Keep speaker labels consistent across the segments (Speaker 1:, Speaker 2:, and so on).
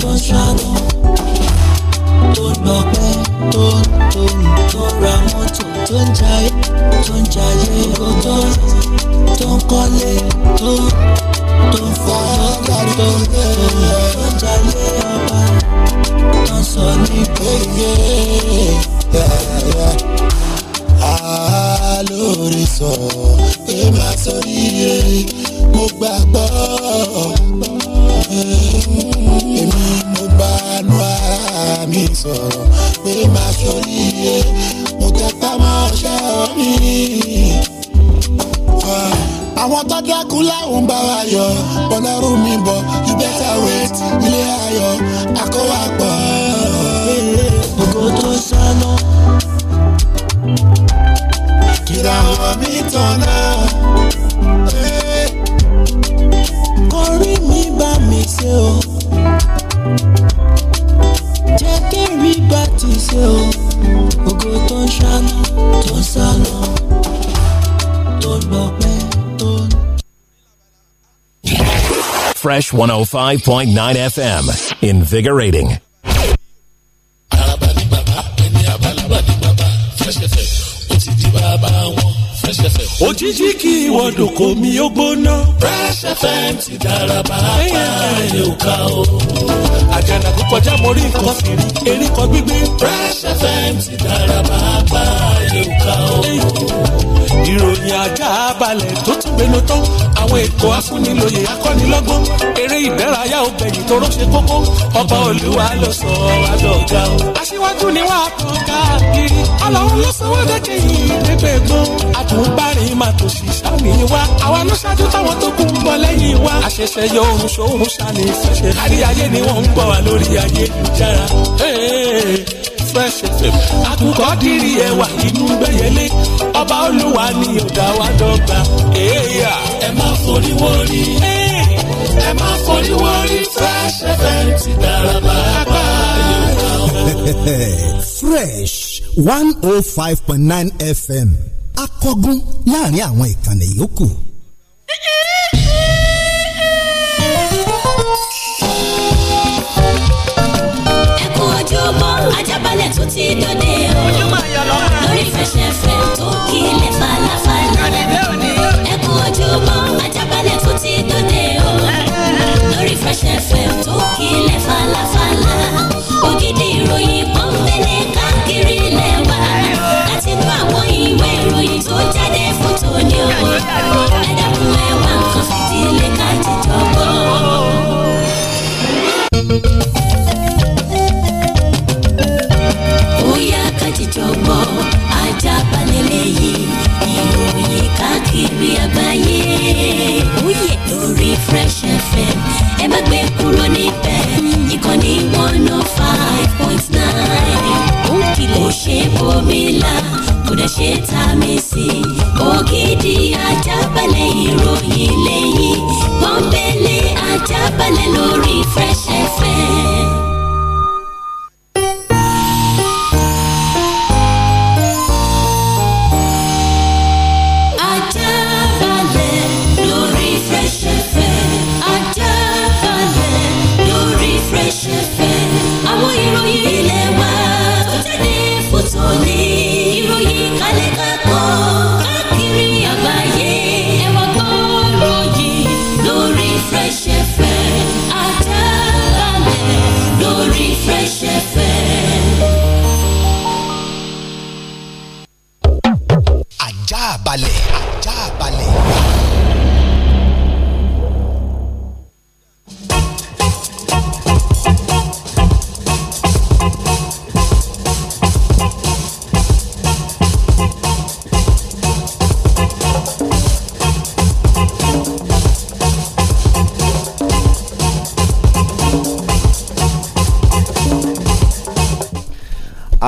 Speaker 1: tó ń ṣáná tó ń lọpẹ́ tó ń tó ń tó ń ra mọ́tò tó ń jayé tó ń jayé gbogbo tó ń kọ́lé tó tó ń fọ́ tó ń tó ń tó ń jayé ọba tó ń sọ ní
Speaker 2: gbèyé. Alóore sọ̀rọ̀ pé màá sọ iye mo gbàgbọ́. ayọ̀ bọ́lá rú mi bọ̀ you better wait ilé ayọ̀ àkọ́wà pọ̀. Fresh 105.9 FM. Invigorating.
Speaker 3: òjijì kí mi ó gbóná.
Speaker 4: Fresh FM ti dára
Speaker 3: bàbá o. kọjá mo rí nǹkan fìrí erí kan gbígbé. Fresh FM ti dára bàbá o ìròyìn ajá balẹ̀ tó tún gbénu tán àwọn ètò afúnilòyè akọ́nilọ́gbọ́n
Speaker 4: eré ìdárayá obìnrin tó rọ́ṣẹ́ kókó ọba olúwa ló sọ adọ́gà o.
Speaker 3: aṣíwájú ni wàá kàn
Speaker 4: káàkiri ọlọ́run ló sọ wọ́n dẹ́kẹ́ yìí pépè gbọ́n àtúbárìn máa tò sí sámi wa àwa ló ṣáájú táwọn tó kù ń bọ̀ lẹ́yìn wa. àṣẹ̀ṣẹ̀ yọ ohun ṣòun ṣàní ìfẹsẹ̀ kárí ni wọ́n ń gbọ́ wa lórí ayélujára
Speaker 3: fresh fm àkùkọ dìrì ẹwà inú gbẹyẹlé ọba olúwa ni ó wa dọ́gba. ẹ máa forí wọrí
Speaker 4: ẹ máa forí wọrí fresh fm ti dára pàápàá. fresh one oh five point nine fm akọgun láàrin àwọn ìkànnì yòókù.
Speaker 1: tó ti dòde o lórí fẹsẹ̀fẹ̀ tó kílẹ̀ falafala ẹ ojúmọ́ ajá.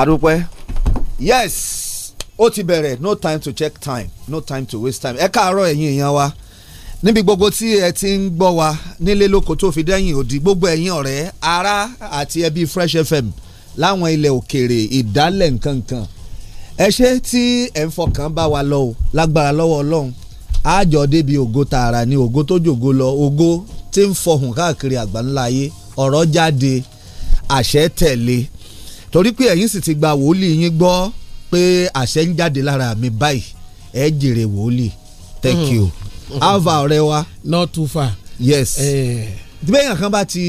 Speaker 5: adúpẹ́. yes ó ti bẹ̀rẹ̀ no time to check time no time to waste time ẹ káàárọ̀ ẹ̀yin èèyàn wa níbi gbogbo tí ẹ ti ń gbọ́ wa nílé lóko tó fi dẹ́yìn òdì gbogbo ẹ̀yin ọ̀rẹ́ ará àti ẹbí fresh fm láwọn ilẹ̀ òkèèrè ìdálẹ̀ nkankan ẹ ṣe tí ẹ ń fọkàn bá wa lọ o lágbára lọ́wọ́ ọlọ́run àjọ débi ògo tààrà ni ògo tó jògo lọ ògo tí ń fọhùn káàkiri àgbáńlá ayé ọ̀rọ̀ jáde àṣẹ tẹ̀lé torí pé ẹ̀yin sì ti gba wòlíì yín gbọ́ pé àṣẹ ń jáde lára mi báyìí ẹ jèrè wòlíì thank mm-hmm. you ava ọ̀rẹ́ wa.
Speaker 6: not too far.
Speaker 5: yes eh. béèyàn kan bá ti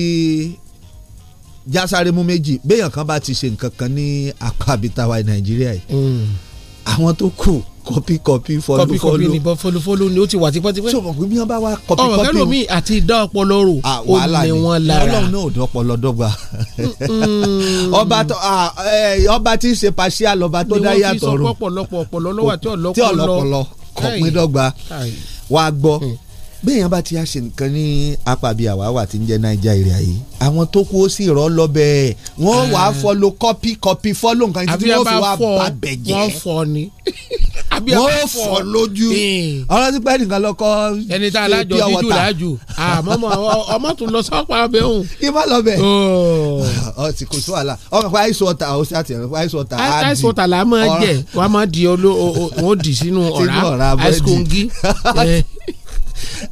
Speaker 5: jásáré mú méjì béèyàn kan bá ti ṣe nǹkan kan ní apá abitawa nàìjíríà yìí mm. àwọn tó kù. Cool kọpí kọpí fọlú fọlú kọpí kọpí
Speaker 6: nìbọn fọlú fọlú ni ó ti wà tipẹ́tipẹ́. sọ ma pé bí wọn bá wa kọpí kọpí. ọmọ kẹlò mi àti dán ọpọlọ
Speaker 5: rò ah, ó ní wọn lára. Ọlọ́run náà ò dán ọpọlọ dọ́gba. Ah, ọba tí ń ṣe pàṣẹ lọba tó dá yàtọ̀ rò. ni wọ́n fi sọ
Speaker 6: pọ̀pọ̀lọpọ̀ ọpọlọ lọ́wọ́ àti ọlọ́pọlọ. tí ọlọ́pọlọ
Speaker 5: kọ̀pin dọ́gba wàá gbọ́. Hmm béèyàn bá ti ṣe nǹkan ní apàbí àwáwà tí ń jẹ́ nàìjíríà yìí àwọn tó kú ó sì rọ́ lọ́bẹ̀ wọ́n wà á fọlọ́ kọ́pì kọ́pì fọ́lọ́ nǹkan tí wọ́n fi wá bá bẹ̀ jẹ́ fọ
Speaker 6: ni wọ́n fọ
Speaker 5: lójú eh. ọ̀rọ̀ ti pẹ́ nìkan lọ́kọ́ ẹni tá a lájọ dídú láàjù ah, àmọ́
Speaker 6: ọmọ tún lọ sọ́pà ọbẹ̀ òun. ibà lọ́bẹ̀ ọ ti kò sí wàhálà ọkàn pé ice water ó sì àti ẹ̀rọ pé ice á di ah, ice water là máa jẹ wàá máa di olóò ó di sínú ọ̀rá ice kongi.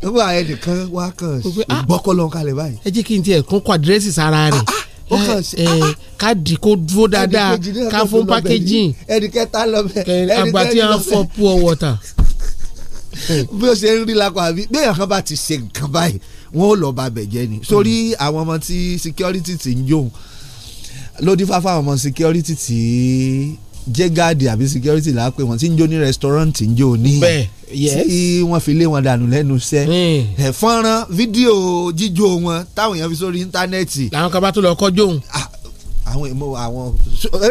Speaker 6: ó bá ẹnìkan wá kàn ah, gbọ́kọ́lọ́ kalẹ̀ báyìí. ẹ jẹ́ kí n tiẹ̀ kún kọ́ àdírẹ́sì sára rẹ̀ ah, ah, káàdì kó dúró dáadáa ká fún packaging
Speaker 5: ẹnì kẹta lọ bẹ àgbà tí fọ
Speaker 6: pure water.
Speaker 5: bí o ṣe ń rí lakọ àbí bí èèyàn kan bá ti ṣe nǹkan báyìí wọn ò lọ bá bẹ̀jẹ̀ ni sórí mm. àwọn ọmọ tí security ti ń jóun lódì fáfá àwọn ọmọ security tí jẹ́ gáàdì àbí security là á pè ń jó ní restaurant ń jó ní. bẹ́ẹ̀ tí wọ́n fi lé wọn dànù lẹ́nu iṣẹ́ hmm. fọ́nrán fídíò jíjó wọn táwọn èèyàn fi sórí íńtánẹ́ẹ̀tì. làwọn kan bá tó lọ kọjú òun. Ah, àwọn èèmọ àwọn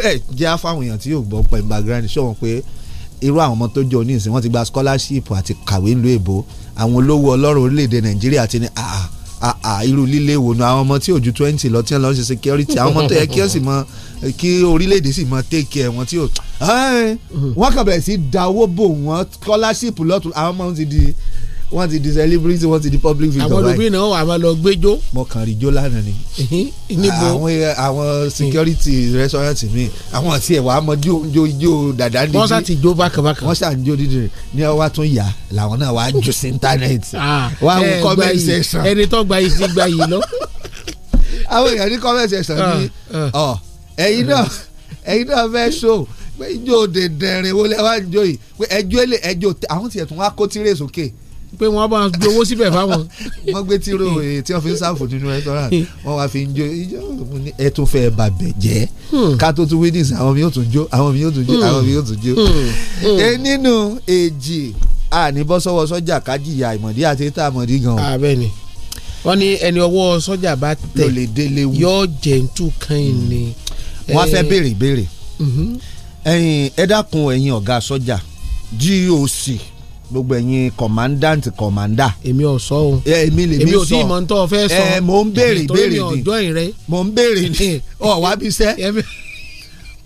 Speaker 5: ẹ jẹ́ àfáwọn èèyàn tí yóò gbọ́ pẹ̀lú background ṣọ́ wọn pé irú àwọn ọmọ tó jẹ́ oníṣẹ́ wọn ti gba scholarship àti kàwé ńlú èbó àwọn olówó ọlọ́rọ̀ orílẹ̀ nàìjíríà ti ní àà ah, ah, àà ah, ah, irú líle wo nu àwọn ọmọ tí òjú twenty lọ tí wọn lọ ń ṣe security àwọn ọmọ tó yẹ kí ó sì mọ kí orílẹ̀-èdè sì mọ take care wọn tí ò wọ́n kàn bẹ̀rẹ̀ sí dáwọ́ bò wọ́n scholarship lọ́tún àwọn ọmọ ti di wọ́n ti di celebrity wọ́n ti di public figure báyìí. àwọn olùbí náà wà máa lọ gbẹ́jọ́. mo kàn rí jó lánàá ni. níbo àwọn àwọn security restaurant mi àwọn àti ẹ̀wà àmọ́ jó jó jó dàda dídì. wọ́n sá ti jó bákàbákà. wọ́n sá ń jó dídì ní ọwọ́ tún yá làwọn náà wàá jù sí internet. wàá wọ comment section.
Speaker 6: ẹni tó gba yìí
Speaker 5: sí gba yìí lọ. àwọn èèyàn ní comment section ni ah, ah. ọ ẹ̀yin náà ẹ̀yin náà fẹ́ So. pé ijó dẹ̀dẹ̀rìn wọlé wá ń jó yìí pé ẹjọ́ ẹjọ́ àwọn tiẹ̀ tún wá kó tirẹ̀ sókè. Okay pé wọ́n bá gbé owó síbẹ̀ fáwọn. wọ́n gbé tíró tí wọ́n fi ń sáfò nínú restaurant wọ́n wá fi ń jó ijó ẹ tún fẹ́ bàbẹ̀ jẹ́ hmm. ká tó tún weddings àwọn mi yóò tún jó àwọn mi yóò tún jó hmm. àwọn mi yóò tún jó. Hmm. ẹ nínú èjì
Speaker 6: àní bọ́ sọ́wọ́ sọ́jà kájìyà ìmọ̀dí àti ètò àmọ̀dí gan. àbẹ́ni ah, wọ́n ní ẹni ọwọ́ sọ́jà bá tẹ̀ yọ jẹ̀ǹtù kan ni. wọ́n fẹ́ eh, béèrè béèrè mhm. ẹ̀yin GOC
Speaker 5: gbogbo ẹ̀yin commandant commander. èmi ò sọ o èmi lè mi sọ èmi ò tí ìmọ̀ ntọ́ fẹ́ sọ ẹ mò ń béèrè béèrè ni
Speaker 6: mò ń béèrè ni ọ wá bí sẹ́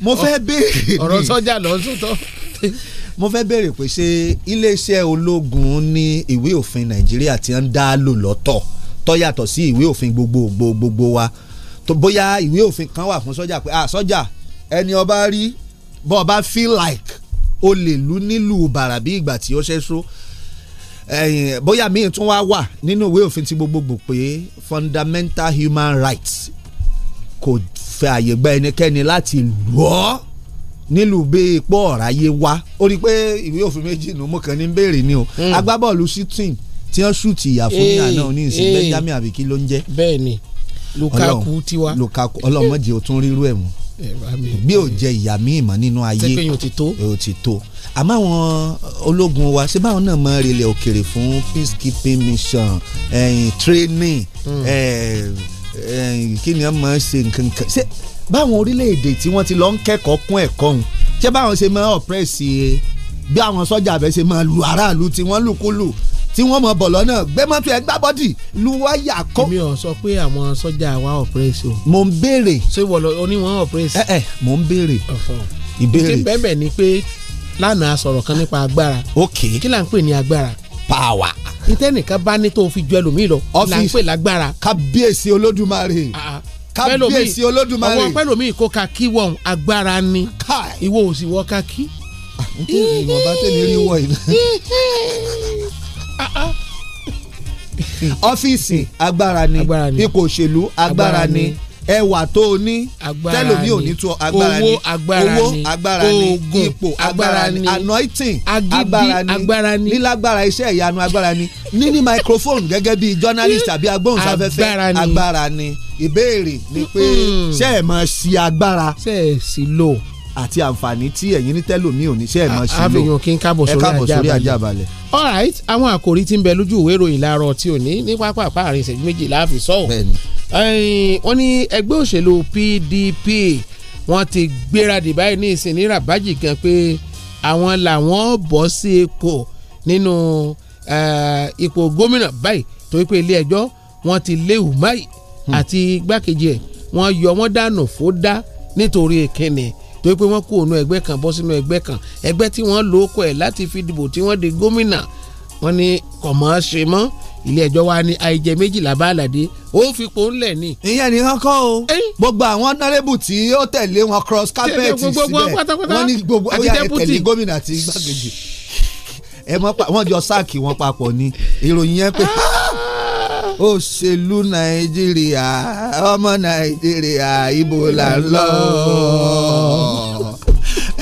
Speaker 6: mo fẹ́ béèrè ni ọ̀rọ̀ sọ́jà lọ sọ́tọ́.
Speaker 5: mo fẹ́ béèrè pé ṣé iléeṣẹ́ ológun ní ìwé òfin nàìjíríà ti ń dá lò lọ́tọ̀ tó yàtọ̀ sí ìwé òfin gbogbogbò gbogbo wa tó bóyá ìwé òfin kan wà fún sọ́jà pé ah sọ́jà ẹni ọba rí bọ́ ọba feel like ó lè lù nílùú bàrà bí ìgbà tí ó ṣe so bóyá míì tún wá wà nínú ìwé òfin ti gbogbogbò pé fundamental human rights kò fẹ́ àyè gba ẹnikẹ́ni láti lù ọ́ nílùú bẹ́ẹ̀ pọ̀ ọ̀ráyé wá ó rí i pé ìwé òfin méjì nù mọ́ kàn ní béèrè ni o hmm. agbábọ́ọ̀lù sitin tí wọ́n ṣùtì ìyà fún yàrá náà ní ìsìn Benjamin àbíkí ló ń jẹ́ bẹ́ẹ̀ ni Lukaku tiwa Lukaku ọlọ́mọdé ò tún rírú ẹ̀ mọ́ bí ò jẹ ìyá mi ìmọ̀ nínú ayé tẹ́pẹ́ yóò ti tó yóò ti tó àmọ́ àwọn ológun wa ṣé báwọn náà máa relẹ̀ òkèrè fún peacekeeping mission eh, training hmm. kí ni wọ́n máa ṣe nǹkan kan ṣé báwọn orílẹ̀-èdè tí wọ́n ti lọ ń kẹ́kọ̀ọ́ kún ẹ̀kọ́ ń ṣé báwọn ṣe máa ọ̀pẹ́sì bí àwọn sọ́jà abẹ́ ṣe máa lu aráàlú tí wọ́n lùkúlù tí wọ́n mọ̀ bọ̀ lọ́nà gbé mọ́tò ẹ̀ gbá bọ́dì lu wáyà kọ́. èmi
Speaker 6: ò sọ pé àwọn sọ́jà wa ọ̀pẹ́rẹ́sì o. mo ń béèrè. ṣé ìwọ lọ oní wọn ọ̀pẹ́rẹ́sì. ẹ ẹ mo ń béèrè. ìbéèrè ìdí bẹ́ẹ̀ ni pé lánàá sọ̀rọ̀ kan nípa agbára. ok kí là ń pè ní agbára. power. ìtẹ́nìkan bá ní tó fi ju ẹlòmíì lọ. ọ́fíìsì lágbára. kábíyèsí olódùmarè ah, ah. kábíyèsí olódùmarè ọwọ́ pẹ́lòmíì kó ka kí wọ́n agbára ni ìwọ ò sì wọ́ ka kí. àtúntò ah, ìwọ̀n
Speaker 5: ọ́fíìsì agbára ni ipò òṣèlú agbára ni ẹwà tó o ní tẹlomi ò ní tó agbára ni owó agbára ni oògùn ipò agbára ni anointing agbára ni lílágbára iṣẹ́ ìyanu agbára ni níní microphone gẹ́gẹ́ bí journalist àbí agbóhùnsáfẹ́fẹ́ agbára ni ìbéèrè ni pé ṣé ẹ̀ máa ṣi agbára ṣé ẹ̀ sì lò àti àǹfààní tí ẹ̀yin ní tẹ́lòmíì ò ní ṣe é mọ̀ sí ah, lò àfihàn kí n káàbọ̀ sórí ajá balẹ̀.
Speaker 6: all right àwọn àkòrí tí ń bẹ lójú ìwé ìròyìn láàárọ̀ tí ò ní ní pápá àárín ìṣẹ́jú méjì láàfin sọ́ọ̀ wọ́n ní ẹgbẹ́ òṣèlú PDP wọ́n ti gbéradì báyìí ní ìsìn ní rabaji gan pé àwọn làwọn bọ́ sí ipò nínú ipò gómìnà báyìí torí pé ilé ẹjọ́ wọ́n ti lé Umahi hmm. àti igbákejì ẹ̀ wọ́n yọ wọ́n dànù fó dá nítorí kíni tó yẹ pé wọ́n kó ònú ẹgbẹ́ kan bọ́ sínú ẹgbẹ́ kan ẹgbẹ́ tí wọ́n lò ó kọ ẹ̀ láti fi dìbò tí wọ́n di gómìnà wọ́n ní kọ̀mọ́ ṣe mọ́ ilé ẹjọ́ wa ní àìjẹ méjìlá bá àlàdé ó fi pò ń lẹ̀ ni.
Speaker 5: ìyẹn ni wọn kọ o gbogbo àwọn nọrẹbù tí ó tẹ̀lé wọn cross carpet síbẹ̀ wọn ní gbogbo ajá tẹ̀lé gómìnà àti igbákejì ẹ mọ pa wọn jọ sáàkì wọn papọ̀ ni ìròyìn yẹn pé ah! òṣèlú nàìjíríà ọmọ nàìjíríà ibo là ń lọ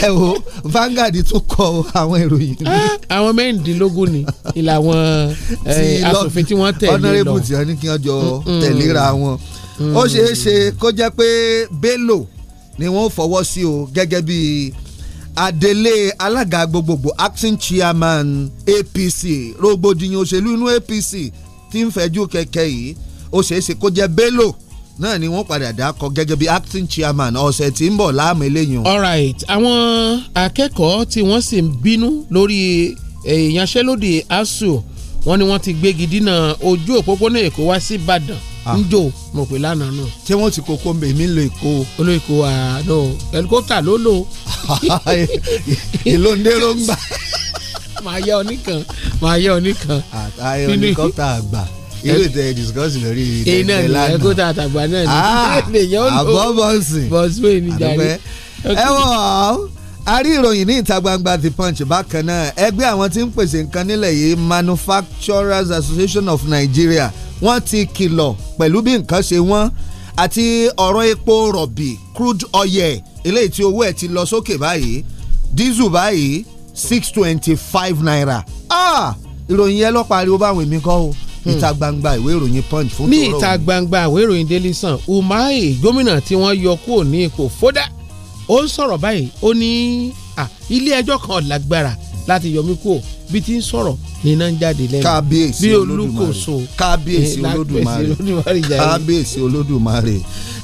Speaker 5: ẹ wo Vanguard tún kọ àwọn ìròyìn. Ah, àwọn
Speaker 6: mẹ́rìndínlógún ni ìlàwọn eh, asòfin tí wọ́n tẹ̀lé lọ ọ̀nàrẹ́bù tí wọ́n ní kí wọ́n jọ tẹ̀léra wọn. ó ṣeé ṣe
Speaker 5: kó jẹ́ pé Bello ni wọ́n fọwọ́ sí o gẹ́gẹ́ bí adelé alága gbogbogbò acting chairman APC rògbòdìyàn òṣèlú inú APC tí ń fẹjú kẹ̀kẹ́ yìí ó ṣeé ṣe kó jẹ́ Bello náà ni wọ́n padà dákọ gẹ́gẹ́ bí acting chairman ọ̀sẹ̀ tí ń bọ̀ láàmú
Speaker 6: eléyìí o. alright àwọn akẹ́kọ̀ọ́ tí wọ́n sì ń bínú lórí eh, ìyanṣẹ́lódì ASUU wọ́n ní wọ́n ti gbégi dínà ojú òpópónà Èkó wá sí Ìbàdàn njó ah. mo pè lánàá nù. ṣé wọ́n ti kókó mbè mí lo èkó. olú èkó àánú ẹlikópítà ló lò. ìlú ndéró ń gbà. màá yẹ ọ nìkan màá yẹ ọ nìkan. àtàyè ẹlikópítà àgbà irú tẹ discuss lórí tẹ̀lé lánàá iná ẹ̀kọ́ tàtàgbà náà ni ah, èèyàn ń lò bọ́ọ̀sì bọ́ọ̀sì ní jàre.
Speaker 7: ẹ wọ
Speaker 5: a rí ìròyìn ní ìta gbangba the punch bákan náà ẹgbẹ́ àwọn tí ń pèsè nǹkan nílẹ̀ yìí manufacturers association of nigeria wọ́n ti kìlọ̀ pẹ̀lú bí nǹkan ṣe wọ́n àti ọ̀rọ̀ epo rọ̀bì crude oil eléyìí tí owó ẹ̀ ti lọ sókè báyìí diesel báyìí six twenty five naira
Speaker 6: ah ìròyìn yẹn ló pariwo báwọn èmi kọ́ o Hmm. ìta gbangba ìwé ìròyìn punch fún tòró. ní ìta gbangba ìwé ìròyìn daily sun umahi gómìnà tí wọ́n yọ kúrò ní ipò fódà ó ń sọ̀rọ̀ báyìí ó ní ilé ẹjọ́ kan lágbára láti yọ mí kúrò bí ti ń sọ̀rọ̀ níná ń jáde lẹ́nu. kábíyèsí olódùmarè kábíyèsí olódùmarè
Speaker 5: kábíyèsí olódùmarè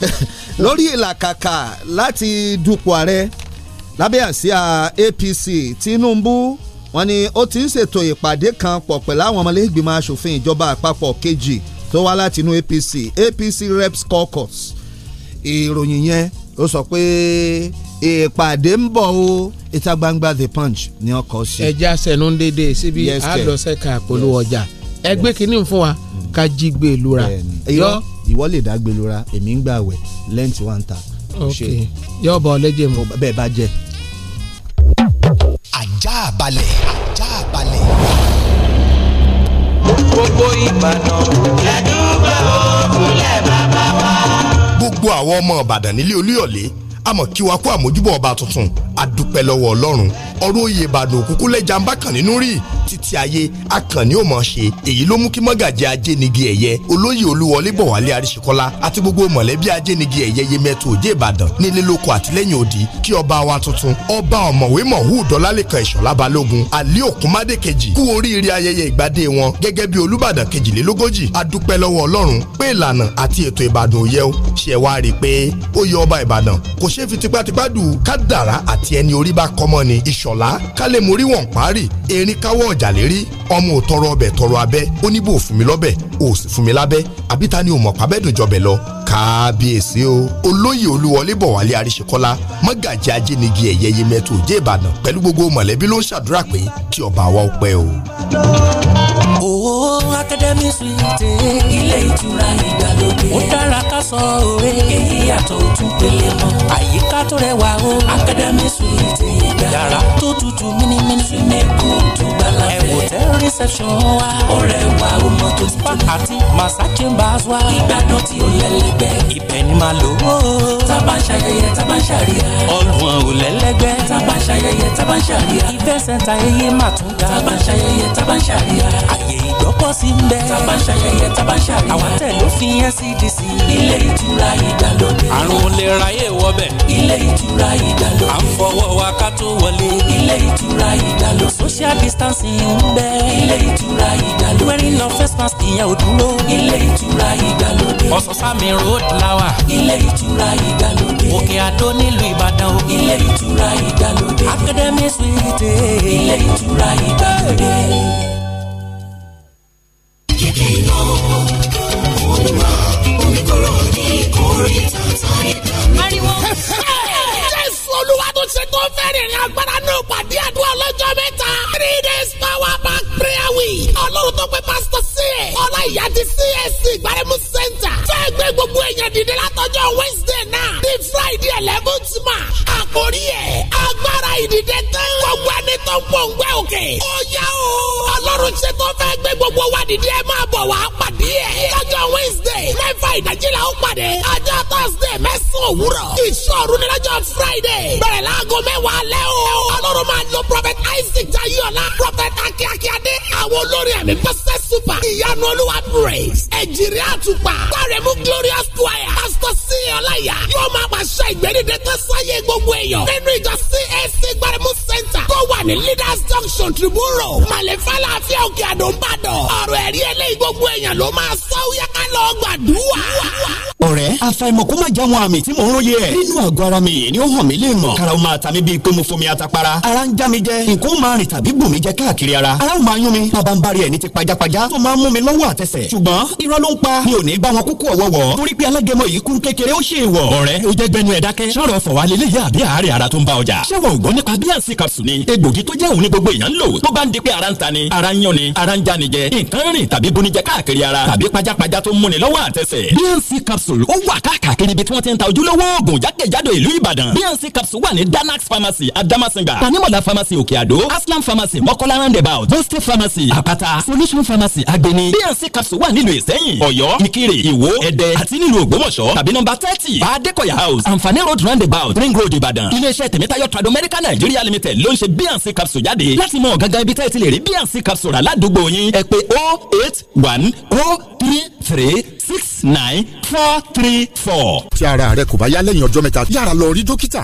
Speaker 5: lórí ìlàkàkà láti dupò ààrẹ lábẹ́ àsíá APC Tinubu wọ́n ní ó ti ń ṣètò ìpàdé kan pọ̀ pẹ̀lú àwọn ọmọlẹ́gbìmọ̀ asòfin ìjọba àpapọ̀ kejì tó wá láti inú APC APC Reps Caucus ìròyìn yẹn ó sọ pé
Speaker 6: ìpàdé ń bọ̀ o ìta gbangba The Punch ni ọkọ̀ sí. ẹja sẹnu dédé síbi àádọ́sẹ̀ka polówó ọjà ẹgbẹ́ kìíní fún wa mm. ká jí gbé e lura. yọ ìwọ lè dá gbé e lura èmi ń gbà wẹ̀ lẹ́ǹtì wà ń ta. ok yọ bọ̀ lẹ́jẹ̀
Speaker 5: mọ́. bẹ́ẹ̀ bá jẹ́
Speaker 4: ajá balẹ̀ ajá balẹ̀. gbogbo ìbàdàn lẹ́dùn bá òkú lẹ́ bàbá
Speaker 8: wa. gbogbo àwọn ọmọ ìbàdàn nílé olúyọ̀lé àmọ́ kí wa kú àmójúbọ̀ ọba tuntun àdúpẹ́ lọ́wọ́ ọlọ́run ọ̀rọ̀ oyè ìbàdàn òkúkú lẹ́jà ń bá kànní nú rí títí ayé akànní ò mọ̀ ṣe èyí ló mú kí mọ́gàjì ajénigi ẹ̀yẹ olóyè olúwọlé bọ̀wálé àríṣekọ́lá àti gbogbo mọ̀lẹ́bí ajénigi ẹ̀yẹ yemẹtu òjé ìbàdàn nílé lóko àtìlẹ́yìn òdì kí ọba wa tuntun ọba ọ̀mọ̀wé mọ̀húù dọ́lálẹ́kan ìṣọ̀lá balógun alẹ́ òkúnmádé kejì kú oríire ayẹyẹ ìgbádé wọn gẹ́gẹ́ bí olúbàdàn kejìlélógójì adúpẹ́ lọ́wọ́ ọlọ́run pé ìlànà àti ètò ìbàdàn òye ó ṣ ṣé fi tipátipá dù ú kádàrá àti ẹni orí bá kọ́mọ ni ìṣọ̀lá kálẹ̀ mórí wọ̀n parí erin káwọ́ ọ̀jà lérí ọmọ ò tọrọ ọbẹ̀ tọrọ abẹ́ ó fún mi lọ́bẹ̀ ò sì fún mi lábẹ́ àbí ni ò mọ̀ pàbẹ́dùnjọbẹ̀ lọ kábíyèsí o olóyè olúwọlé bọ̀wálé àríṣekọ́lá mọ́gàjì ajínigi ẹ̀yẹ yemẹtu òjé ìbàdàn pẹ̀lú gbogbo mọ̀lẹ́bí ló ń ṣàdúrà pé kí ọba wa ó pẹ́ o.
Speaker 1: Owó oh, Akademi Suite. Ilé ìtura
Speaker 4: ìgbàlódé. Ó dára ká sọ òwe. Èyí yàtọ̀ òtún pélé mọ́. Àyíká tó rẹwà o. Akademi Suite ìgbà. Yàrá tó tutù mímímí. Súnmẹ́kù tó gbàlá fẹ́.
Speaker 1: Ẹ̀wò tẹ́ reception wa.
Speaker 4: Ọ̀rẹ́ wa ó mọ tó ti tó. Spa àti Massa Chambers wa. Ìgbádùn tí ó lẹ́lẹ́gbẹ́. Ibẹ̀ ni màá lò ó. Tábà ń ṣayẹyẹ, tábà ń ṣàríyá. Ọlùwọ̀n ò lẹ́lẹ́gbẹ́. Tábà ń ṣayẹyẹ, tábà ń ṣàríyá. Ìfẹ́ sẹ́ńtà ààyè ìgbọ́kọ̀sí ń bẹ. tàbá ń ṣayẹyẹ tàbá ń ṣàríyá. àwọn tẹ̀ ló fi NCDC. E ilé ìtura ìdàlódé. àrùn olè ráyè wọbẹ̀. ilé ìtura ìdàlódé. à ń fọwọ́ wa ká tó wọlé. ilé ìtura ìdàlódé. social distancing ń bẹ. ilé ìtura ìdàlódé. wearing of face mask ìyẹn ò dúró. ilé ìtura ìdàlódé.
Speaker 2: ọ̀sán-sámi road lawa. ilé ìtura ìdàlódé. òkè àdó nílùú ìbàdàn. ilé ìtura ìdàlódé. academy suite. ilé ìtura
Speaker 1: ìdàlódé kìkì náà òun wá
Speaker 2: oníkóró ní ìkórìtà táyé dàmí. ariwo jésù olúwa tó ṣe tó fẹ́rẹ̀ ní agbára náà pàdé àdúrà lọ́jọ́ mẹ́ta three days power back prayer week ọlọ́run tó pé pásítọ̀ sí ẹ̀ ọlá ìyá ti csc gbaremu center fẹ́ẹ́ gbé gbogbo èèyàn dìde lá ọjọ́ wednesday náà ní friday eleventh march àkórí ẹ̀ agbára ìdìde tán gbogbo ẹni tó ń pọ̀ ń gbẹ òkè ó yá o ọlọ́run ṣe tó fẹ́ gbé gbogbo wa dìde ẹ máa bọ̀ wá pàdé ẹ̀ lọ́jọ́ wednesday mẹ́fà ìdájí la ó pàdé ọjọ́ thursday mẹ́sàn-án òwúrọ̀ ìṣòro ní lọ́jọ́ friday bẹ̀rẹ̀ láago mẹ́wàá lẹ́ o ọlọ́run máa lo prophet isaac jayọ̀lá prophet akíakíadé àwọn olórí ẹ̀mí pẹ́sẹ́ super ìyanu olúwa praise ẹ̀jìrì àtùpà gbọ́dọ̀ glorious choir pastor c yẹn ọláyà yóò máa pàṣẹ ìgbẹ́dídé tó sáyé gbogbo èèyàn nínú ìjọ CAC gbaremu center tó wà ní leaders junction tribune road malefala àfi òkè àdó ńbàdàn ọ̀rọ̀ ẹ̀rí eléyìí gbogbo èèyàn ló máa sọ ó yẹ ká gbàdúrà.
Speaker 4: ọ̀rẹ́ àfàìmọ̀kú má jẹ́ àwọn àmì tí mò ń róye ẹ̀ nínú àgọ́ ara mi ni ó hàn mí lè mọ̀ kára ó máa ta mi bíi pé mo fomi atapara ara ń já mi jẹ nǹkan máa rìn tàbí bù mí jẹ káàkiri ara ara ó máa yún mi bàbá ń bari ẹ̀ ní ti pajápajá tó máa ń mú mi lọ́wọ́ àtẹsẹ̀ ṣùgbọ́n irọ́ ló ń pa mi ò ní bá wọn kúkú ọ̀wọ́wọ́ torí pé alágẹmọ yìí kún kék kékeré ó ṣe ìwọ̀ ọ̀rẹ́ ó jẹ́ gbẹnu ẹ̀ dákẹ́ sọ̀rọ̀ fọ̀wá lélẹ́yà àbí àárẹ̀ ara tó ń bá ọjà ṣẹ́wọ̀ ògbọ́n nípa bíyànsì capsule ni egbògi tó jẹ́ òun ní gbogbo èèyàn ń lò tó bá ń di pé ara ń ta ni ara ń yan ni ara ń já ni jẹ nǹkan rìn tàbí bonijẹ káàkiri ara tàbí pajápajá tó ń múni lọ́wọ́ àtẹsẹ̀ bíyànsì capsule ó wà káàkiri ibi tí wọ́n ti ń ta ojúlówó oògùn jákèjádò ìlú Ìbàdàn bíyànsì capsule wà ní danax pharmacy adamasinga tanimola pharmacy òkè àdó aslam pharmacy mọ́kọ́lá roundabout boste pharmacy àpáta solution pharmacy agbeni bíyànsì capsule wà nílùú Ìsẹ́yìn Ọ̀yọ́ Ìkirè Ìwó Ẹdẹ àti nílùú Ògbómọ̀ṣọ́ tàbí nọ́mb nọ́mbà thirty bá adékọ̀yà house àǹfààní road roundabout ring road ìbàdàn iléeṣẹ́ tèmítáyọ̀ tradomedical nigeria limited ló ń ṣe bnc capsule jáde láti mọ gangan ibi tẹ́ẹ̀ ti lè rí bnc capsule rà ládùúgbò yín ẹ pé oh eight one o oh three three six nine four three four. tí ara rẹ kò bá yá lẹ́yìn ọjọ́ mẹ́ta yára lọ rí dókítà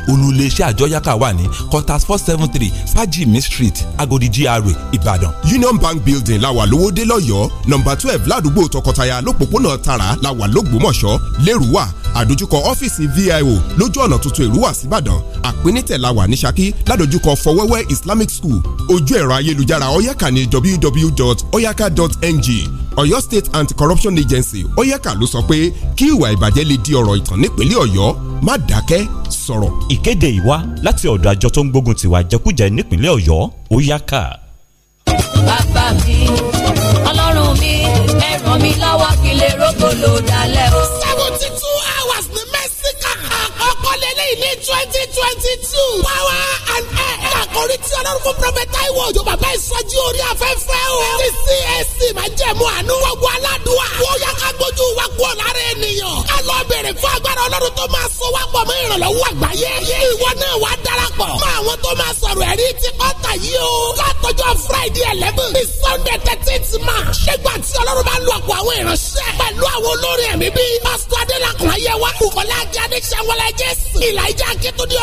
Speaker 4: olùléṣẹ́ àjọyàká wà ní contact four seven three fajimi street agodi gra
Speaker 8: ìbàdàn. union bank building làwà lówódé lọ́yọ́ọ́ nọ́mbà twelve ládùúgbò tọkọtaya lọ́pọ̀pọ̀nà tara làwà lógbómọ̀ṣọ́ lẹ́rùwà àdójúkọ ọ́fíìsì vio lójú ọ̀nà tuntun ìrúwà síbàdàn àpínítẹ̀ làwà ní ṣakí ládójúkọ fọwẹ́wẹ́ islamic school ojú ẹ̀rọ ayélujára oyaka ní www.oyaka.ng ọ̀yọ́ state anti-corruption agency oyaka ló sọ pé kí ìwà ìbàjẹ́ lè di ọ̀rọ̀ ìtàn nípínlẹ̀ ọ̀yọ́ má dákẹ́ sọ̀rọ̀ ìkéde
Speaker 4: ìwá láti ọ̀dọ̀ àjọ tó ń gbógun tiwa jẹkújẹ nípínlẹ̀ ọ̀yọ́ ó yá ká.
Speaker 1: bàbá mi ọlọ́run mi ẹ ràn lọ́wọ́ kí lè rógolo
Speaker 2: dalẹ̀ o. seventy two hours ní mẹ́síkà àkọ́kọ́ lélẹ́yìn ní twenty twenty two power and air àkórí tí ọlọ́run fún pọfẹ táíwò òjò bàbá ìsọjí orí afẹ́fẹ́ o. ti csc máa jẹ́ mú àánú gbogbo aládùúwà. wọ́n yà ká gbójú wa kú ọ̀lára ènìyàn. ká lọ bèrè fún agbára ọlọ́run tó máa so wá pọ̀ mọ́ ìrànlọ́wọ́ àgbáyé. ìwọ náà wàá darapọ̀. mọ àwọn tó máa sọ̀rọ̀ ẹ̀rí ti pátá yìí o. látọjọ́ friday eleven ní sunday thirteenth march. ṣégbà tí ọlọ́run bá lu àpò àwọn ìránṣẹ́. pẹ̀lú àwọn olórin ẹ̀mí bíi pásítọ̀ adélakùn ayẹwa bukola ajé adéṣẹ́wọlẹ́jẹ́sì. ìlà ìjà akétúndí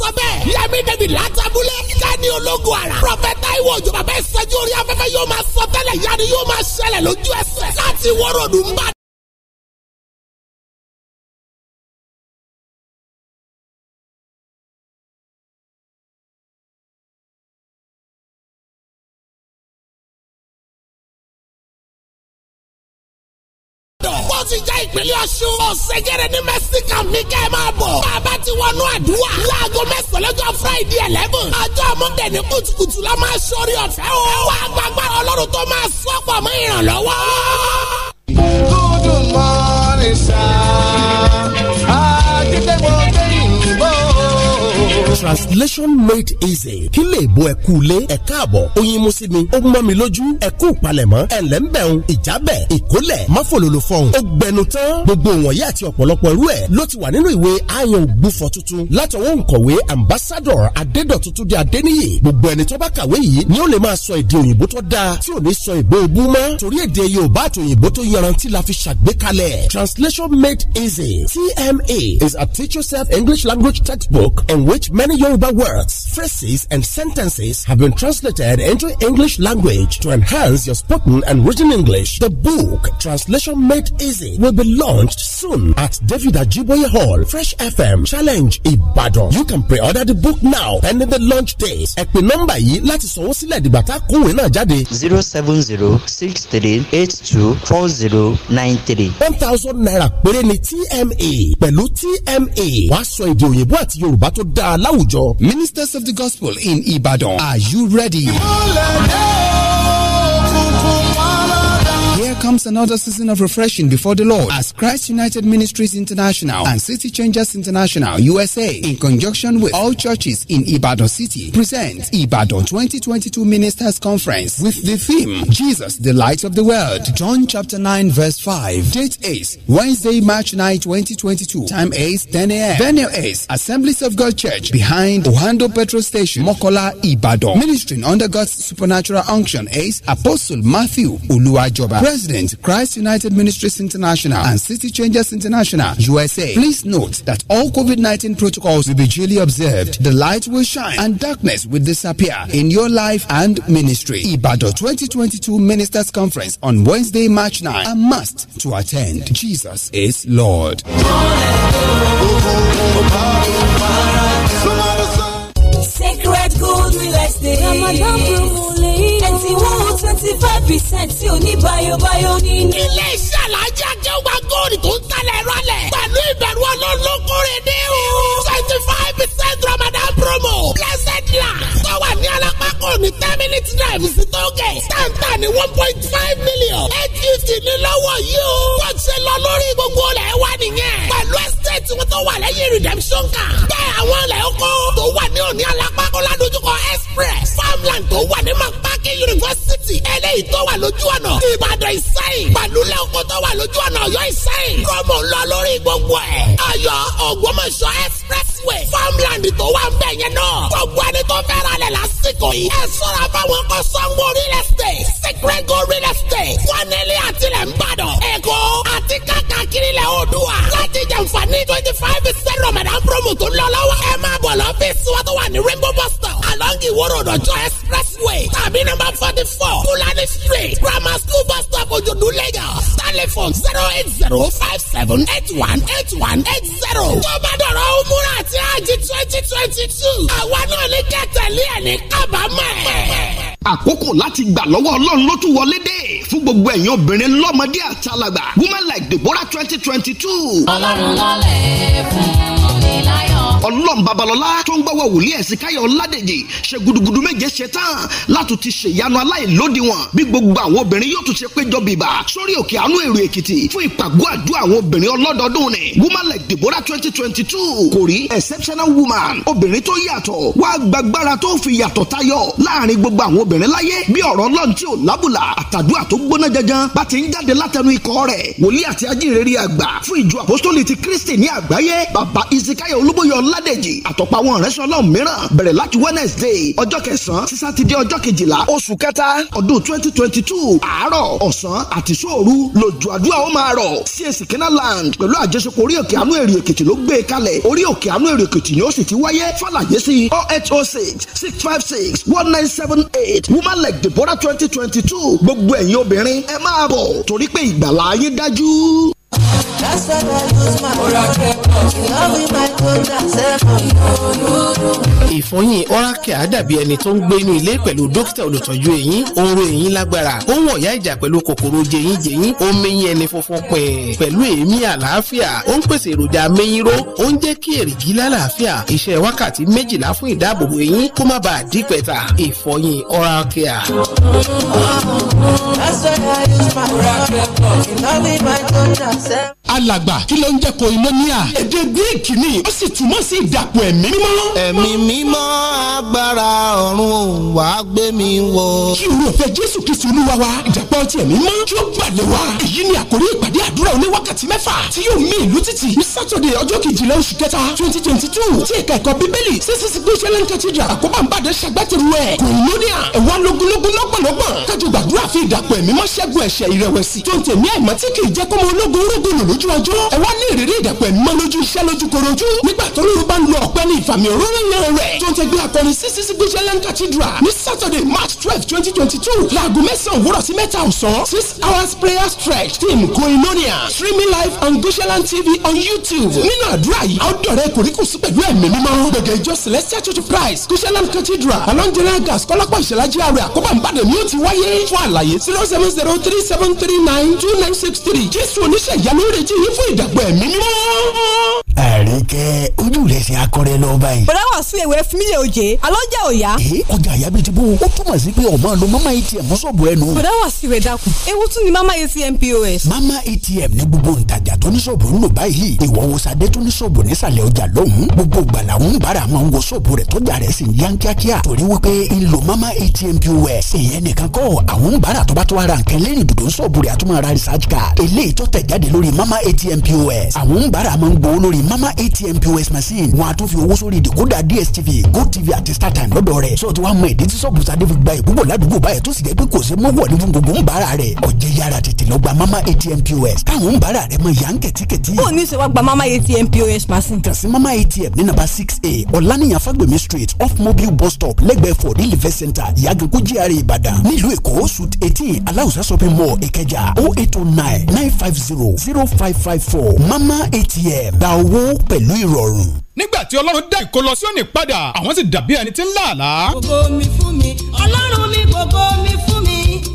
Speaker 2: sọ bẹ́ẹ̀. yẹmi david látàbúlẹ̀ kíkà ní ológo ara. Prọfẹ̀tà Iwo Òjò bàbá ìsẹ́jú orí afẹ́fẹ́ yóò máa sọ tẹ́lẹ̀ yára yóò máa ṣẹlẹ̀ lójú ẹsẹ̀. Láti wọ́rọ̀dù ń bá ti já ìpínlẹ̀ Ọ̀ṣun. ọ̀sẹ̀gẹ̀rẹ̀ ní mẹ́síkà mi kẹ́ ẹ máa bọ̀. bàbá ti wọnú àdúrà. láago mẹ́sàn-án lọ́jọ́ friday eleven. ọjọ́ mọ́ndé ní kùtùkùtù la máa ṣorí ọ̀fẹ́ o. wà á gbàgbọ́ ọlọ́run tó máa sọ́pọ̀ mọ́ ìrànlọ́wọ́. good morning sir.
Speaker 4: translation made easy kí lè bo ẹ kú lé ẹ káàbọ̀ oyin mú sí mi ó mọ́ mi lójú ẹ kú palẹ̀mọ́ ẹ lẹ́ ń bẹ̀rùn ìjábẹ̀ ìkólẹ̀ máfòlòlò fọhùn ó gbẹnu
Speaker 9: tán gbogbo wọ̀nyí àti ọ̀pọ̀lọpọ̀ irú ẹ̀
Speaker 4: ló ti wà nínú ìwé ayan ògbúfọ̀ tuntun látọwọ́ nkọ̀wé ambassador adédọ̀tutù adéníyè gbogbo ẹni tó bá kàwé yìí ni ó lè máa sọ èdè òyìnbó tó dáa tí ò ní sọ èbó ebú mọ́ torí èdè yorùbá àti òyìnbó tó yanrantí la fi ṣàgbékalẹ̀ translation made easy tma is a teach yourself english language textbook in which many many Yoruba words, phrases, and sentences have been translated into English language to enhance your spoken and written English. The book, Translation Made Easy, will be launched soon at David Ajiboye Hall, Fresh FM, Challenge Ibadan. You can pre-order the book now pending the launch date. Ekpe pè nọ́mbà yìí láti sanwó sílẹ̀ dìgbà tá a kúnwé náà jáde. zero seven zero six three eight two four zero nine three. one thousand naira péré ni TMA pelu TMA wàá sọ èdè òyìnbó àti Yoruba to da
Speaker 7: láwùjọ. láwùjọ ministers of the gospel in Ibadan are you ready.
Speaker 1: òkùnkùn
Speaker 7: comes another season of refreshing before the Lord as Christ United Ministries International and City Changers International USA, in conjunction with all churches in Ibadan City, present Ibadan 2022 Ministers Conference with the theme Jesus, the Light of the World, John chapter 9, verse 5. Date is Wednesday, March 9, 2022. Time is 10 a.m. Venue is Assemblies of God Church behind Ohando Petrol Station, Mokola, Ibadan. Ministering under God's supernatural unction is Apostle Matthew Uluajoba. President president, Christ United Ministries International and City Changers International, USA. Please note that all COVID 19 protocols will be duly observed. The light will shine and darkness will disappear in your life and ministry. Ibadan 2022 Ministers Conference on Wednesday, March 9. A must to attend. Jesus is Lord.
Speaker 1: Sacred Gold Real Estate.
Speaker 2: five percent tí o ní bayobayo nínú. ilé iṣẹ́ alájà jẹ́ wa góòlù tó ń tẹ̀lé rọlẹ̀. pẹ̀lú ìbẹ̀rù ọlọ́lọ́kùnrin ní o. twenty five percent Ramadan promo blessed land tó wà ní alápákó ní ten minute drive sí tóge. tàǹtà ní one point five million eight fifty ní lọ́wọ́ yìí o. kò ṣe lọ lórí gbogbo rẹ̀ wá nìyẹn. pẹ̀lú ẹsẹ̀ tí wọ́n tó wà lẹ́yìn redemption kan. bẹ́ẹ̀ àwọn ilẹ̀ oko tó wà ní òní alápákó ládójúkọ express farmland tó wà ní màkú eléyìí tó wà lójú ọ̀nà ìbàdàn ìsẹ́yìn pàlúlẹ̀ oko tó wà lójú ọ̀nà ọ̀yọ́ ìsẹ́yìn promo ńlọ lórí gbogbo ẹ̀ ayọ̀ ògbómọ̀ṣọ́ expressway farmland tó wà ń bẹ̀ yẹn náà gbogbo ẹni tó fẹ́ ra lẹ̀ lásìkò yìí ẹ sọ̀rọ̀ fáwọn kan sango real estate segrego real estate wọnẹlẹ àtìlẹ̀ ńbàdàn èkó àti kákàkiri lẹ̀ odua láti jàǹfààní twenty five percent ramadan promo tó ń lọ lọ́wọ́ ẹ máa bọ̀ lọ́fíìsì wọn tó wà ní rainbow bus along Iworo Odojo expressway tàbí number forty four Kulani street grammar school bus stop Ojodu Lagos tẹlifon zero eight zero five seven eight one eight one eight zero. tó bá dọ̀rọ̀ umura àti àjì twenty twenty two àwa náà ní kẹtẹ̀lé ẹ̀ ní kábàámọ̀ ẹ̀
Speaker 4: àkókò láti gbà lọ́wọ́ ọlọ́run ló tún wọlé dé fún gbogbo ẹ̀yin obìnrin lọ́mọdé àtàlàgbà women like deborah twenty twenty two. ọlọ́run lọ́lẹ̀ fún mi láyọ̀. ọlọ́run babalọ́lá tó ń gbọ́wọ́ wòlíì ẹ̀sìn káyọ̀ ọ̀làdèjì ṣe gudugudu méje ṣe tán láti ti ṣèyanu aláìlódiwọ̀n bí gbogbo àwọn obìnrin yóò tún ṣe péjọ bìbà sórí òkè àánú èrò èkìtì fún ìpàgọ́ àdúrà àwọn obìnrin ọlọ́dọọdún ni woman like deborah twenty twenty two kò rí exceptional woman obìnrin tó yàtọ̀ wá gbàgbára tó fi yàtọ̀ tayọ láàrin gbogbo àwọn obìnrin láyé bí ọ̀rọ̀ ọlọ́run tí ò lábùlà àtàdúrà tó gbóná janjan bá ti ń jáde látẹnu ikọ̀ rẹ̀ wòlíì àti ajínrere àgbà fún ìjọ apostoli ti kristi ní àgbáyé bàbá izikaya olúbóyè ọládèjì àtọ̀pọ̀ àwọn ìránṣẹ́ ọlọ́run mìíràn bẹ̀rẹ̀ láti wednesday ọjọ́ kẹsàn-án sí sátidé ọjọ́ kejìlá oṣù kẹta ọdún twenty twenty two àárọ̀ ọ̀sán àti sóòru lójú òjò àdúrà ó máa rọ̀ CAC Kena Land pẹ̀lú àjọṣepọ̀ orí òkè àánú èrè èkìtì ló gbé e kalẹ̀ orí òkè àánú èrè èkìtì ni ó sì ti wáyé fàlàyé sí oh eight oh six six five six one nine seven eight woman like Deborah twenty twenty two gbogbo ẹ̀yin obìnrin ẹ máa bọ̀ torí pé ìgbàlá yín dájú. That's
Speaker 1: why I lose my oracle. You love me, my good, that's
Speaker 6: ìfọyín oracle àdàbí ẹni tó ń gbé inú ilé pẹ̀lú dókítà olùtọ́jú eyín ó ń ro eyín lágbára ó ń wọ̀yá ìjà pẹ̀lú kòkòrò jẹyín jẹyín ó ń mẹyín ẹni funfun pin pẹ̀lú èémí àlàáfíà ó ń pèsè èròjà mẹyìnró ó ń jẹ́ kí èrìgì lálàáfíà iṣẹ́ wákàtí méjìlá fún ìdáàbòbò eyín kó má bàa dí pẹ̀tà ìfọyín oracle. that's
Speaker 1: why I use my oracle. you love me, my good,
Speaker 4: that's sẹ́. alàgbà kí ló ń jẹ́ koinonia. èdè greek ni ó sì túmọ̀ sí ìdàpọ̀ ẹ̀mí mímọ́. ẹ̀mí mímọ́ agbára ọ̀run wà á gbé mi wọ. kí oore ọ̀fẹ́ jésù kristu olúwa wa ìjàpá ọtí ẹ̀mí mọ́ kí ó gbàlẹ̀ wá. èyí ni àkórí ìpàdé àdúrà oní wákàtí mẹ́fà tí yóò mì ìlú títì ní sátọ̀dẹ̀ ọjọ́ kejìlá oṣù kẹta twenty twenty two tí ẹ̀ka ẹ̀kọ́ bíbélì sísí sí gbéṣẹ́lẹ̀ cathedral àkóbáǹbàdé ṣàgbátẹrù ẹ̀ kòlóníà ẹ̀wá lógúnlógún lọ́gbọ̀nlọ́gbọ̀n kájọ gbàdúrà fi ìdàpọ̀ ẹ̀mí mọ́ ṣẹ́gun ẹ̀ṣẹ̀ ìrẹ̀wẹ̀sì tó ń tẹ̀mí àìmọ́ tí kì í jẹ́ kó mọ ológun orógùn lójú ọjọ́ ẹ wá ní ìrírí ìdàpọ̀ ẹ̀mí mọ́ bísí gbísẹ́lẹ̀ cathedral ní saturday march twelve twenty twenty two laago mẹ́sàn-án òwúrọ̀ sí mẹ́ta ọ̀sán six hours prayer stretch team koinonia streaming live on gbísẹ́lẹ̀ tv on youtube nínú àdúrà yìí àwọn dọ̀rẹ́ kòríkòsí pẹ̀lú ẹ̀mí mímọ́ gbẹ̀gẹ̀ ìjọ celestial church of christ gbísẹ́lẹ̀ cathedral along general gas kọ́lọ́pọ̀ ìṣẹ̀lájí àrẹ àkóbá ìbàdàn ni ó ti wáyé fún àlàyé zero seven zero three seven three nine two nine six three jésù oníṣẹ́ ìyanu retí yín fún ìdàgbọ́ ẹ̀mí mímọ́.
Speaker 2: àríkẹ́ ojú rẹ̀ ṣe akọrẹ lọ́ọ́ báyìí.
Speaker 4: bọ̀dá wà sí ewé fúnmílẹ̀ òjé alọ́j lọ́jà òya. ẹ ọjà àyà bíi ti bó o túmọ̀ sí pé ọmọ lo mama atm mọ́sọ̀bù ẹnu. bọ̀dá wà sí rẹ̀ dákun ewu tún ni mama atm pos. mama atm ní gbogbo ntajà tó ní sọ̀bù ń lò báyìí ìwọ wo sadé tó ní sọ̀bù nísàlẹ̀ ọjà lọ́hùn gbogbo gbala ń bára máa ń wo sọ̀bù rẹ̀ tọ́jà rẹ̀ sì ń yan kíákíá torí wípé ń lo mama atm pos èèyàn nìkan kọ́ àwọn ń bára tó bá tó ara nǹkan lẹ́yìn dòdò sọ̀bù rẹ̀ àtúmọ̀ ara research card eléyìí tó tẹ̀ jáde lórí mama atm pos àwọn ń bára máa ń gbowó lórí mama atm pos machine wọn a tún fi owó sórí ìdìkúdà dstv gotv àti star time lọ́dọ̀ rẹ̀ sọ ti wá mọ ìdí tí sọ́ọ̀bù sadé fi gba ìbúbọ̀ ládùúgbò báyìí tó sì jẹ́ pé kò ṣe mọ́ ní gbogbo ń bára rẹ̀ ọ̀jẹ̀ yára tètè lọ gba mama atm pos káwọn ń bára rẹ̀ mọ ìyá ń kẹ̀tíkẹ̀tí. ó ní sọ gba mama atm pos machine. kàn sí mama atm ní nàbà six a ọ̀lànìyàn fagbemi street off mobile bus stop lẹ́gbẹ̀ẹ́ for the live center ìyàgànkú GRA ìbàdàn nílùú èkó suit eighteen aláwùsá shopping mall ìkẹjà o oh eight o oh nine nine five zero zero five five four mama atm gba owó pẹ̀lú ìrọ̀rùn.
Speaker 10: nígbà tí ọlọ́run dá ìkólọ sí òní padà àwọn sì dàbí ẹni tí ti ń làlá.
Speaker 4: gbogbo mi fún mi ọlọ́run mi gbogbo mi fún mi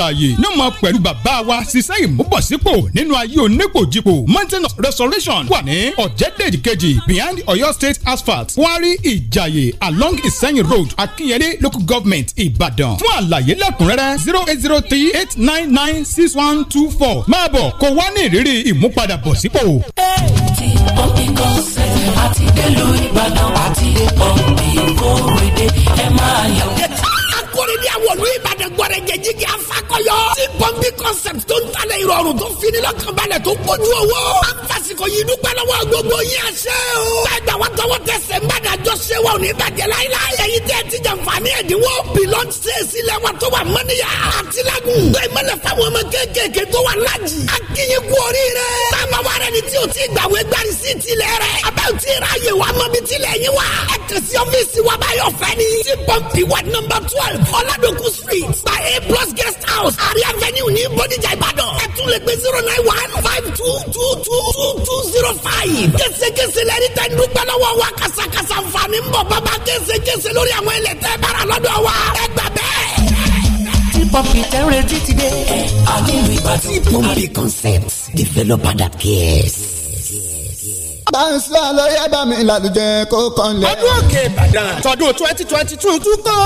Speaker 10: alààyè ní ọmọ pẹ̀lú bàbá wa ṣiṣẹ́ ìmúbọ̀sípò nínú ayé onípòjìpò mountain of restoration wà ní ọ̀jẹ̀dẹ̀jì kejì behind Ọ̀yọ́ state asphalt kwari ìjàyè along ìsẹ́yìn road akínyẹlé local government ìbàdàn fún àlàyé lẹ́kùnrẹ́rẹ́ zero eight zero three eight nine nine six one two four máa bọ̀ kó wá ní ìrírí ìmúpadàbọ̀sípò.
Speaker 2: ti pọ́ǹpì concept àti délùú ìbàdàn àti pọ́ǹpì kórèdè ẹ máa yọ̀. akóredé àwọn olú ìbàdàn rẹ̀ jẹ̀jì kí a ti pọ́ńpì concept tó ń talẹ̀ ìrọ̀rùn tó fini tó kojú owó. an fasikọ yìí dúpẹ́ lọ́wọ́ gbogbo yín àṣẹ o. bẹ́ẹ̀ gbà tọwọ́ tẹsẹ̀ ń bàdà jọ ṣé wa ò bàjẹ́ láíláí. èyí tẹ́ ti jàǹfààní ẹ̀dínwó. pilọ́n ṣe sílẹ̀ wa tó wà mọ́níyà. àtìlágùn. bẹ́ẹ̀ e mẹ́lẹ̀ fáwọn ọmọ kéékèèké tó wà lájì. a kú oríire. sábà wà A plus guest house àrí avenue ní Bódìjà Ìbàdàn. Ẹ tún lè gbé zero nine one five two two two two two zero five. Késekése lẹ́ni tẹ́ dúpẹ́ lọ́wọ́ wa kàṣàkàṣà nfààní ń bọ̀ bàbá késekése lórí àwọn ilẹ̀ tẹ́ bára lọ́dọ̀ wa. Ẹ gbà bẹ́ẹ̀ pọ́ǹpì tẹ́ ń retí ti dé. àní ìgbà tí pọ́ǹpì concepts developer that cares
Speaker 4: bá ń sọ lórí mi lálùjẹ kó kan lẹ̀.
Speaker 5: ọdún
Speaker 2: òkè ìbàdàn
Speaker 4: tọdún twenty twenty two tún kọ́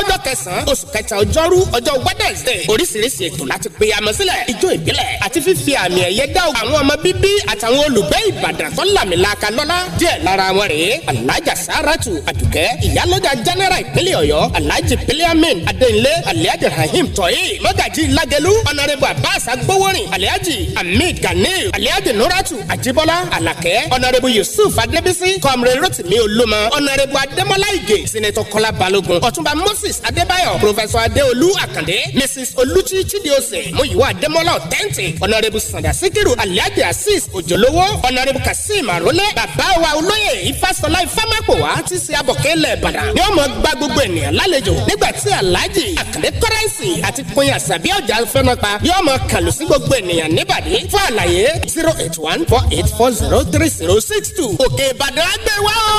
Speaker 4: ọjọ́ kẹsàn-án oṣù kẹta ọjọ́rú ọjọ́ wednesday oríṣiríṣi ètò láti pe àmọ́ sílẹ̀ ìbílẹ̀ àti fífi àmì ẹ̀yẹ dá àwọn ọmọ bíbí àtàwọn olùgbé ìbàdàn tó làmìlaka lọ́lá díẹ̀ lára wọn rèé alájà sàràtù àdùkẹ́ ìyálọ́jà general ìpínlẹ̀ ọ̀yọ́ alhaji biliamin adéǹlé alhaji rahim tọ́yì mọ́gàjì lagelu ọ̀nàrẹ́bù abbas agbowórin alhaji amid ganil alhaji nuratu ajibola alakẹ́ Adékúnlé ọ̀nàrẹ́bù Yusuf Adébísí kọ́mrẹ́ Rotimi Olúmọ ọ̀nàrẹ́bù Adémọ́lá Ìgè sinetọ Kọ́lá Balógun ọ̀túnba Moses Adébáyọ̀ pòfẹ́sọ̀ Adéolú Àkàndé Mrs Olúchi Chidiose Múyìwá Adémọ́lá ọ̀tẹ́ǹtì ọ̀nàrẹ́bù Sàndà Síkírù Alhaji Assis Òjòlówó ọ̀nàrẹ́bù Kassim Arólé bàbá wa olóyè Ifásọlá Ifámápòwá ti ṣe abọ̀kẹ́lẹ̀ Ìbàdàn ni ọmọ gba gbogbo ènìyàn lálejò nígbà tí Alhaji Àkàndé Kọ́rẹ́sì àti Kúnyà Sàbí ọ̀jà fẹ́ràn pa yóò mọ kàlù gbogbo ènìyàn níbàdí fún àlàyé zero eight one four eight four zero three three zero six two òkè ìbàdàn àgbẹ̀wá o.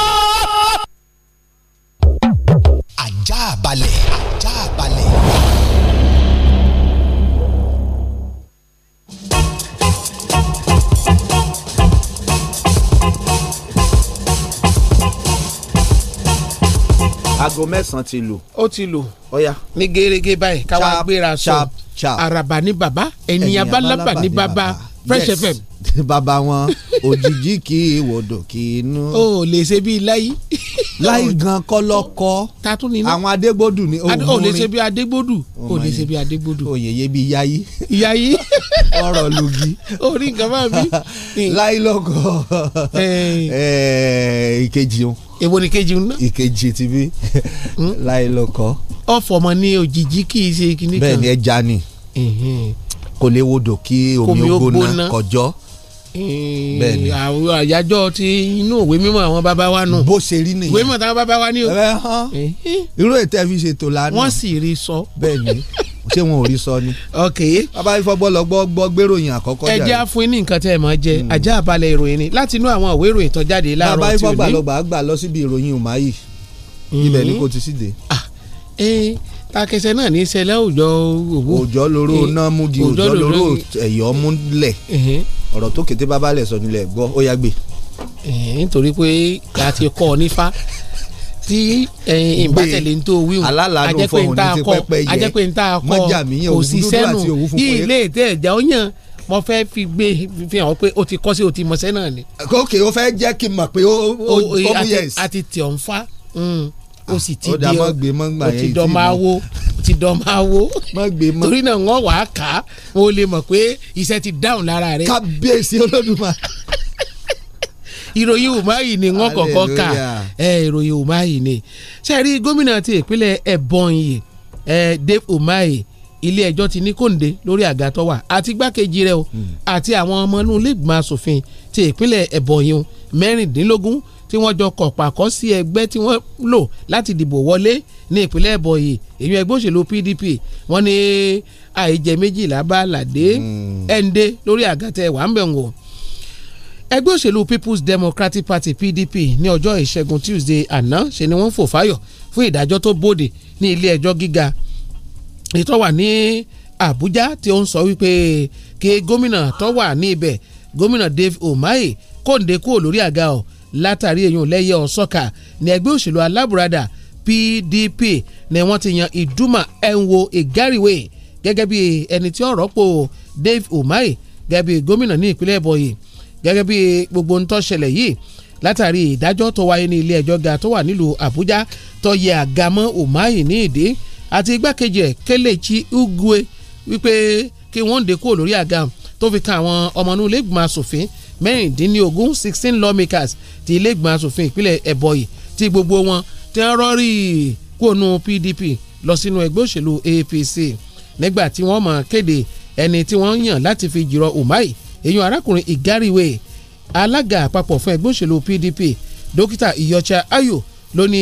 Speaker 4: ajá balẹ̀ ajá balẹ̀.
Speaker 6: aago mẹ́sàn-án ti lù. ó ti lù. ọ̀ya. ní gẹ́gẹ́ báyìí káwa gbéra sọ. araba ni baba ẹni abalaba ni baba. baba Fresh yes. FM. Baba
Speaker 5: wọn òjijì kí ìwòdò kí inú. o ò lè
Speaker 6: ṣe bíi láyé. láyé gan kọ́lọ́kọ́ àwọn adégbòdù ni òun rin. o lè ṣe bíi adégbòdù o lè ṣe bíi adégbòdù. òyèyè bíi yáyí. yáyí. ọ̀rọ̀ lugi. orí nǹkan máa bí.
Speaker 5: láyé lọ́kọ̀ ìkejì o. èwo ni kejì ń ná. ìkejì ti bí hmm? láyé lọ́kọ̀.
Speaker 6: ọ̀fọ̀ mọ̀ ni òjijì kì í ṣe kíní kan. bẹ́ẹ̀ ni
Speaker 5: ẹja ni kò lè wodò kí omi ó gbóná kọjọ
Speaker 6: eh, bẹ́ẹ̀ni àwọn àyájọ́ ti inú òwe mímọ́ àwọn bàbá wa nù bó ṣe rí nìyẹn òwe mímọ́ táwọn bàbá wa ní o. irú ètò ẹ fi ṣètò lánàá wọ́n sì rí sọ. bẹ́ẹ̀ni ṣé wọn ò rí sọ ni. ok bàbá ìfọgbọ́
Speaker 5: lọ gbọ́ gbọ́ gbèròyìn àkọ́kọ́ jáde. ẹ jẹ́
Speaker 6: àfún ní nǹkan tẹ́ ẹ mọ̀ jẹ́ hmm. ajá àbálẹ̀ ìròyìn ni láti inú àwọn òwe ìròyìn tó jáde láàárọ̀ tí ò ní. bàbá ìfọgbà lọ gbà á gbà lọ síbi ìròyìn ò máyì ilẹ̀ ni hmm. kò ti síde. Ah, eh, takẹsẹ náà ní sẹlẹ òjò òwú. òjò lóró eh, náà mú di òjò lóró
Speaker 5: ẹ̀yọ́ mú lẹ̀ ọ̀rọ̀ tó kété bá balẹ̀
Speaker 6: sọ nílẹ̀ gbọ́ ó yá gbé. Eh, nítorí pé a ti kọ́ ọ nífá tí eh, ìbátẹ̀lẹ̀ ń tó wíwù ajẹ́pẹ́ ń tá a kọ́ ajẹ́pẹ́ ń tá a kọ́ kò sí sẹ́nu yìí ilé ìtẹ̀ ẹ̀já ó yàn mo fẹ́ fi gbé fi hàn pé o ti kọ́ sí o ti mọ̀ṣẹ́ náà ni. ok o fẹ́ jẹ́ kí n mọ̀ pé ó ó ó mú yẹn. àti tí ò ń fa ó sì ti di ó ti dán máa wo ti dán máa wo torí náà wọ́n wàá kà á wọ́n lè mọ̀ pé iṣẹ́ ti dáhùn lára rẹ̀. kábíyèsí olódùmarè ìròyìn umahi ni wọ́n kọ́kọ́ kà ẹ ìròyìn umahi ni sẹẹri gómìnà ti ìpínlẹ̀ Ebonyi ẹ Dave Umahi ilé ẹjọ́ ti ní kòǹde lórí àga tó wà àti igbákejì rẹ̀ o hmm. àti àwọn ọmọ inú ilé ìgbìmọ̀ asòfin ti ìpínlẹ̀ Ebonyi mẹ́rìndínlógún tí wọ́n jọ kọ̀ pàkọ́ sí ẹgbẹ́ tí wọ́n lò láti dìbò wọlé ní ìpínlẹ̀ ìbọ̀yè èyí ẹgbẹ́ òṣèlú PDP wọ́n ní àìjẹ méjìlá bá làdé ẹ̀ǹdé hmm. lórí àgàtẹ̀ wà ń bẹ̀ wọ̀ ẹgbẹ́ òṣèlú People's Democratic Party PDP ní ọjọ́ ìṣẹ́gun Tuesday àná ṣe ni wọ́n fò fáyọ̀ fún ìdájọ́ tó bòde ní ilé ẹjọ́ gíga ètò wà ní Àbújá tí ó ń sọ wípé kí gómìnà tó wà ní ibẹ̀ gómìnà Dave Umahi kóńdé kúrò lórí àga ọ̀ látàrí èyí ò lẹ́yẹ ọ̀sọ́kà ní ẹgbẹ́ òṣèlú alábùradà PDP ni wọ́n ti yan Ìdúmà Ẹ̀ǹwò Ìgárìwé gẹ́gẹ́ bí ẹni tí ó rọ́pò Dave Umahi gẹ́gẹ́ bí gómìnà ní ìpínlẹ̀ Ebonyi gẹ́gẹ́ bí gbogbo ń tó ṣẹlẹ̀ yìí látàrí ìdájọ́ tó wáyé ní ilé ẹjọ́ ga tó wà nílùú Àbújá tó yẹ àgámọ́ Umahi ní ìdí àti igbákejì ẹ̀ Kelechi Ugwe wípé kí wọ́n dé kúrò lórí àgàm tó fi kan àwọn ọmọ inú ilégbìmọ̀ asòfin mẹ́rìndínlógún sixteen lawmakers ti ilégbìmọ̀ asòfin ìpínlẹ̀ ẹ̀bọ̀yì tí gbogbo wọn tí wọ́n rọ́ọ̀rì kóònù PDP lọ sínú ẹgbẹ́ òṣèlú APC nígbà tí wọ́n mọ̀ kéde ẹni tí wọ́n yàn láti fi jùrọ̀ Umahi èyàn arákùnrin Ìgáríwé alága àpapọ̀ fún ẹgbẹ́ òṣèlú PDP dókítà Ìyọ̀chà Ayọ̀ ló ní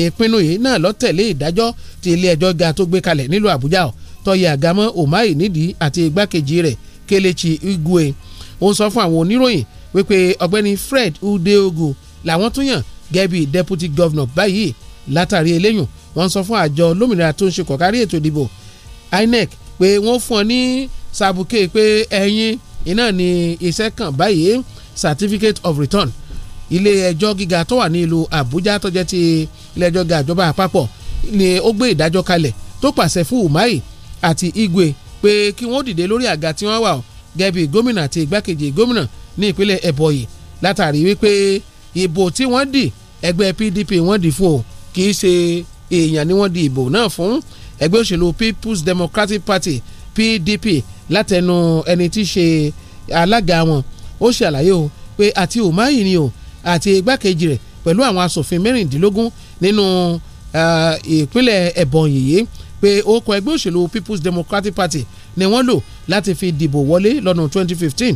Speaker 6: ìpinnu yìí náà lọ tẹ̀lé ìdájọ́ tí ilé ẹjọ́ ga tó gbé kalẹ̀ nílùú Àbújá tó yẹ àgámọ́ Umahi nídìí àti igbákejì rẹ̀ Kelechi Igwe ó ń sọ fún àwọn oníròyìn wípé ọ̀gbẹ́ni Fred Udeogu làwọn tún yàn gẹ́gẹ́ deputy governor báyìí látàrí eléyùn wọ́n sọ fún àjọ lómìnira tó ń ṣe kọ̀kárí ètò ìdìbò INEC pé wọ́n fún ọ ní sàbùkè pé ẹ̀yin iná ni iṣẹ́ kan báyìí certificate of return ilé ẹjọ́ gíga tó wà ní ìlú Àbújá tó jẹ́ ti ilé ẹjọ́ gíga àjọba àpapọ̀ ni ó gbé ìdájọ́ kalẹ̀ tó pàṣẹ fún Umahi àti Igwe pé kí wọ́n dìde lórí àga tí wọ́n wà ó gẹ́gẹ́ bí gómìnà àti igbákejì gómìnà ní ìpínlẹ̀ ẹ̀bọ̀yì látàrí wípé ìbò tí wọ́n dì ẹgbẹ́ PDP wọ́n dì fún o kì í ṣe èèyàn ni wọ́n di ìbò náà fún ẹgbẹ́ òṣèlú People's Democratic Party PDP látẹnu ẹni tí í ṣe alága wọn ó ṣe àlàyé o pé àti Umahi ni o àti igbákejì rẹ̀ pẹ̀lú àwọn asòfin mẹ́rìndínlógún nínú ah, ìpínlẹ̀ ẹ̀bọ̀nyì yìí pé orúkọ ẹgbẹ́ òṣèlú People's Democratic Party ni wọ́n lò láti fi dìbò wọlé lọ́dún 2015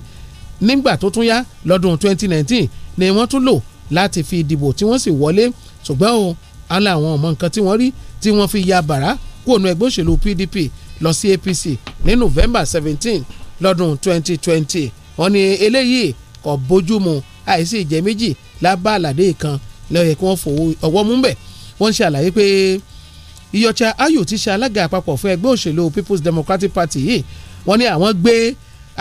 Speaker 6: nígbà tó tún yá lọ́dún 2019 ni wọ́n tún lò láti fi dìbò tí wọ́n sì wọlé ṣùgbọ́n o ala àwọn ọmọ nǹkan tí wọ́n rí tí wọ́n fi ya bàrá kúrò ní ẹgbẹ́ òṣèlú PDP lọ sí APC ní November 17 lọ́dún 2020 wọ́n ní eléyìí kò bójú mu àìsí ìjẹ́ méjì lábá àlàdé kan ló yẹ kí wọ́n fowó ọwọ́ mú bẹ̀ wọ́n ṣàlàyé pé Iyọ̀chà Ayọ̀ ti ṣe alága àpapọ̀ fún ẹgbẹ́ òṣèlú People's Democratic Party yìí wọ́n ní àwọn gbé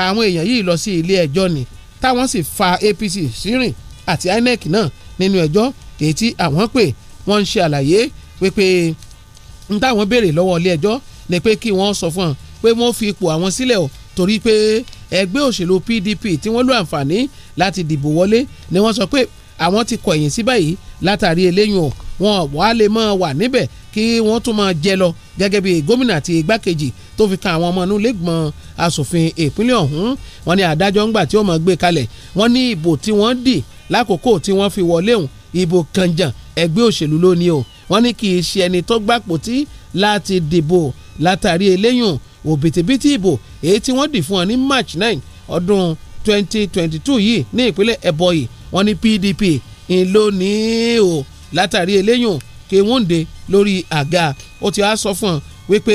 Speaker 6: àwọn èèyàn yìí lọ sí ilé ẹjọ́ ni táwọn sì fa APC sírìn àti INEC náà nínú ẹjọ́ èyí tí àwọn pè wọ́n ń ṣe àlàyé wípé n táwọn béèrè lọ́wọ́ ilé ẹjọ́ ni pé kí wọ́n sọ fún wọn pé wọ́n fi ipò àwọn sílẹ̀ o torí pé ẹgbẹ́ òṣèlú PDP tí wọ́n lo àǹfààní láti dìbò wọlé ni wọ́n sọ pé àwọn ti kọ̀yìn sí báyìí látàrí eléyìn o wọn wàá lè mọ́ wà níbẹ̀ kí wọ́n tún máa jẹ lọ gẹ́gẹ́ bí gómìnà àti igbákejì tó fi kan àwọn ọmọ inú lẹ́gbọ̀n asòfin ìpínlẹ̀ ọ̀hún wọ́n ní adájọ́ ńgbà tí ó máa gbé kalẹ̀ wọ́n ní ìbò tí wọ́n dì lákòókò tí wọ́n fi wọlé òun ìbò kànjàn ẹgbẹ́ òṣèlú lónìí o wọ́n ní kì í ṣe ẹni tó gbàpò tí láti dìbò látàrí eléyùn òbítíbitì ìbò èyí tí wọ́n dì fún ọ ní March 9 ọdún 2022 yìí ní ìpínlẹ̀ ẹ̀bọ̀yì wọ́n ní PDP ńlónìí o látàrí eléyùn kéwòǹde lórí àga ó ti wá sọ fún ọ wípé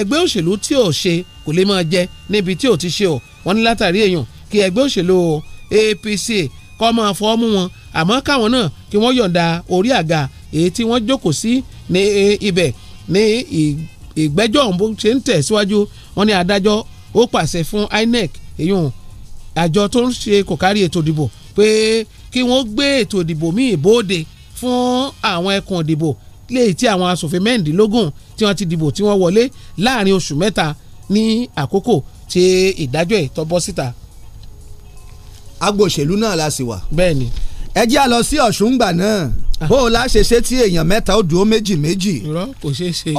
Speaker 6: ẹgbẹ́ òṣèlú tí ò ṣe kò lè máa jẹ níbi tí ò ti ṣe ọ wọn ní látàrí èèyàn kí ẹgbẹ́ òṣèlú APC kọ́ máa fọ́ mú wọn àmọ́ káwọn náà kí wọ́n yọ̀ǹda orí àga èyí tí wọ́n jókòó sí ní ibẹ̀ ní ìgbẹ́jọ́ ọ̀hún bó ṣe ń tẹ̀síwájú wọn ní adájọ́ ó pàṣẹ fún INEC èyàn àjọ tó ń ṣe kòkárí ètò ìdìbò pé kí wọ́n gbé ètò ìdìbò míì bóde fún àwọn ẹkùn ìdìbò léyìí tí àwọn asòfin mẹ́rìndínlógún tí wọ́n ti dìbò tí wọ́n wọlé láàrin oṣù mẹ́ta ní àkókò tí ìdájọ́ ẹ̀ tó bọ́ síta. agbóṣèlú náà la sì wà. bẹ́ẹ̀ni. ẹ jẹ́ a lọ sí ọ̀ṣun gbà náà ah. bó o la ṣe
Speaker 5: ṣe tí èèyàn mẹ́ta ó dúró méjì méjì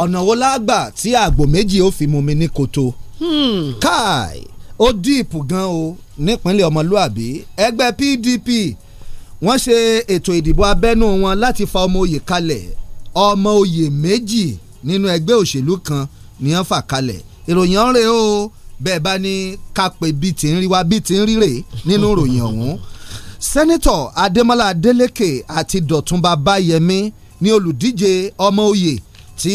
Speaker 5: ọ̀nà wo lágbà tí àgbò méjì ó fi mu mi ní koto. Hmm. káì ó díìpù gan o nípínlẹ̀ ọmọlúàbí ẹgbẹ́ PDP wọ́n ṣe ètò ìdìbò abẹ́nú wọn láti fa ọmọ oyè kalẹ̀ ọmọ oyè méjì nínú ẹgbẹ́ òṣèlú kan ni wọ́n fà kalẹ̀ ìròyìn ọ̀rẹ́ o bẹ́ẹ̀ bá ní ká bíi ti ń rí wa bíi ti ń rírè nínú ìròyìn ọ̀hún sẹ́nitọ̀ adémọ́lá adélékè àti dọ̀tún babáyẹmí ni olùdíje ọmọ oyè tí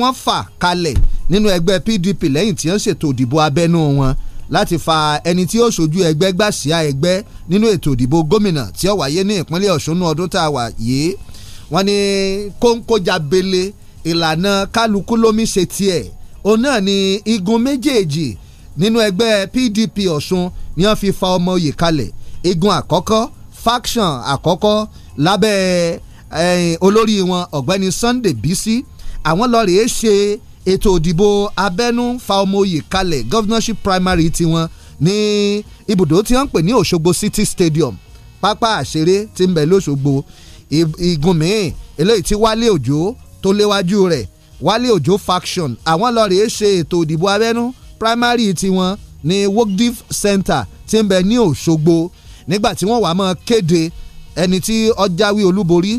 Speaker 5: wọ́n fà kalẹ̀ nínú ẹgbẹ́ pdp lẹ́yìn tí wọ́n ṣètò ìdìbò abẹ́nú wọn láti fa ẹni tí ó ṣojú ẹgbẹ́ gbàṣíà ẹgbẹ́ nínú ètò ìdìbò gómìnà tí ó wáyé ní ìpínlẹ̀ Ọ̀ṣun ní ọdún tá a wà yìí wọ́n ní kóńkójàbele ìlànà kálukú lómi ṣe tiẹ̀ òun náà ni igun méjèèjì nínú ẹgbẹ́ PDP Ọ̀ṣun ni wọ́n fi fa ọmọ oyè kalẹ̀ igun àkọ́kọ́ faction àkọ́kọ́ lábẹ́ olórí wọn ọ̀gbẹ́ni Sunday Bisi àwọn lọ́ọ́ rèé ṣe ètò òdìbò abẹ́nú fa ọmọ oyè kalẹ̀ governorship primary tiwọn ní ibùdó tí wọ́n ń pè ní Òṣogbo City Stadium pápá àṣeré tí ń bẹ lóṣogbo igun míì eléyìí tí Wálé Òjó tó léwájú rẹ̀ Wálé Òjó faction àwọn ló rèé ṣe ètò òdìbò abẹ́nú primary tiwọn ní Wokdiv Center tí ń bẹ ní Òṣogbo nígbà tí wọ́n wàá máa kéde ẹni tí ó olúborí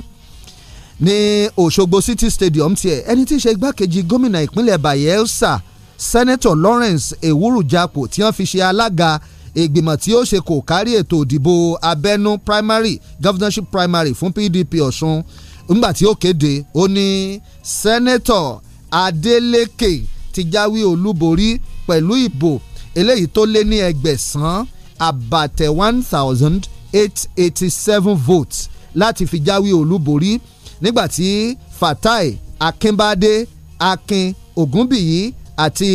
Speaker 5: ní Òṣogbo City Stadium tiẹ̀ ẹni tí í ṣe igbákejì gómìnà ìpínlẹ̀ Bayelsa Senator Lawrence Ewuru Japo tí wọ́n fi ṣe alága ìgbìmọ̀ tí ó ṣe kò kárí ètò ìdìbò abẹ́nú primary governorship primary fún PDP Ọ̀ṣun ńgbà tí ó kéde ó ní Senator Adeleke ti jáwé olúborí pẹ̀lú ìbò eléyìí tó lé ní ẹgbẹ̀sán àbàtẹ̀ one thousand eight eighty seven votes láti fi jáwé olúborí nígbàtí Fatai Akínbádé Akin Ògúnbíyí àti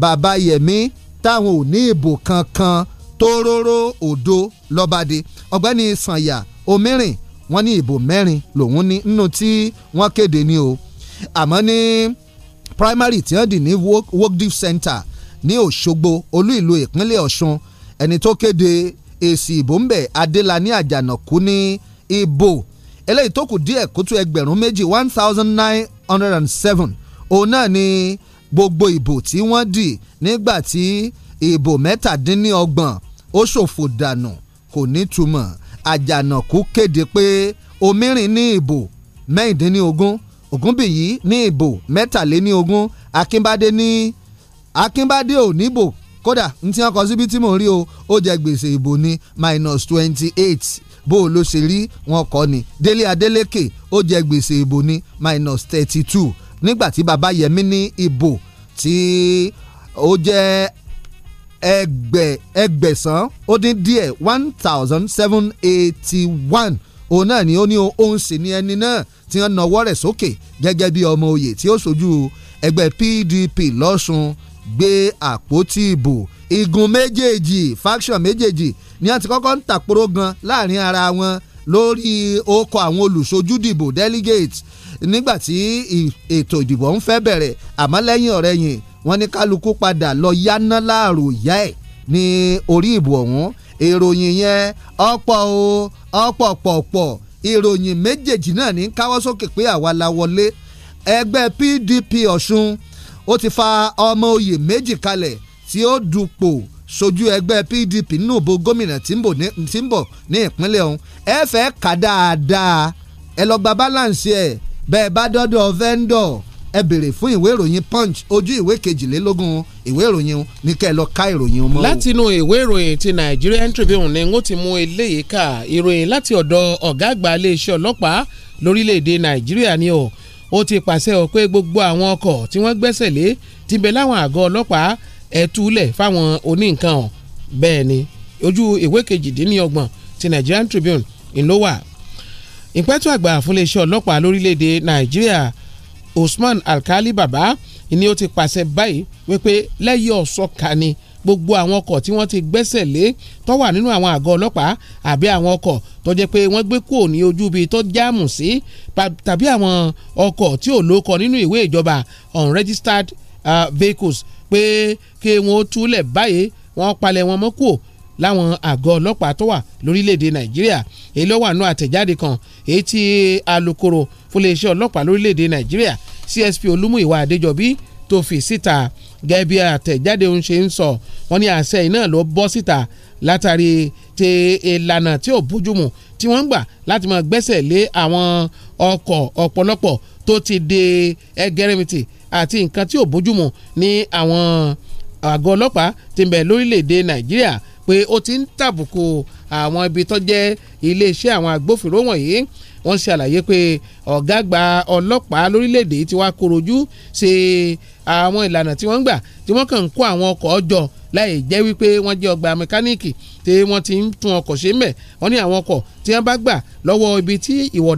Speaker 5: Babayẹmí táwọn ò ní ìbò kankan tóróró odo lọ́bàdé ọ̀gbẹ́ni sanya Omirin wọ́n ní ìbò mẹ́rin lòun ní nínú tí wọ́n kéde ní o àmọ́ ní primary tí wọ́n dì ní Wokdiv Center ní Òṣogbo olú ìlú ìpínlẹ̀ Ọ̀ṣun ẹni tó kéde èsì ìbò ń bẹ̀ Adélani Àjànàkú ní ìbò eléyìí tó kù díẹ̀ kó tó ẹgbẹ̀rún méjì one thousand nine hundred and seven òun náà ni gbogbo ìbò tí wọ́n dì nígbà tí ìbò mẹ́tàdínníọgbọ̀n ó ṣòfò dànù kò ní túmọ̀ àjànàkú kéde pé omírin ní ìbò mẹ́rìndínlógún ògúnbìyí ní ìbò mẹ́tàléníogún akínbádé ní akínbádé ò níbò kódà ntí wọn kọ síbi tí mò ń rí o ó jẹ gbèsè ìbò ní minus twenty eight bó o ló ṣe rí wọn kọ́ ni délé adélékè ó jẹ gbèsè ìbò ní minus thirty two nígbàtí babayẹmi ní ìbò tí ó jẹ́ ẹgbẹ̀ ẹgbẹ̀sán ó dín díẹ̀ one thousand seven eighty one òun náà ni ó ní òun sì ni ẹni náà tí wọ́n nawọ́ rẹ̀ sókè gẹ́gẹ́ bí ọmọ oyè tí ó ṣojú ẹgbẹ́ PDP lọ́sùn gbé àpótí ìbò igun méjèèjì faction méjèèjì ni wọ́n ti kọ́kọ́ ń tàporó gan láàrin ara wọn lórí okọ̀ àwọn olùṣojú dìbò delegate nígbàtí ètò ìdìbò ń fẹ́ bẹ̀rẹ̀ àmọ́ lẹ́yìn ọ̀rẹ́yìn wọ́n ní kálukú padà lọ yáná láàrò ìyá ẹ̀ ní orí ìbò ọ̀hún ìròyìn yẹn ọ̀pọ̀ ọ̀pọ̀ pọ̀pọ̀ ìròyìn méjèèjì náà ní káwọ́ pé àwa la wọlé ẹgbẹ́ PDP Ọ̀ṣun ó ti fa ọmọ oyè méjì kalẹ̀ tí ó dupò sojú ẹgbẹ́ PDP nínú ìbò gómìnà tí ń bọ̀ ní ìpínlẹ̀ ọ̀hún ẹ fẹ́ kà dáadáa ẹ lọ gba balance ẹ bẹ́ẹ̀ bá dọ́dọ̀ vendor ẹ béèrè fún ìwé ìròyìn punch ojú ìwé kejìlélógún ìwé ìròyìn ní kẹ́ ẹ lọ ká ìròyìn mọ́.
Speaker 6: látinú ìwé ìròyìn ti Nigerian Tribune ni wọ́n ti mú eléyìí ká ìròyìn láti ọ̀dọ̀ ọ̀gá àgbà iléeṣẹ́ ọlọ́pàá lórílẹ̀‐èdè Nàìjíríà ni o ó ti pàṣẹ ọ pé gbogbo àwọn ọkọ̀ tí wọ́n gbẹ́sẹ̀ lé ti bẹ láwọn àgọ́ ọlọ́pàá ẹ̀túlẹ̀ fáwọn oníǹkan ọ̀ bẹ́ẹ̀ ni ojú ìwé kejìdínlọ́gbọ̀n ti Nigerian Tribune ńlọ́wà ìpẹ́tù àgbà fúnléeṣẹ́ ọlọ́pàá lórílẹ̀‐èdè Nàìjíríà Usman Alkali Baba ni ó ti pàṣẹ báyìí wípé lẹ́yìn ọ̀sọ́ka ni gbogbo àwọn ọkọ̀ tí wọ́n ti gbẹ́sẹ̀ lé tó wà nínú àwọn àgọ́ ọlọ́pàá àbí àwọn ọkọ̀ tó jẹ́ pé wọ́n gbé kúrò ní ojú ibi tó jáàmù sí tàbí àwọn ọkọ̀ tí ò lóko nínú ìwé ìjọba unregistered uh, vehicles pé kí wọ́n túlẹ̀ báyìí wọ́n palẹ̀ wọn mọ́ kúrò láwọn àgọ́ ọlọ́pàá tó wà lórílẹ̀‐èdè nàìjíríà èyí ló wà nínú àtẹ̀jáde kan èyí tí alukoro fúnléeṣẹ́ ọlọ́pàá lórílẹ̀‐èdè nàìjíríà CSP olúmúìwá adéjọbí tó fi síta gẹ́gẹ́ bí àtẹ̀jáde òun ṣe ń sọ wọ́n ní àṣẹ yìí náà ló bọ́ síta látàrí ti ìlànà tí ò bójúmu tí wọ́n ń gbà láti máa gbẹ́sẹ̀ lé àwọn ọkọ̀ ọ̀pọ̀lọpọ̀ tó ti de ẹgẹrẹmìtì àti nǹkan tí ò bójúmu ní àwọn àgọ́ ọlọ́pàá ti ń bẹ lórílẹ̀‐èdè Nàìjíríà pé ó ti ń tàbùkù àwọn ibi tó jẹ́ iléeṣẹ́ àwọn agbófinró wọ̀nyí wọ́n ṣàlàyé pé ọ̀gá àgbà ọlọ́pàá lórílẹ̀‐èdè ti wá korojú ṣe àwọn ìlànà tí wọ́n ń gbà tí wọ́n kàn ń kó àwọn ọkọ̀ jọ láì jẹ́ wípé wọ́n jẹ́ ọgbà mẹkáníìkì tí wọ́n ti ń tún ọkọ̀ ṣe mẹ́ wọ́n ní àwọn ọkọ̀ tí wọ́n bá gbà lọ́wọ́ ibi tí ìwọ̀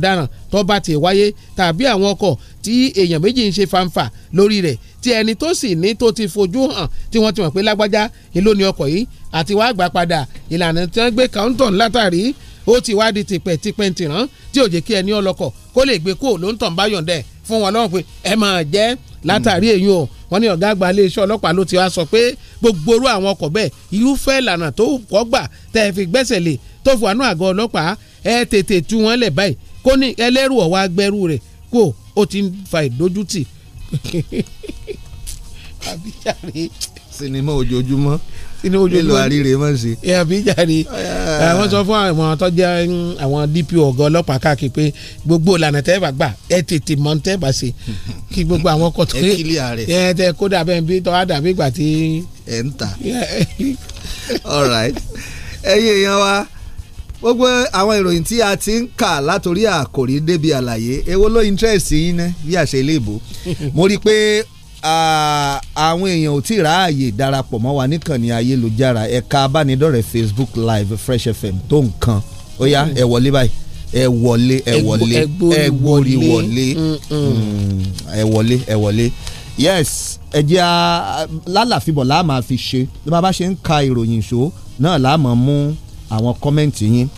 Speaker 6: tó bá ti wáyé tàbí àwọn ọkọ̀ tí èèyàn méjì ń ṣe fanfà lórí rẹ̀ tí ẹni tó sì ní tó ti fojú hàn tí wọ́n ti mọ̀ pé lágbájá èló ni ọkọ̀ yìí àti wàá gbà padà ìlànà tí wọ́n gbé countdown látàrí ó ti wá di tìpẹ́tìpẹ́ ntìrán tí ò fún wọn lọ́wọ́ pé ẹ máa jẹ́ látàrí hmm. èyí o wọ́n ní ọ̀gá àgbà iléeṣẹ́ ọlọ́pàá ló ti wá sọ pé gbogbo orú àwọn ọkọ̀ bẹ́ẹ̀ irúfẹ́ ìlànà tó kọ́ gbà tẹ́ ẹ fi gbẹ́sẹ̀ lé tó fi wà ní àgọ́ ọlọ́pàá ẹ tètè tú wọn lẹ̀ báyìí kó ní ẹlẹ́rù ọ̀wá agbẹ́rù rẹ̀ kó o ti fa ìdójútì.
Speaker 5: sinimá ojoojúmọ́ sínú ojoojúmọ́ nílò àríre mọ̀ sí. àbí
Speaker 6: jàre àwọn sọ fún àwọn tó àwọn DPO ọ̀gá ọlọ́pàá káàkiri pé gbogbo ìlànà tẹ́ bá gbà ẹ tètè mọ̀ tẹ́ bá ṣe kí gbogbo àwọn ọkọ̀ tó ẹ tẹ kódà bẹ́ẹ̀ bí tọ́ àdàbí ìgbà tí. ẹ ń ta all right ẹ̀yin èèyàn wa
Speaker 5: gbogbo àwọn ìròyìn tí a ti ń kà látòrí àkòrí débi àlàyé èwo ló interest yín ná bí àṣẹ ilé ìbò mo rí i pé àwọn èèyàn ò tí ì ráàyè darapọ̀ mọ́ wa níkànnì ayélujára ẹ̀ka abánidọ́rẹ̀ẹ́ Facebook live Fresh FM tó nǹkan ó yá mm. ẹ wọlé báyìí ẹ wọlé ẹ wọlé ẹ gbórí wọlé mm, mm. ẹ wọlé ẹ wọlé yes ẹ jẹ́ lálàfibọ̀ láà máa fi ṣe bí wọ́n bá ṣe ń ka ìròyìn ṣó náà láà máa mú àwọn kọ́mẹ́ǹtì yín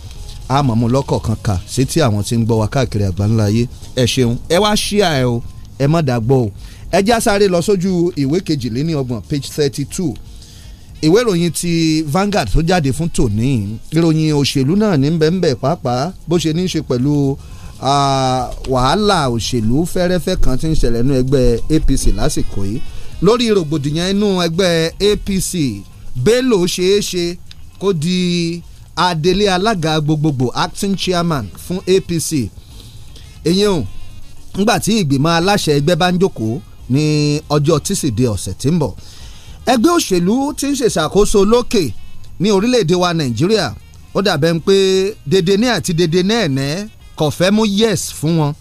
Speaker 5: a mọ̀ mú lọ́kọ̀ọ̀kan kà sétí àwọn tí ń gbọ́ wa káàkiri àgbáńlá ayé ẹ ṣeun ẹ wá ṣíà ẹ o ẹ má dàgbọ́ o ẹjẹ́ àsáré lọ sójú ìwé kejìlélọ́gbọ̀n page thirty two ìwé ìròyìn ti Vanguard tó jáde fún tòní ìròyìn òṣèlú náà ní bẹ́ẹ̀nbẹ́ẹ̀ pàápàá bó ṣe ní í ṣe pẹ̀lú wàhálà òṣèlú fẹ́rẹ́fẹ́ kan tí ń ṣẹlẹ̀ nínú ẹgbẹ́ APC lásìkò yìí lórí rògbòdìyàn inú ẹgbẹ́ APC Bello ṣeéṣe kó di adelé alága gbogbogbò acting chairman fún APC èyí ò ńgbà tí ìgbìmọ̀ aláṣẹ ẹgbẹ́ bá ń jókòó ní ọjọ́ tísídẹ̀ẹ́ ọ̀sẹ̀ tí ń bọ̀ ẹgbẹ́ òṣèlú tí ń ṣèṣàkóso lókè ní orílẹ̀-èdè wa nàìjíríà ó dàbẹ̀ ń pé dedene àti dedene ẹ̀nẹ́ kò fẹ́ mú yes fún wọn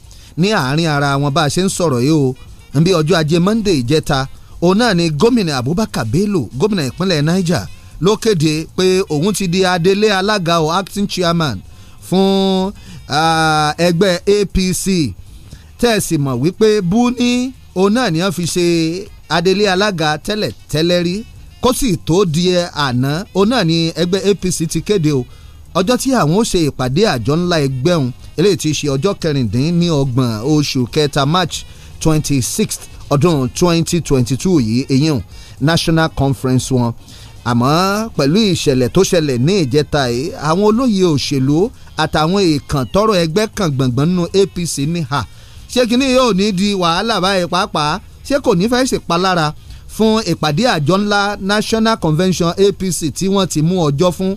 Speaker 5: ní àárín ara wọn bá a ṣe ń sọ̀rọ̀ yìí o ń bí ọjọ́ ajé monday ìjẹta òun náà ni gómìnà abubakar bello gómìnà ìpínlẹ̀ niger ló kéde pé òun ti di adelé alága o acting chairman fún ah, ẹgbẹ́ apc tẹ́ ẹ sì mọ̀ wípé bú ní òun náà ni wọ́n fi ṣe adelé alága tẹ́lẹ̀ tẹ́lẹ̀ rí kó sì tó di àná òun náà ni ẹgbẹ́ APC ti kéde o ọjọ́ tí àwọn ó ṣe ìpàdé àjọ ńlá ẹgbẹ́ òun eléyìí ti ṣe ọjọ́ kẹrìndínlọ́gbọ̀n oṣù kẹta March twenty sixth ọdún twenty twenty two yìí èyí hàn national conference wọn àmọ́ pẹ̀lú ìṣẹ̀lẹ̀ tó ṣẹlẹ̀ ní ìjẹta yìí àwọn olóyè òṣèlú àtàwọn èèkàn tọrọ ẹgbẹ́ kan gbọ̀ngbọ̀n nínú APC ní ha ṣé kinní yóò ní di wàhálà báyìí pàápàá ṣé kò ní fẹ́ẹ́ ṣèpalára fún ìpàdé àjọ ńlá National Convention APC tí wọ́n ti mú ọjọ́ fún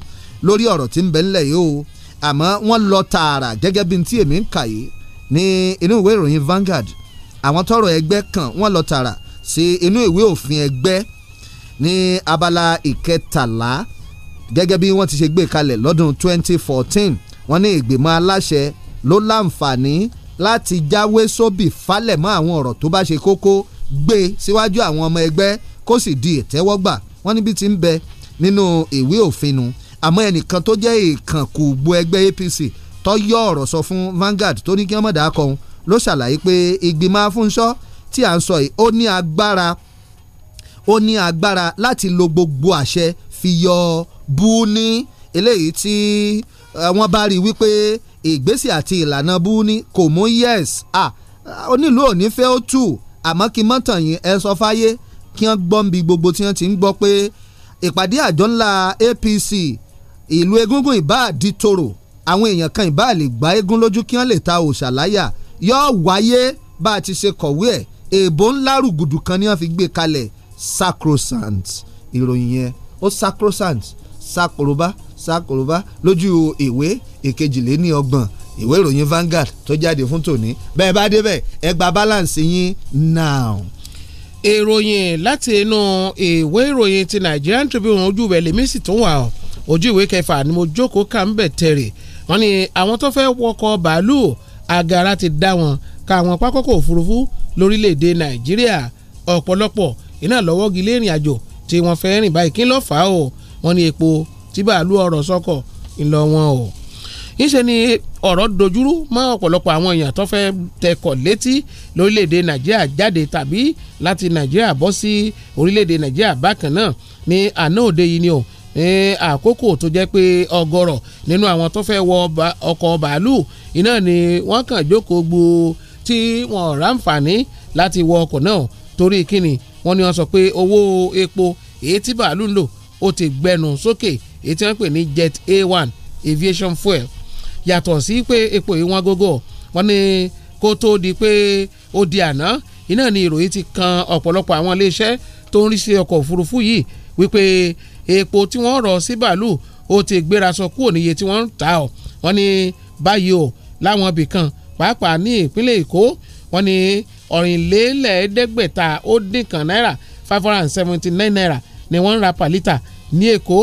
Speaker 5: lórí ọ̀rọ̀ tí ń bẹ ńlẹ̀ yìí o àmọ́ wọ́n lọ tààrà gẹ́gẹ́ bí tí èmi ń kà yìí ní inú ìwé ìròyìn Vanguard àwọn tọrọ ẹgbẹ́ kan wọ́n lọ tààrà sí inú ìwé òfin ẹgbẹ́ ní abala ìkẹtàlá gẹ́gẹ́ bí wọ́n ti ṣe gbé kalẹ̀ lọ́dún 2014 wọ́n ní ìgbìmọ̀ aláṣẹ ló láǹfààní láti jáwé sóbì falẹ̀ mọ́ àwọn ọ̀rọ̀ tó bá ṣe kókó gbé e síwájú àwọn ọmọ ẹgbẹ́ kó sì di ìtẹ́wọ́gbà wọ́n níbi tí ń bẹ nínú ìwé òfin nu àmọ́ ẹnìkan tó jẹ́ ìkànkùgbò ẹgbẹ́ APC tó yọ ọ̀rọ̀ sọ fún Vanguard tó ní kí wọ́n mọ̀ dáa kan ló ṣàlàyé pé ìgbìmọ̀ afúnṣọ́ tí à ń sọ yìí ó ní agbára ó ní agbára láti lo gbogbo àṣẹ fi yọ bú ní eléyìí tí eh, wọ́n bá rí wípé ìgbésẹ̀ àti ìlànà búni kò mú yes onílù òní fẹ́ ó tù àmọ́ kí mọ́tàn yín ẹ sọ fáyé kí wọ́n gbọ́ nbi gbogbo tí wọ́n ti ń gbọ́ pé ìpàdé àjọ ńlá APC ìlú egúngún ìbá toro àwọn èèyàn kan ìbá lè gbá eégún lójú kí wọ́n lè ta òṣàláyà yóò wáyé bá a ti ṣe kọ̀wé ẹ̀ èèbó ńlá rùgùdù kan ni wọ́n fi gbé kalẹ̀ sacrosanct ìròyìn yẹn ó sacrosanct sacroba Sakorova lójú ìwé ìkejìléníọgbọ̀n ìwé ìròyìn Vanguard tó jáde fún tòní bẹ́ẹ̀ bá débẹ̀
Speaker 6: ẹ gba balance yín now. ìròyìn láti inú ìwé ìròyìn ti Nigerian Tribune ojú ìwé lèmi sì tún wà ọ́ ojú ìwé kẹfà ni mo jókòó kà ń bẹ̀ tẹ̀rẹ̀ wọ́n ní àwọn tó fẹ́ wọkọ̀ bàálù àgàrà ti dá wọn ka àwọn pákọ́kọ̀ òfurufú lórílẹ̀‐èdè Nàìjíríà ọ̀pọ̀lọpọ̀ iná lọ́wọ́gi lérìn tí wọ́n fẹ́ rìn báyìí kí ló fà á o wọ́n ní epo tí bàálù ọ̀rọ̀ sọ́kọ̀ ńlọ wọn o ńṣe ni ọ̀rọ̀ dojúrú mọ́ ọ̀pọ̀lọpọ̀ àwọn èèyàn tó fẹ́ tẹkọ̀ létí lórílẹ̀‐èdè nàìjíríà jáde tàbí láti nàìjíríà bọ́ sí orílẹ̀‐èdè nàìjíríà bákan náà ní àná òde yìí ni o ní àkókò tó jẹ́ pé ọ̀gọ̀rọ̀ nínú àwọn tó fẹ́ wọ ọkọ̀ bàálù iná ni wọ́n kàn jókòó gbo tí wọ́n ráǹfààní láti wọ ọkọ̀ náà torí kíni wọ́n ní wọ́n sọ pé owó epo èyí tí bàálù ń lò ó ti gbẹnu sókè èyí tí wọ́n pè ní jet a1 aviation fuel yàtọ̀ sí pé epo yìí wọ́n gógó wọ́n ní kó tó di pé ó di àná iná ni ìròyìn ti kan ọ̀pọ̀lọpọ̀ àwọn iléeṣẹ́ tó ń rí sí ọkọ̀ òfurufú yìí wípé epo tí wọ́n rọ̀ sí bàálù ó ti gbéra sọ kúrò níye tí wọ́n ń ta ọ̀ wọ́n ní báyìí o láwọn ibì kan pàápàá ní ìpínlẹ̀ èkó wọ́n ní ọ̀rìnlélẹ́ẹ̀ẹ́dẹ́gbẹ̀ta ó dín kan náírà five hundred and seventy nine naira ni wọ́n ń ra per ní èkó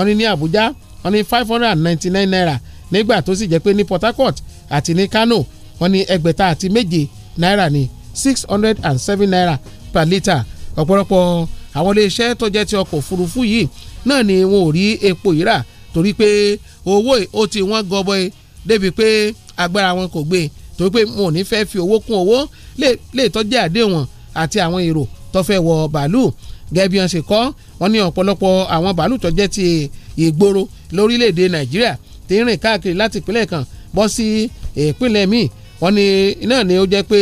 Speaker 6: wọ́n ní ní Àbújá wọ́n ní five hundred and ninety nine naira nígbà tó sì jẹ́ pé ní Port Harcourt àti ní Kano wọ́n ní ẹgbẹ̀ta àti méje náírà ní six hundred and seven naira per litre ọ̀pọ̀lọpọ̀ àwọn iléeṣẹ́ tó jẹ́ ti ọkọ̀ òfurufú yìí náà ni wọn ò rí epo yìí rà torí pé owó ó ti wọ́n gọbọi débi pé agbára wọn kò gbé torí pé wọn ò ní fẹ́ fi owó kún owó lè tọ́jú àdéhùn àti àwọn èrò tó fẹ́ wọ bàálù gẹ́gẹ́ bí wọ́n ṣe kọ́ wọ́n ní ọ̀pọ̀lọpọ̀ àwọn bàálù tó jẹ́ ti ìgboro lórílẹ̀‐èdè nàìjíríà ti ń rìn káàkiri láti ìpínlẹ̀ kan bọ́ sí ìpínlẹ̀ míì wọ́n ní náà ni ó jẹ́ pé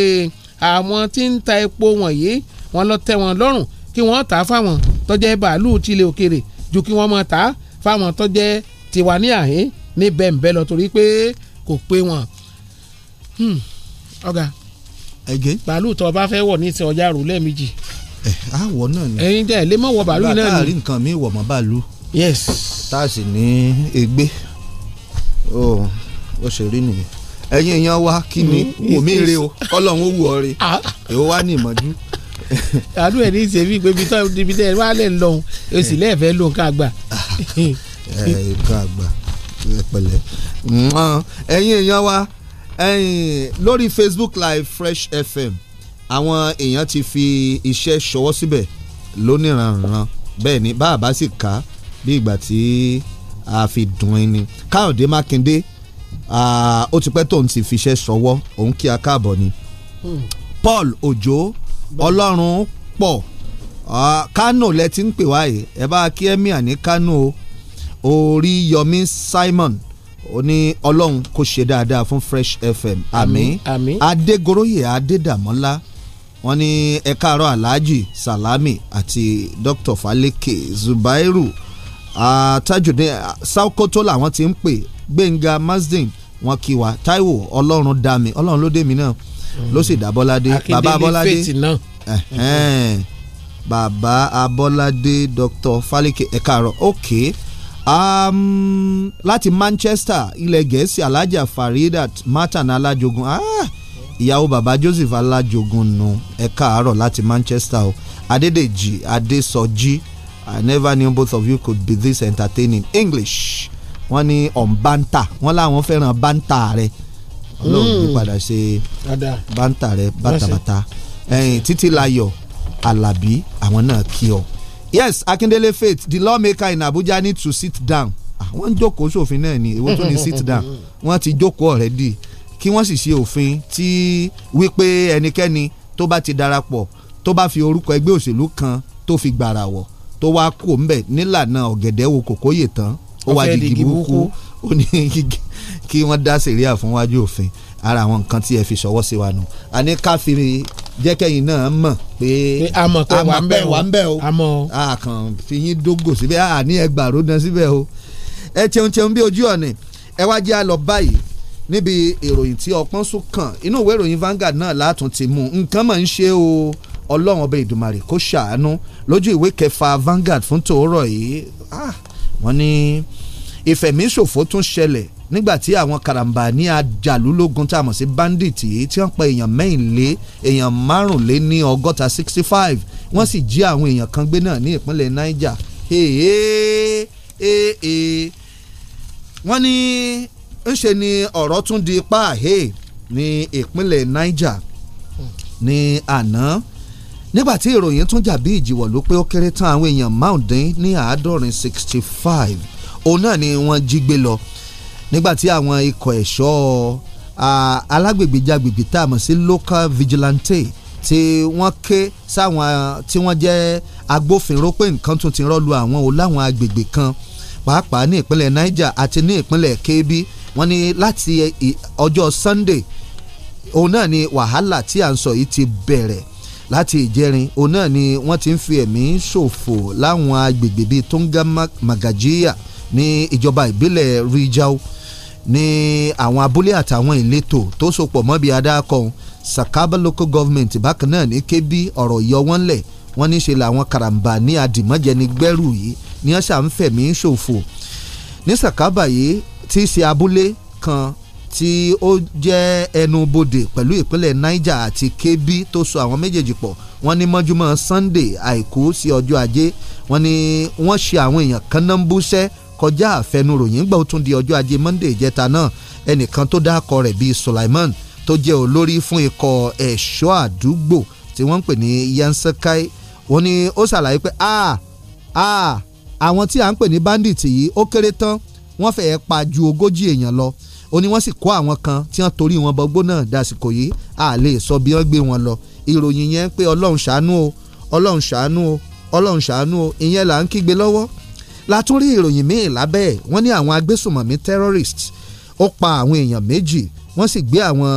Speaker 6: àwọn tí ń ta epo wọ̀nyí wọ́n lọ tẹ́ wọn lọ́rùn kí wọ́n tà á fáwọn tó jẹ́ bàálù tilẹ̀ òkèrè ju kí wọ́n máa tà á fáwọn tó jẹ́ tiwa ní àhín ní bẹ́ẹ̀nbẹ́ẹ́ lọ hmm, o bá fẹ́ wọ̀ ní àwọ̀ eh, náà ni ẹ̀yin dẹ̀ lè mọ̀ wọ bàálù náà ni bàtà rí
Speaker 5: nǹkan mi wọ̀ mọ́ bàálù yes tá a sì ní egbé
Speaker 6: ó ṣe rí nìyẹn
Speaker 5: ẹ̀yin èèyàn wa kí ni mm-hmm. wò mí re o
Speaker 6: kọ́lọ́hún ó wù ọ re èèwọ̀ ah. wá ní ìmọ̀jú. àánú ẹ̀ ní ìṣèlú ìpè ibi tó ibi ẹ wá lẹ̀ ń lọ́hùn o sì lẹ́ẹ̀fẹ́ ẹ ẹ
Speaker 5: ká gbà èèyàn wa lórí Facebook live Fresh FM àwọn èèyàn ti fi iṣẹ́ ṣọwọ́ síbẹ̀ lóníranran bẹ́ẹ̀ ni bá a bá sì ká bí ìgbà tí a fi dùn ín ni káyọ̀dé mákindé ó ti pẹ́ tóun ti fiṣẹ́ ṣọwọ́ òun kí a káàbọ̀ ni hmm. paul òjó ọlọ́run pọ̀ kánò lẹ ti ń pè wáyé ẹ bá kí emir ní kánò orí yomi simon oni ní ọlọ́run kó ṣe dáadáa fún fresh fm àmín adégoróyè adédàmọ́lá wọ́n ní ẹ alhaji salami àti dr faleke zubairu tajudeen sakoto làwọn ti ń pè gbẹ̀ngà mazdin wọn kí wa taiwo ọlọ́run dá mi ọlọ́run ló dé mi náà ló sì dá bọ́ládé bàbá bọ́ládé bàbá abọ́ládé dr faleke ẹ ok um, láti manchester ilẹ̀ gẹ̀ẹ́sì alájà farida martin alájogun ah, ìyàwó bàbá Joseph alájogun nu ẹ káàárọ̀ láti Manchester o Adédèjì Adésọjí I never knew both of you could be this entertaining English wọ́n ní on banta wọ́n láwọn fẹ́ràn banta rẹ̀
Speaker 6: Ọlọ́run ní hmm. padà
Speaker 5: ṣe banta rẹ̀ bàtàbàtà ẹ̀yìn títí láyọ̀ Alábí àwọn náà kí ọ. yes Akindele Faith the lawmaker in Abuja need to sit down ah, wọ́n ń jókòó sófin náà ni èwo tó ní sit down wọ́n ti jókòó already kí wọ́n sì ṣe òfin tí wípé ẹnikẹ́ni tó bá ti darapọ̀ tó bá fi orúkọ ẹgbẹ́ òṣèlú kan tó fi gbàrà wọ̀ tó wá kó ń bẹ̀ nílànà ọ̀gẹ̀dẹ̀ wo kòkóyè tán ó wá di gìbùkù ó ní kí wọ́n dá sẹ̀ríà fún wájú òfin ara àwọn nǹkan tí ẹ fi ṣọwọ́ sí wa nù àní ká fi jẹ́kẹ́yìn náà mọ̀ pé àmọ̀ pé wà ń bẹ̀ wà ń bẹ̀ o àmọ̀ àkàn fi yín dógò síbẹ̀ àní ẹgbàá ròdàn síbẹ̀ o ẹ tẹun tẹun bí ojú ọ̀nì ẹ wá jẹ́ àlọ́ báyìí níbi ìròyìn tí ọpọ́n sún kàn inú ìwé ìròyìn Vanguard náà látún ti mú nǹkan mọ̀ ń ṣe o ọlọ́run ọba ìdùmarè kó ṣàánú lójú ìwé kẹfà Vanguard fún tòórọ̀ yìí ah, wọ́n ní ìfẹ̀míṣòfò tún ṣẹlẹ̀ nígbàtí àwọn karambà ní ajàlúlógún tá a mọ̀ sí bandit yìí tí wọ́n pa èèyàn mẹ́ìnlé èèyàn márùnlé ní ọgọ́ta sixty five wọ́n sì jí àwọn èèyàn kan gbé náà ní ìpínlẹ̀ Niger wọ́n ní ńṣe ni ọ̀rọ̀ tún di páàhé ní ìpínlẹ̀ Niger ní àná nígbà tí ìròyìn tún jà bí ìjìwọ̀ ló pé ó kéré tán àwọn èèyàn márùndín ní àádọ́rin sixty five òun náà ni wọ́n jí gbé lọ nígbà tí àwọn ikọ̀ ẹ̀ṣọ́ alágbègbè jagbègbè tá a mọ̀ sí local vigilante tí wọ́n ké sáwọn tí wọ́n jẹ́ agbófinró pé nǹkan tún ti rọ́ lu àwọn o láwọn agbègbè kan pàápàá ní ìpínlẹ̀ Niger àti ní ìpínlẹ̀ Kebbi wọ́n ní láti ọjọ́ Sunday òun náà ni wàhálà tí à ń sọ yìí ti bẹ̀rẹ̀ láti ìjẹrin òun náà ni wọ́n ti ń fi ẹ̀mí ṣòfò láwọn agbègbè bíi Tonga Magajiya ní ìjọba ìbílẹ̀ Rijau ní àwọn abúlé àtàwọn ìletò tó sopọ̀ mọ́bi adákan Sakaba local government bákan náà ní kébí ọ̀rọ̀ yọ wọ́n lẹ̀ wọ́n ní ṣe làwọn karambà ní adìmọ́jẹni gbẹ́rù yìí ní ọ̀sà ń fẹ̀mí ṣòfò ní Sakaba yìí tí í ṣe abúlé kan tí ó jẹ́ ẹnubodè pẹ̀lú ìpínlẹ̀ Niger àti Kebbi tó so àwọn méjèèjì pọ̀ wọ́n ní mọ́júmọ́ Sunday àìkú sí ọjọ́ ajé wọ́n ní wọ́n ṣe àwọn èèyàn kan náà ń búṣẹ́ kọjá àfẹnuròyìn gbà ó tún di ọjọ́ ajé Monday ìjẹta náà ẹnìkan tó dákọ rẹ̀ bíi Sulaiman tó jẹ́ olórí fún ikọ̀ ẹ̀ṣọ́ àdúgbò tí wọ́n ń pè ní Yansakai wọ́n ní ó ṣàlàyé pé a ah, a ah, àwọn tí à ń pè ní bandit yìí ó kéré tán wọ́n fẹ́ẹ́ pa ju ogójì èèyàn lọ ó ní wọ́n sì kó àwọn kan tí wọ́n torí wọn bọ́gbó náà dásìkò yìí a lè sọ bí wọ́n gbé wọn lọ ìròyìn yẹn pé ọlọ́run ṣàánú o ọlọ́run ṣàánú o ọlọ́run ṣàánú o ìyẹn là ń kígbe lọ́wọ́ látúrí ìròyìn míì lábẹ́ ẹ̀ wọ́n ní àwọn agbésùmọ̀mí terrorist ó pa àwọn èèyàn méjì wọ́n sì gbé àwọn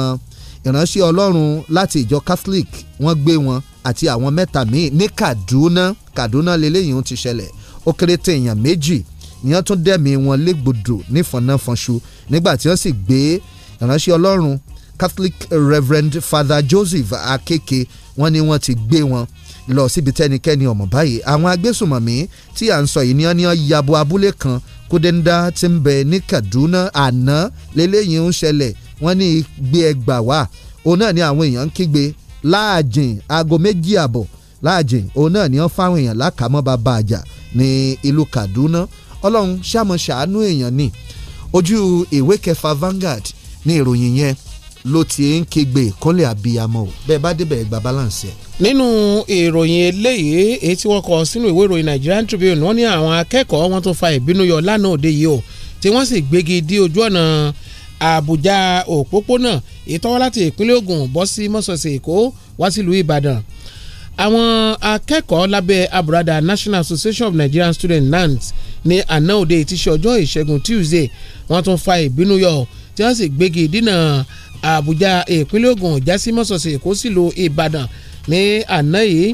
Speaker 5: ìránṣẹ́ ọlọ́run láti ìjọ catholic wọ́n gbé wọn àti àwọn mẹ́ta míì ní kaduna kaduna lélẹ́yìn ó ti ṣẹlẹ̀ ó kéré tẹ méjì ni wọ́n tún dẹ̀mí wọn légbodò nífọ̀nàfọ̀nṣu nígbà tí wọ́n sì gbé ìránṣẹ́ ọlọ́run Catholic Reverend Father Joseph Akeke wọ́n ní wọ́n ti gbé wọn lọ síbi tẹ́nikẹ́ni ọ̀mọ̀ báyìí àwọn agbésùmọ̀mí tí à ń sọ yìí ni wọ́n ní wọ́n yabo abúlé kan kódéńdá tí ń bẹ ní Kaduna àná lélẹ́yìn ń ṣẹlẹ̀ wọ́n ní gbé ẹgbà e wá òun náà ni àwọn èèyàn ń kígbe láàjìn aago méjì àbọ̀ láàjìn òun náà ni wọ́n fáwọn èèyàn lákàmọ́ bá bàjà ní ìlú Kaduna ọlọ́run ṣàmọ̀ ṣàánú èèyàn ni ojú ìwé kẹfà Vanguard ní ìròyìn yẹn ló ti ń kegbe kọ́lé àbíyamọ o
Speaker 6: bẹ́ẹ̀ bá débẹ̀ gba balance ẹ̀. nínú ìròyìn eléyìí èyí tí wọ́n kọ sínú ìwé ìròyìn Nigerian Tribune wọ́n ní àwọn akẹ́kọ̀ọ́ wọn tó fa ìbínú yọ lánàá òde yìí o tí wọ́n sì gbégi dí ojú ọ̀nà Àbújá òpópónà ìtọ́wọ́ láti ìpínlẹ̀ Ògùn bọ́ sí mọ́sọ̀ọ̀sẹ̀ Èkó wá sílùú Ìbàdàn àwọn akẹ́kọ̀ọ́ lábẹ́ àbúradà National Association of Nigerian Students NANS ní àná òde ìtíṣe ọjọ́ ìṣẹ́gun Tuesday wọ́n tún fa ìbínú yọ tí wọ́n sì gbégi dínà Àbújá ìpínlẹ̀ Ògùn jásímọ́sọ̀sẹ̀ Èkó sílùú Ìbàdàn ní àná yìí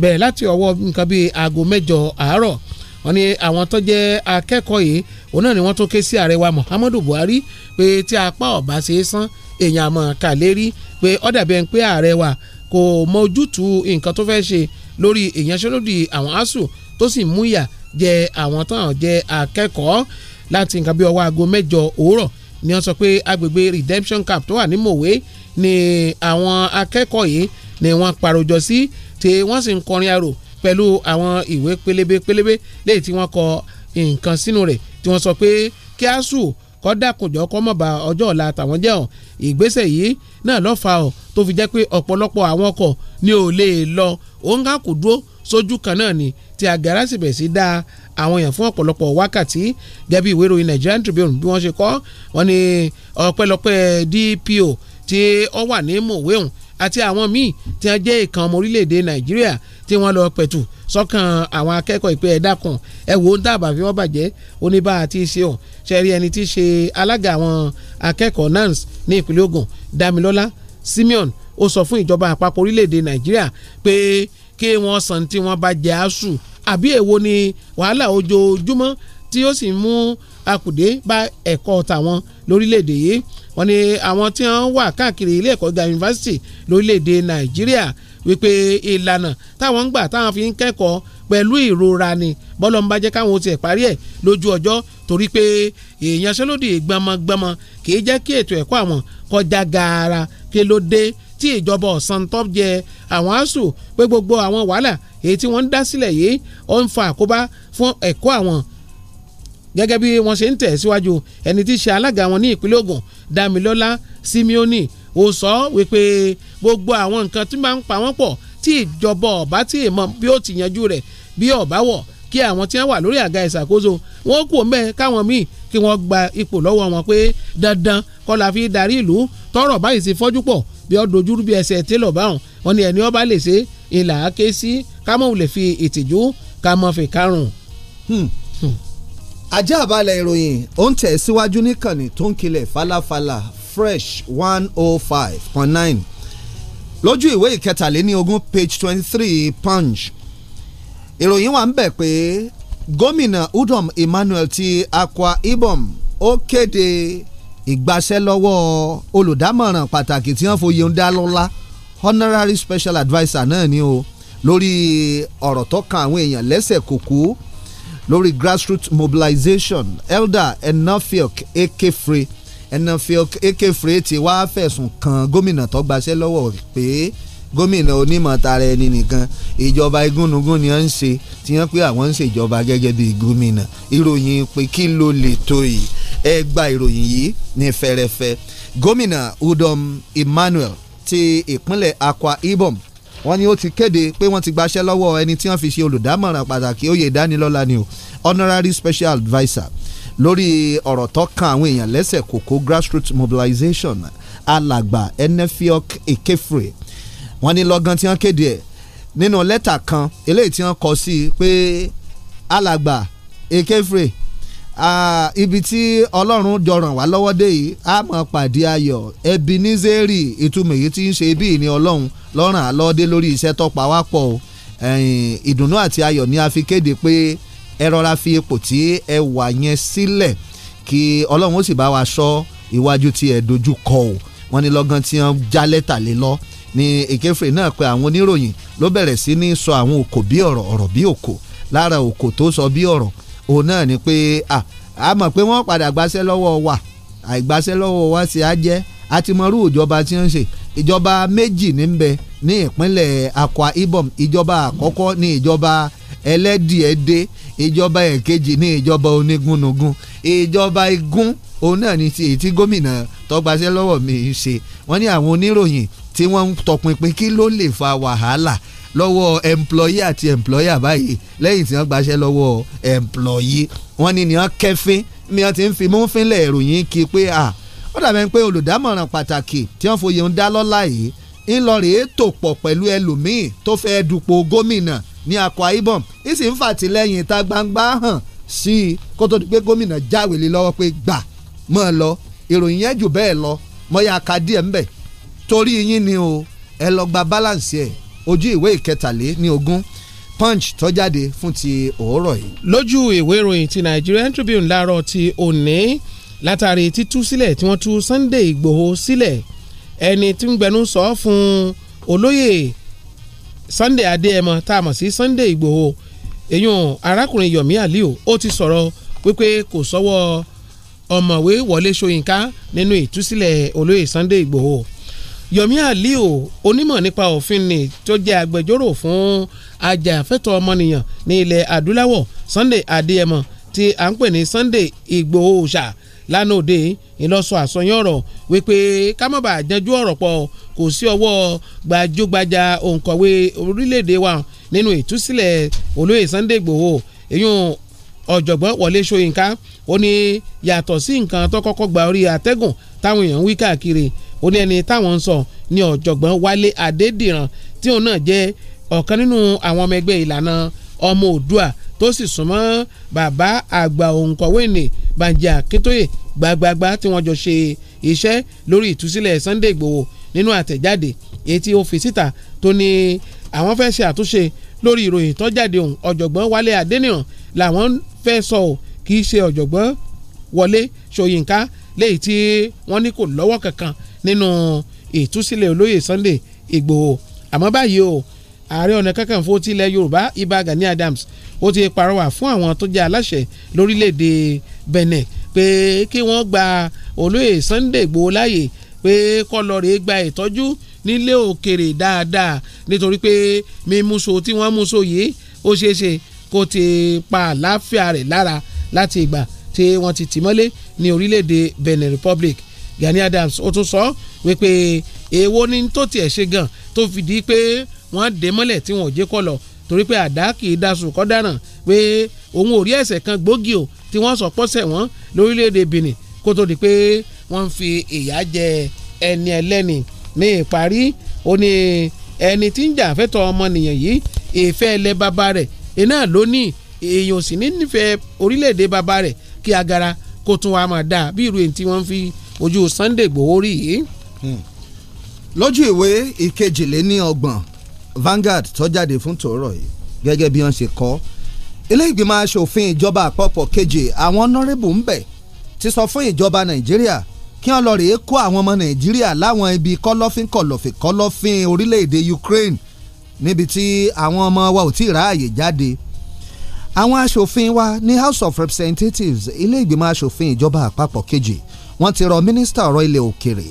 Speaker 6: bẹ̀rẹ̀ láti ọwọ́ nǹkan bíi aago mẹ́jọ àárọ̀ wọ́n ní àwọn tó jẹ́ akẹ́kọ̀ọ́ yìí òun náà ni wọ́n tún ké sí ààrẹ wa Muhammadu Buhari pé tí apá ọ̀bá ṣe é sán èèyàn àmọ́ kà lérí pé ó dàbí ẹni pé ààrẹ wa kò mọ ojútùú nǹkan tó fẹ́ ṣe lórí ìyanṣẹ́lódì àwọn asuu tó sì mú ìyà jẹ àwọn táwọn jẹ akẹ́kọ̀ọ́ láti nǹkan bí ọwọ́ aago mẹ́jọ òwúrọ̀ ni wọ́n sọ pé agbègbè redemption camp tó wà ní mòwe ni àwọn akẹ́kọ̀ọ́ yìí ni wọ́n parojọ sí tí wọ́n sì ń kọrin arò pẹ̀lú àwọn ìwé pélébé pélébé léyìí tí wọ́n kọ nǹkan sínú rẹ̀ tí wọ́n sọ pé kí ASUU kọ́dà kò jọ kọ́mọ̀ bá ọjọ́ ọ̀la àtàwọn jẹ́ ọ̀ ìgbésẹ̀ yìí náà ló fà ọ̀ tó fi jẹ́ pé ọ̀pọ̀lọpọ̀ àwọn ọkọ̀ ni ò lè lọ òun ká kò dúró sójú kan náà ni tí agara sì bẹ̀ sí dá àwọn èèyàn fún ọ̀pọ̀lọpọ̀ wákàtí gẹ́gẹ́ bí ìwé ìròyìn Nigerian Tribune bí wọ́n ṣe kọ wọ́n ní ọpẹ́lọpẹ́ DPO tí ó wà ní mòwéhùn àti àwọn míì tí wọ́n jẹ́ ìkan ọmọ orílẹ̀-èdè nàìjíríà tí wọ́n lọ pẹ̀tù sọ́kàn àwọn akẹ́kọ̀ọ́ ìpè ẹ̀dá kan ẹ̀ wò ó ń dábàá fi wọ́n bàjẹ́ oníbà àti iṣẹ́ ọ̀ ṣẹ̀rí ẹni tí í ṣe alága àwọn akẹ́kọ̀ọ́ NANS ní ìpínlẹ̀ Ògùn Damilọ́lá Simeon ó sọ fún ìjọba àpapọ̀ orílẹ̀-èdè nàìjíríà pé kí wọ́n san tí wọ́n bá jẹ àṣù àbí èwo ni wàhálà ojoojúmọ́ tí ó sì mú akùdé bá ẹ̀kọ́ tàwọn lórílẹ̀-èdè yìí wọ́n ní àwọn tí wọ́n wà káàkiri ilé ẹ̀kọ́ ga yunifásitì lórílẹ̀‐èdè nàìjíríà wípé ìlànà táwọn ń gbà táwọn fi ń kẹ́kọ̀ọ́ pẹ̀lú ìrora ni bọ́lọ̀ ń bá jẹ́ káwọn tiẹ̀ parí ẹ̀ lójú ọjọ́ torí pé ìyanṣẹ́lódì gbọmọgbọmọ kì í jẹ́ kí ètò ẹ̀kọ́ àwọn kọjá gaara kí ló dé tí ìjọba ọ̀sán tó jẹ àwọn asuu pé gbogbo àwọn wàhálà èyí tí wọ́n ń dá sílẹ̀ yìí ó ń fa àkóbá fún ẹ̀kọ́ àwọn gẹ́gẹ́ bí wọ́n ṣe ń tẹ̀ síwájú ẹni tí í ṣe alága wọn ní ìpínlẹ̀ Ògùn Damilọ́lá Simeoni ó sọ wípé gbogbo àwọn nǹkan tí máa ń pa wọ́n pọ̀ tí ìjọba ọ̀bá tí èèmọ̀ bí ó ti yanjú rẹ̀ bí ọ̀bá wọ̀ kí àwọn tí wọ́n wà lórí àga ìṣàkóso wọn kú òmẹ káwọn míì kí wọ́n gba ipò lọ́wọ́ wọn pé dandan kọ́ la fi darí ìlú tọrọ báyìí ti fọ́jú pọ̀ bí ọ dojúrú bí ẹsẹ̀ télọ̀ báwọn wọn ni ẹni ọba lè ṣe ìlà ké sí kámọ́ ò fi ìtìjú kámọ́ fi kárùn. Hmm. Hmm ajá àbálẹ̀ ìròyìn ó ń tẹ̀síwájú níkànnì
Speaker 5: tó ń kilẹ̀ falafala fresh one oh five point nine lójú ìwé ìkẹtàléní ogún page twenty three punch ìròyìn wà ń bẹ̀ pé gómìnà Udom Emmanuel ti Akwa Ibom ó kéde ìgbàṣẹ́ lọ́wọ́ olùdámọ̀ràn pàtàkì tí wọ́n fòye ń dá lọ́lá honorary special adviser náà ni o lórí ọ̀rọ̀ tó kan àwọn èèyàn lẹ́sẹ̀ kòkó lórí grassroots mobilization elder enafiok ekefre enafiok ekefre ti wá fẹ̀sùn kan gómìnà tó gbaṣẹ́ lọ́wọ́ pé gómìnà onímọ̀ tara ẹni nìkan ìjọba igúnnugún ni wọ́n ń ṣe tí wọ́n pé àwọn ń ṣèjọba gẹ́gẹ́ bíi gómìnà ìròyìn pé kí ló lè tó yìí ẹ gba ìròyìn yìí ní fẹ́rẹ́fẹ́ gómìnà Udom Emmanuel ti ìpínlẹ̀ Akwa Ibom wọ́n ní ó ti kéde pé wọ́n ti gbaṣẹ́ lọ́wọ́ ẹni tí wọ́n fi ṣe olùdámọ̀ràn pàtàkì oyè ìdánilọ́lá ni o honorary special adviser lórí ọ̀rọ̀ tó kan àwọn èèyàn lẹ́sẹ̀ kòkó grassroots mobilization alàgbà enefiok ekefre wọ́n ní lọ́gán tí wọ́n kéde ẹ̀ nínú lẹ́tà kan eléyìí tí wọ́n kọ sí i pé alàgbà ekefre Ah, ibi tí ọlọ́run jọ ràn wá lọ́wọ́ dé yìí a máa pàdé ayọ̀ Ebenezeri ìtumọ̀ èyí tí ń ṣe bí ìní ọlọ́run lọ́ràn àlọ́dé lórí iṣẹ́ tọ́pa wá pọ̀ ìdùnnú àti ayọ̀ ni a fi kéde pé ẹ rọra fi ipò tí ẹ wà yẹn sílẹ̀ kí ọlọ́run ó sì bá wa sọ iwájú tí ẹ dojú kọ o wọ́n ní lọ́gán tí wọ́n já lẹ́tà lé lọ ni èkéfèrè náà pé àwọn oníròyìn ló bẹ̀rẹ̀ sí ní sọ àwọn òkò bí ọ̀rọ̀ ọ̀rọ̀ bí òkò lára òkò tó sọ bí ọ̀rọ̀ òun náà ni pé a mọ̀ pé wọ́n padà gbaṣẹ́ lọ́wọ́ wa àìgbaṣẹ́ lọ́wọ́ wa ṣe á jẹ́ àtìmọ́rú ìjọba tí ń ṣe ìjọba méjì ní ń bẹ ní ìpínlẹ̀ Akwa Ibom ìjọba àkọ́kọ́ ní ìjọba ẹlẹ́dìẹ̀dẹ́ ìjọba ẹ̀kejì ní ìjọba onígunugun ìjọba igun òun náà ni ti èyí gómìnà tọgbàṣẹ́ lọ́wọ́ mi ń ṣe wọ́n ní àwọn oníròyìn tí wọ́n ń tọpinpin kí ló lè fa wàhálà lọ́wọ́ employee àti employer báyìí lẹ́yìn tí wọ́n gbaṣẹ́ lọ́wọ́ employee wọ́n ní ni wọ́n kẹ́fín ni wọ́n ti ń fi mú fínlẹ̀ ìròyìn kí pé à ó dàbẹ̀ pé olùdámọ̀ràn pàtàkì tí wọ́n fòye ń dá lọ́la yìí ńlọrọ̀ ètò pọ̀ pẹ̀lú ẹlòmíì tó fẹ́ dupò gómìnà ní Akwa Ibom ìsì ń fàtìlẹ́yìn ìta gbangba hàn sí i kó tó di pé gómìnà jáwèé lé lọ́wọ́ pé gbà mọ́ ọ lọ ìròyìn yẹn jù bẹ́ẹ̀ lọ mọ́ ya ka díẹ̀ ńbẹ̀ torí yín ni o ẹ lọ gba balance ẹ̀ ojú ìwé ìkẹtàlé ní ogún punch tó jáde fún ti òórọ̀
Speaker 6: yìí. lójú ìwé ìròyìn ti Nigerian Tribune láàárọ̀ ti òní látàrí títú sílẹ̀ tí wọ́n tú Sunday Ìgbòho sílẹ̀ ẹni tí ń gbẹnu sọ fún olóyè Sunday Adéẹmọ tá a mọ̀ sí Sunday Ìgbòho èyàn arákùnrin Yomi Aliu ó ti sọ̀rọ̀ wípé kò sọ́wọ́ ọ̀mọ̀wé Wọlé Ṣóyínká nínú ìtúsílẹ̀ olóyè Sunday Ìgbòho Yomi Aliu onímọ̀ nípa òfin ni tó jẹ́ agbẹjọ́rò fún ajàfẹ́tọ̀ ọmọnìyàn ní ilẹ̀ adúláwọ̀ Sunday Adéyẹmọ tí à ń pè ní Sunday Ìgbòho ṣá lánàá òde ìlọsọ àsọyìn ọ̀rọ̀ wípé kámọ́bà àjẹjú ọ̀rọ̀ pọ̀ kò sí ọwọ́ gbajúgbajà òǹkọ̀wé orílẹ̀-èdè wa nínú ìtúsílẹ̀ olóyè Sunday Ìgbòho èyún ọ̀jọ̀gbọ́n Wọlé Ṣóyínká ó ní yàtọ̀ sí nǹkan tó kọ́kọ́ gba orí àtẹ́gùn táwọn èèyàn ń wí káàkiri ó ní ẹni táwọn ń sọ ní ọ̀jọ̀gbọ́n Wálé Adédìran tí òun náà jẹ́ ọ̀kan nínú àwọn ọmọ ẹgbẹ́ ìlànà ọmọ Oòduà tó sì súnmọ́ bàbá àgbà òǹkọ̀wé ní Bánjí Akíntóyè gbàgbàgbà tí wọ́n jọ ṣe iṣẹ́ lórí ìtúsílẹ̀ Sunday Ìgbòho nínú àtẹ̀jáde etí ó fi síta tó ní àwọn fẹ́ ṣe àtúnṣe lórí ìròyìn tó jáde ọ̀jọ̀gbọ́n Wálé Adéníran làwọn fẹ́ sọ ọ́ kì í ṣe ọ̀jọ̀gbọ́n Wọlé Ṣóyínká léyìí tí wọ́n ní kò lọ́wọ́ kankan nínú ìtúsílẹ̀ olóyè Sunday Ìgbòho àmọ́ báyìí o ààrẹ ọ̀nà kakanfò tilẹ̀ Yorùbá Ìbà Gani Adams ó ti parọ́wà fún àwọn tó jẹ́ aláṣẹ lórílẹ̀‐èdè Benin pé kí wọ́n gba olóyè Sunday Ìgbòho láàyè pé kọ́ lọ rèé gba ìtọ́jú nílé òkèrè dáadáa nítorí pé mímúso tí wọ́n múso yìí ó ṣeé ṣe kó ti pa àlàáfíà rẹ̀ lára láti ìgbà tí wọ́n ti tì mọ́lé ní orílẹ̀‐èdè Benin Republic Gani Adams ó tún sọ wípé èèwo ni tó tiẹ̀ ṣe gan tó fi di pé wọ́n dé mọ́lẹ̀ tí wọ́n ò jẹ́ kọ́ lọ torí pé àdá kì í daṣù kọ́ dáràn pé òun ò rí ẹ̀ṣẹ̀ kan gbòógì o tí wọ́n sọ pọ́sẹ̀ wọ́n lórílẹ̀‐èdè Benin kó tó di pé wọ́n fi ìyà jẹ ẹni ẹlẹ́ni ní ìparí ó ní ẹni tí ń jà fẹ́tọ̀ ọmọnìyàn yìí ìfẹ́ ẹlẹ́ bàbá rẹ̀ iná ló ní èèyàn sì nífẹ̀ẹ́ orílẹ̀‐èdè bàbá rẹ̀ kí agara kó tún wàá máa dáa bí irú èyí tí wọ́n fi ojú Sunday Igboho rí yìí. Hmm. lójú ìwé ìkejìléní
Speaker 5: ọgbọ̀n Vanguard tó jáde fún tòórọ̀ yìí gẹ́gẹ́ bí wọ́n ṣe kọ ilé ìgbìmọ̀ asòfin ìjọba àpapọ̀ keje àwọn nọ́rẹ́bù ń bẹ̀ ti sọ fún ìjọba Nàìjíríà kí wọ́n lọ rèé kó àwọn ọmọ Nàìjíríà láwọn ibi kọ́lọ́fín kọ̀lọ̀fín kọ́lọ́fín orílẹ̀-èdè Ukraine níbi tí àwọn ọmọ wa ò tí ì ráàyè jáde àwọn asòfin wa ní House of Representatives ilé ìgbìmọ̀ asòfin ìjọba àpapọ̀ keje wọ́n ti rọ mínísítà ọ̀rọ̀ ilẹ̀ òkèrè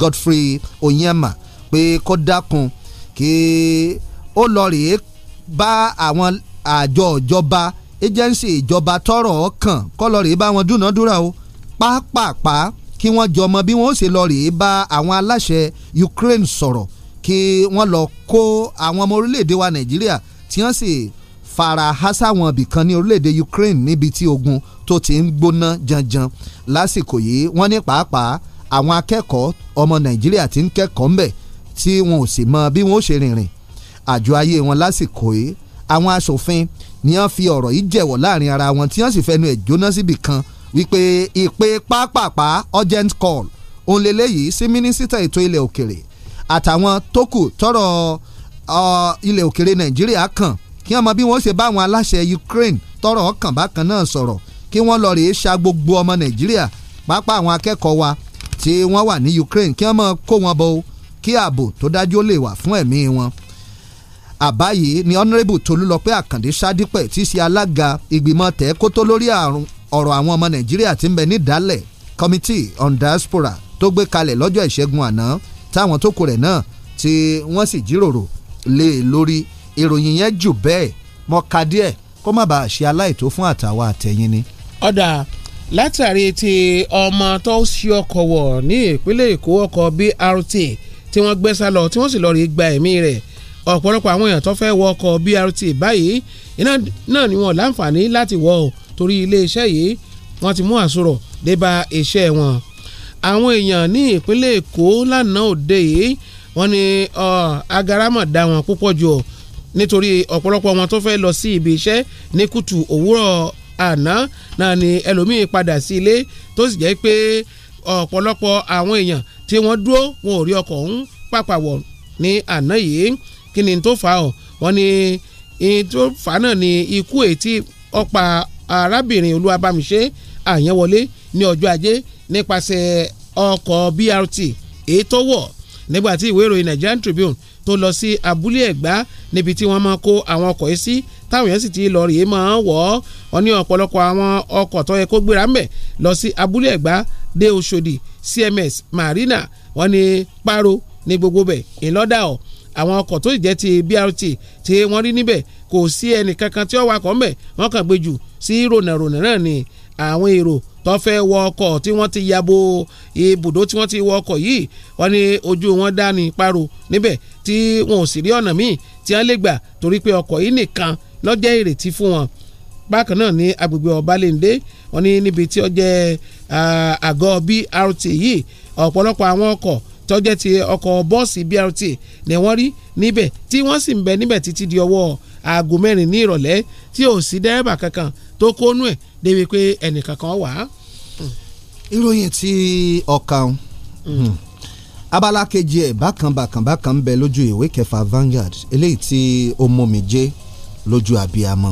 Speaker 5: Godfrey Onyema pé kó dákun kí ó lọ rèé bá àwọn àjọ ìjọba agency ìjọba tọrọ ọkàn kó lọ rèé bá wọn dúnàádúrà o pápápá kí wọ́n jọmọ bí wọ́n ó ṣe lọ rèé bá àwọn aláṣẹ Ukraine sọ̀rọ̀ kí wọ́n lọ kó àwọn ọmọ orílẹ̀-èdè wa Nàìjíríà tí wọ́n sì fara hásà wọn bìkan ní orílẹ̀-èdè Ukraine níbi tí ogun tó ti ń gbóná janjan lásìkò yìí wọ́n ní pàápàá àwọn akẹ́kọ̀ọ́ ọmọ Nàìjíríà ti ń kẹ́kọ̀ọ́ ńbẹ̀ tí wọn ò sì mọ bí wọn ó ṣe rìnrìn àjọ ayé wọn lásìkò yìí àwọn aṣòfin ni wọ́n fi ọ̀rọ̀ yìí jẹ̀wọ̀ láàrin ara wọn tí wọ́n sì fẹnu ẹ̀ jóná síbì kan wípé ìpè pápápá urgent call òun lélẹ́yìí sí mínísítà ètò ilẹ̀ òkèrè àtàwọn tó kù tọrọ ilẹ̀ òkèrè Nàìjíríà kàn kí wọ́n mọ bí wọ́n ṣe bá àwọn aláṣẹ Ukraine tọrọ ọkàn bákan náà sọ̀rọ̀ kí wọ́n lọ rèé ṣa gbogbo ọmọ Nàìjíríà pápá àwọn akẹ́kọ̀ọ́ wa tí wọ́n wà ní Ukraine kí wọ́n mọ kó wọn bọ o kí ààbò tó dájú ó lè wà fún ẹ̀mí wọn. àbáyé ni honourable Tolúlọpẹ́ Àkàndé Ṣádípẹ̀ tí í ṣe alága ìgbìmọ̀ tẹ̀ kótó lórí ọ̀rọ̀ àwọn ọmọ Nàìjíríà tí ń bẹ nídàálẹ̀ Committee on Diaspora tó gbé kalẹ̀ lọ́jọ́ ìṣẹ́gun àná táwọn tó kù rẹ̀ náà tí wọ́n sì jíròrò lé e lórí ìròyìn yẹn jù bẹ́ẹ̀ mọ ka díẹ̀ kó má bàa ṣe
Speaker 6: aláìtó fún àtàwa àtẹ̀yìn ni. ọ̀dà látàrí ti ọmọ tó ṣí ọkọ̀ wọ̀ ní ìpínlẹ̀ èkó ọkọ̀ BRT tí wọ́n gbé sá lọ tí wọ́n sì lọ́ọ́ rí gba ẹ̀mí rẹ̀ ọ̀pọ̀lọpọ̀ àwọn èèyàn tó fẹ́ wọ ọkọ̀ BRT báyìí iná náà ni wọ́n láǹfààní láti wọ̀ ọ́ torí iléeṣẹ́ yìí wọ́n ti mú àsúrò dé bá iṣẹ́ wọn. àwọn èèyàn ní ìpínlẹ̀ èkó lánàá òde yìí wọ́n ní agaramọ̀ wọn púpọ̀ jù ọ́ nítorí ọ̀pọ̀lọpọ̀ wọn tó fẹ́ lọ sí ibi iṣẹ́ ní kùtù òwúrọ̀ àná náà ni ẹlòmíín padà sí ilé tó sì jẹ́ pé ọ̀pọ̀lọpọ̀ àwọn èèyàn tí wọ́n dúró wọn ò rí ọkọ̀ ń pàpàwọ̀ ní àná yìí kí ni tó fà ọ́ wọ́n ní tó fà náà ni ikú ètí ọ̀pá arábìnrin olúwabàmíṣe àyẹ̀wọlé ní ọjọ́ ajé nípasẹ̀ ọkọ̀ BRT èyí tó wọ̀ nígbà ìwé ìròyìn Nigerian Tribune tó lọ sí abúlé ẹ̀gbá níbi tí wọ́n máa kó àwọn ọkọ̀ yìí sí táwọn èèyàn sì ti lọ rèé máa wọ̀ ọ́ wọ́n ní ọ̀pọ̀lọpọ̀ àwọn ọkọ̀ tó yẹ kó gbéra ń bẹ̀ lọ sí abúlé ẹ̀gbá dé Òṣòdì CMS Marina wọ́n ní Paro ní gbogbo bẹ̀ ìlọ́dà ọ̀ àwọn ọkọ̀ tó jẹ́ ti BRT tí wọ́n rí níbẹ̀ kò sí ẹnì kankan tí ó wakọ̀ ńbẹ̀ wọ́n kàn gbé jù sí rònàrònà náà ni àwọn èrò tó fẹ́ wọ ọkọ̀ tí wọ́n ti yabo ibùdó tí wọ́n ti wọ ọkọ̀ yìí wọ́n ní ojú wọn dání paro níbẹ̀ tí wọn ò sì rí ọ̀nà míì tí wọ́n lè gbà torí pé ọkọ̀ yìí nìkan ló jẹ́ ìrètí fún wọn bákan náà ní agbègbè ọbalẹ̀ndé wọn ní níbi tí ó jẹ́ àgọ́ BRT yìí ọ̀pọ̀lọpọ̀ àwọn ọkọ̀ tó jẹ́ ti ọkọ̀ bọ́ọ̀sì BRT ni wọ́n rí níbẹ̀ tí wọ́n sì ń bẹ níbẹ̀ títí di ọwọ́ aago mẹ́rin ní ìrọ̀lẹ́ tí ò sí dẹ́rẹ́bà kankan tó kónú ẹ̀ débi pé ẹnìkankan wà á. ìròyìn tí
Speaker 5: ọkàn hmm. abala kejì ẹ̀ bákan bákan bákan ń bẹ lójú ìwé kẹfà Vanguard eléyìí tí ó mọ̀mìjé lójú abiyamọ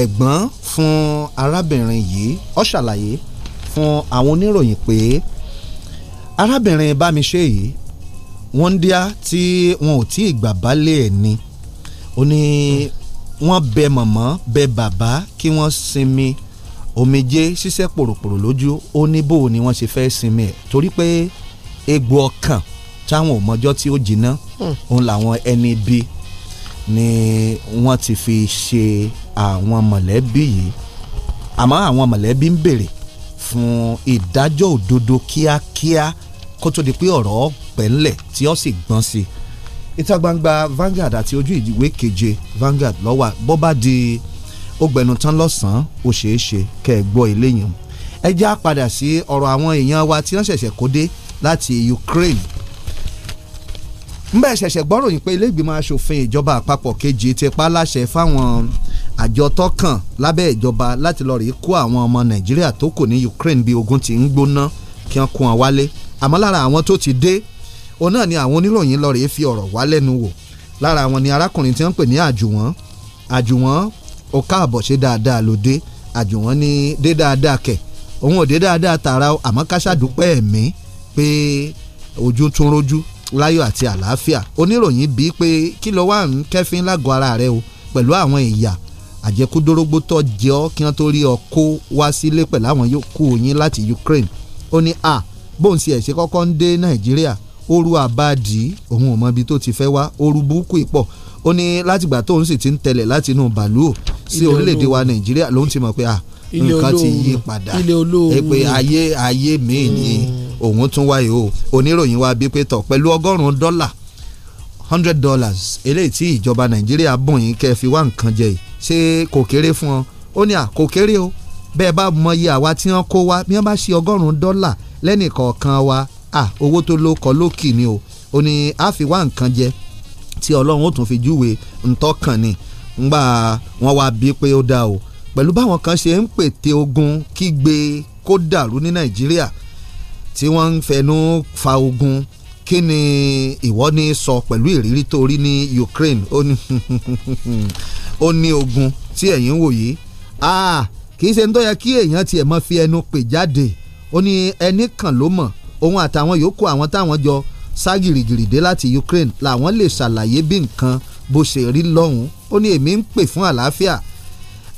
Speaker 5: ẹ̀gbọ́n fún arábìnrin yìí ó ṣàlàyé fún àwọn oníròyìn pé arábìnrin bámiṣe yìí wọ́n ń díá tí wọn ò tí ì gbà bálé ẹ̀ ni ó ní wọ́n bẹ mọ̀mọ́ bẹ bàbá kí wọ́n sinmi omijé ṣiṣẹ́ pòròpòrò lójú ó ní bò ni wọ́n ṣe fẹ́ sinmi ẹ̀ torí pé egbò ọkàn táwọn òmọjọ́ tí ó jiná hmm. òun làwọn ẹni bí ni wọ́n ti fi ṣe àwọn mọ̀lẹ́bí yìí àmọ́ àwọn mọ̀lẹ́bí ń bèrè fún ìdájọ́ òdodo kíákíá kó tó di pé ọ̀rọ̀ pẹ̀lẹ́ tí ó sì gbọ́n sí i ìta gbangba Vanguard àti ojú ìwé keje Vanguard lọ́wà bó bá di ọgbẹ̀nután lọ́sàn-án ó ṣeé ṣe kẹ́ ẹ gbọ́ eléyìí ẹ já padà sí ọ̀rọ̀ àwọn èèyàn wa tí wọ́n ṣẹ̀ṣẹ̀ kó dé láti Ukraine mbẹ́ ṣẹ̀ṣẹ̀ gbọ́ròyìn pé ilé ìgbìmọ̀ asòfin ìjọba àpapọ̀ kejì ti pa láṣẹ fáwọn àjọ tọkàn lábẹ́ ìjọba láti lọ́ọ́ rí kó àwọn ọmọ Nàìjíríà tó kù ní Ukraine bí ogun ti ń gbóná kí wọ́n kó wọn wálé àmọ́ lára àwọn tó ti dé òun náà ni àwọn oníròyìn lọ rèé fi ọ̀rọ̀ wá lẹ́nu wò lára wọn ni arákùnrin tí wọ́n ń pè ní àjùwọ́n àjùwọ́n ó káàbọ̀ ṣe dáadáa lóde àjùwọ́n ní dé dáadáa kẹ̀ òun ò dé dáadáa tààrà àmọ́ káṣádùpẹ́ ẹ̀mí pé ojú tún rojú láyọ̀ àti àlàáfíà oníròyìn bíi pé kí ló wà ń kẹ́fín lágọ̀ ara rẹ o pẹ̀lú àwọn ìyà àjẹkúdórógbó tó jẹ ọ́ kí wọ́n tó rí ọ wá sílé pẹ̀lú àwọn yòókù yín láti Ukraine ó ní a bóun sì ẹ̀ ṣe kọ́kọ́ ń dé Nàìjíríà oru abadi, òun ò mọ ibi tó ti fẹ́ wá oru burúkú ìpọ̀ ó ní látìgbà tóun sì ti ń tẹ̀lẹ̀ láti inú bàálù sí orílẹ̀-èdè wa nàìjíríà lòun ti mọ̀ pé à ah, nǹkan ti yí padà ẹ pé ayé ayé míì ni hmm. òun tún wáyé o oníròyìn wa bí pé tọ̀ pẹ̀lú ọgọ́rùn-ún dọ́là hundred dollars eléyìí tí ìjọba nàìjíríà bùn yín kẹ́ fi wá nǹkan jẹ yìí ṣé kò kéré fún ọ ó ní à kò kéré o bẹ́ẹ̀ bá mọyì àwa tí wọ́n kó wa bí wọ́n bá ṣe ọgọ́rùn-ún dọ́là lẹ́nìkọ̀ọ̀kan wa Ah, owó tó ló kọ lókì ni o ó ní àfi wá nǹkan jẹ tí ọlọ́run ó tún fi júwe ntọ́kàn ni ngbà wọn wá bí pé ó dá o pẹ̀lú báwọn kan ṣe ń pète ogun kígbe kó dàrú ní nàìjíríà tí wọ́n ń fẹnu fa ogun kí ni ìwọ ní sọ pẹ̀lú ìrírí tó rí ní Ukraine ó ní ogun tí ẹ̀yin wò yìí kì í ṣe ń tó yẹ kí èèyàn tiẹ̀ mọ́ fi ẹnu pè jáde ó ní ẹnì ló mọ̀ òun àtàwọn yòókù àwọn táwọn jọ ságìrìgìrì dé láti Ukraine làwọn lè ṣàlàyé bí nǹkan bó ṣe rí lọ́hùn ó ní èmi ń pè fún àlàáfíà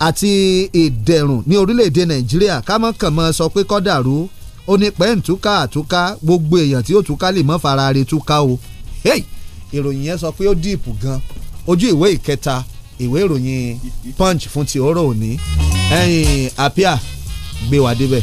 Speaker 5: àti ìdẹ̀rùn ní orílẹ̀-èdè Nàìjíríà kámọ́kànmọ́ sọ pé kọ́ dàrú ó ní pẹ́ ǹtúká àtúká gbogbo èèyàn tí ó túká lè mọ́ fara re túká o ìròyìn yẹn sọ pé ó dìpù gan ojú ìwé ìkẹta ìwé ìròyìn punch fún ti ọ̀rọ̀ òní ẹ̀yìn apia gbé wa débẹ̀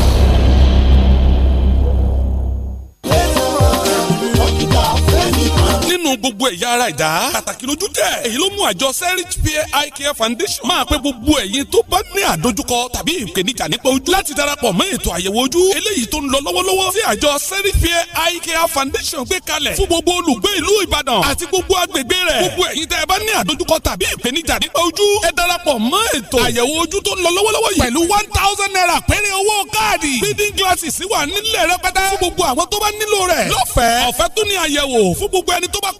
Speaker 3: nínú gbogbo ẹ̀yà ara ìdá. pàtàkì lójú tẹ̀ èyí ló mú àjọ serich peer eye foundation máa pé gbogbo ẹ̀yin tó bá ní àdójúkọ tàbí ìpèníjà nípa ojú láti darapọ̀ mọ́ ètò àyẹ̀wò ojú eléyìí tó ń lọ lọ́wọ́lọ́wọ́ tí àjọ serich peer eye foundation gbé kalẹ̀ fún gbogbo olùgbé ìlú ìbàdàn àti gbogbo agbègbè rẹ̀ gbogbo ẹ̀yin tẹ́ ẹ bá ní àdójúkọ one thousand naira péré owó káàdì reading glasses wà nílẹ̀ rẹpẹtẹ fún gbogbo àwọn tó bá nílò rẹ̀ lọ́fẹ̀ẹ́ ọ̀fẹ́ tún ní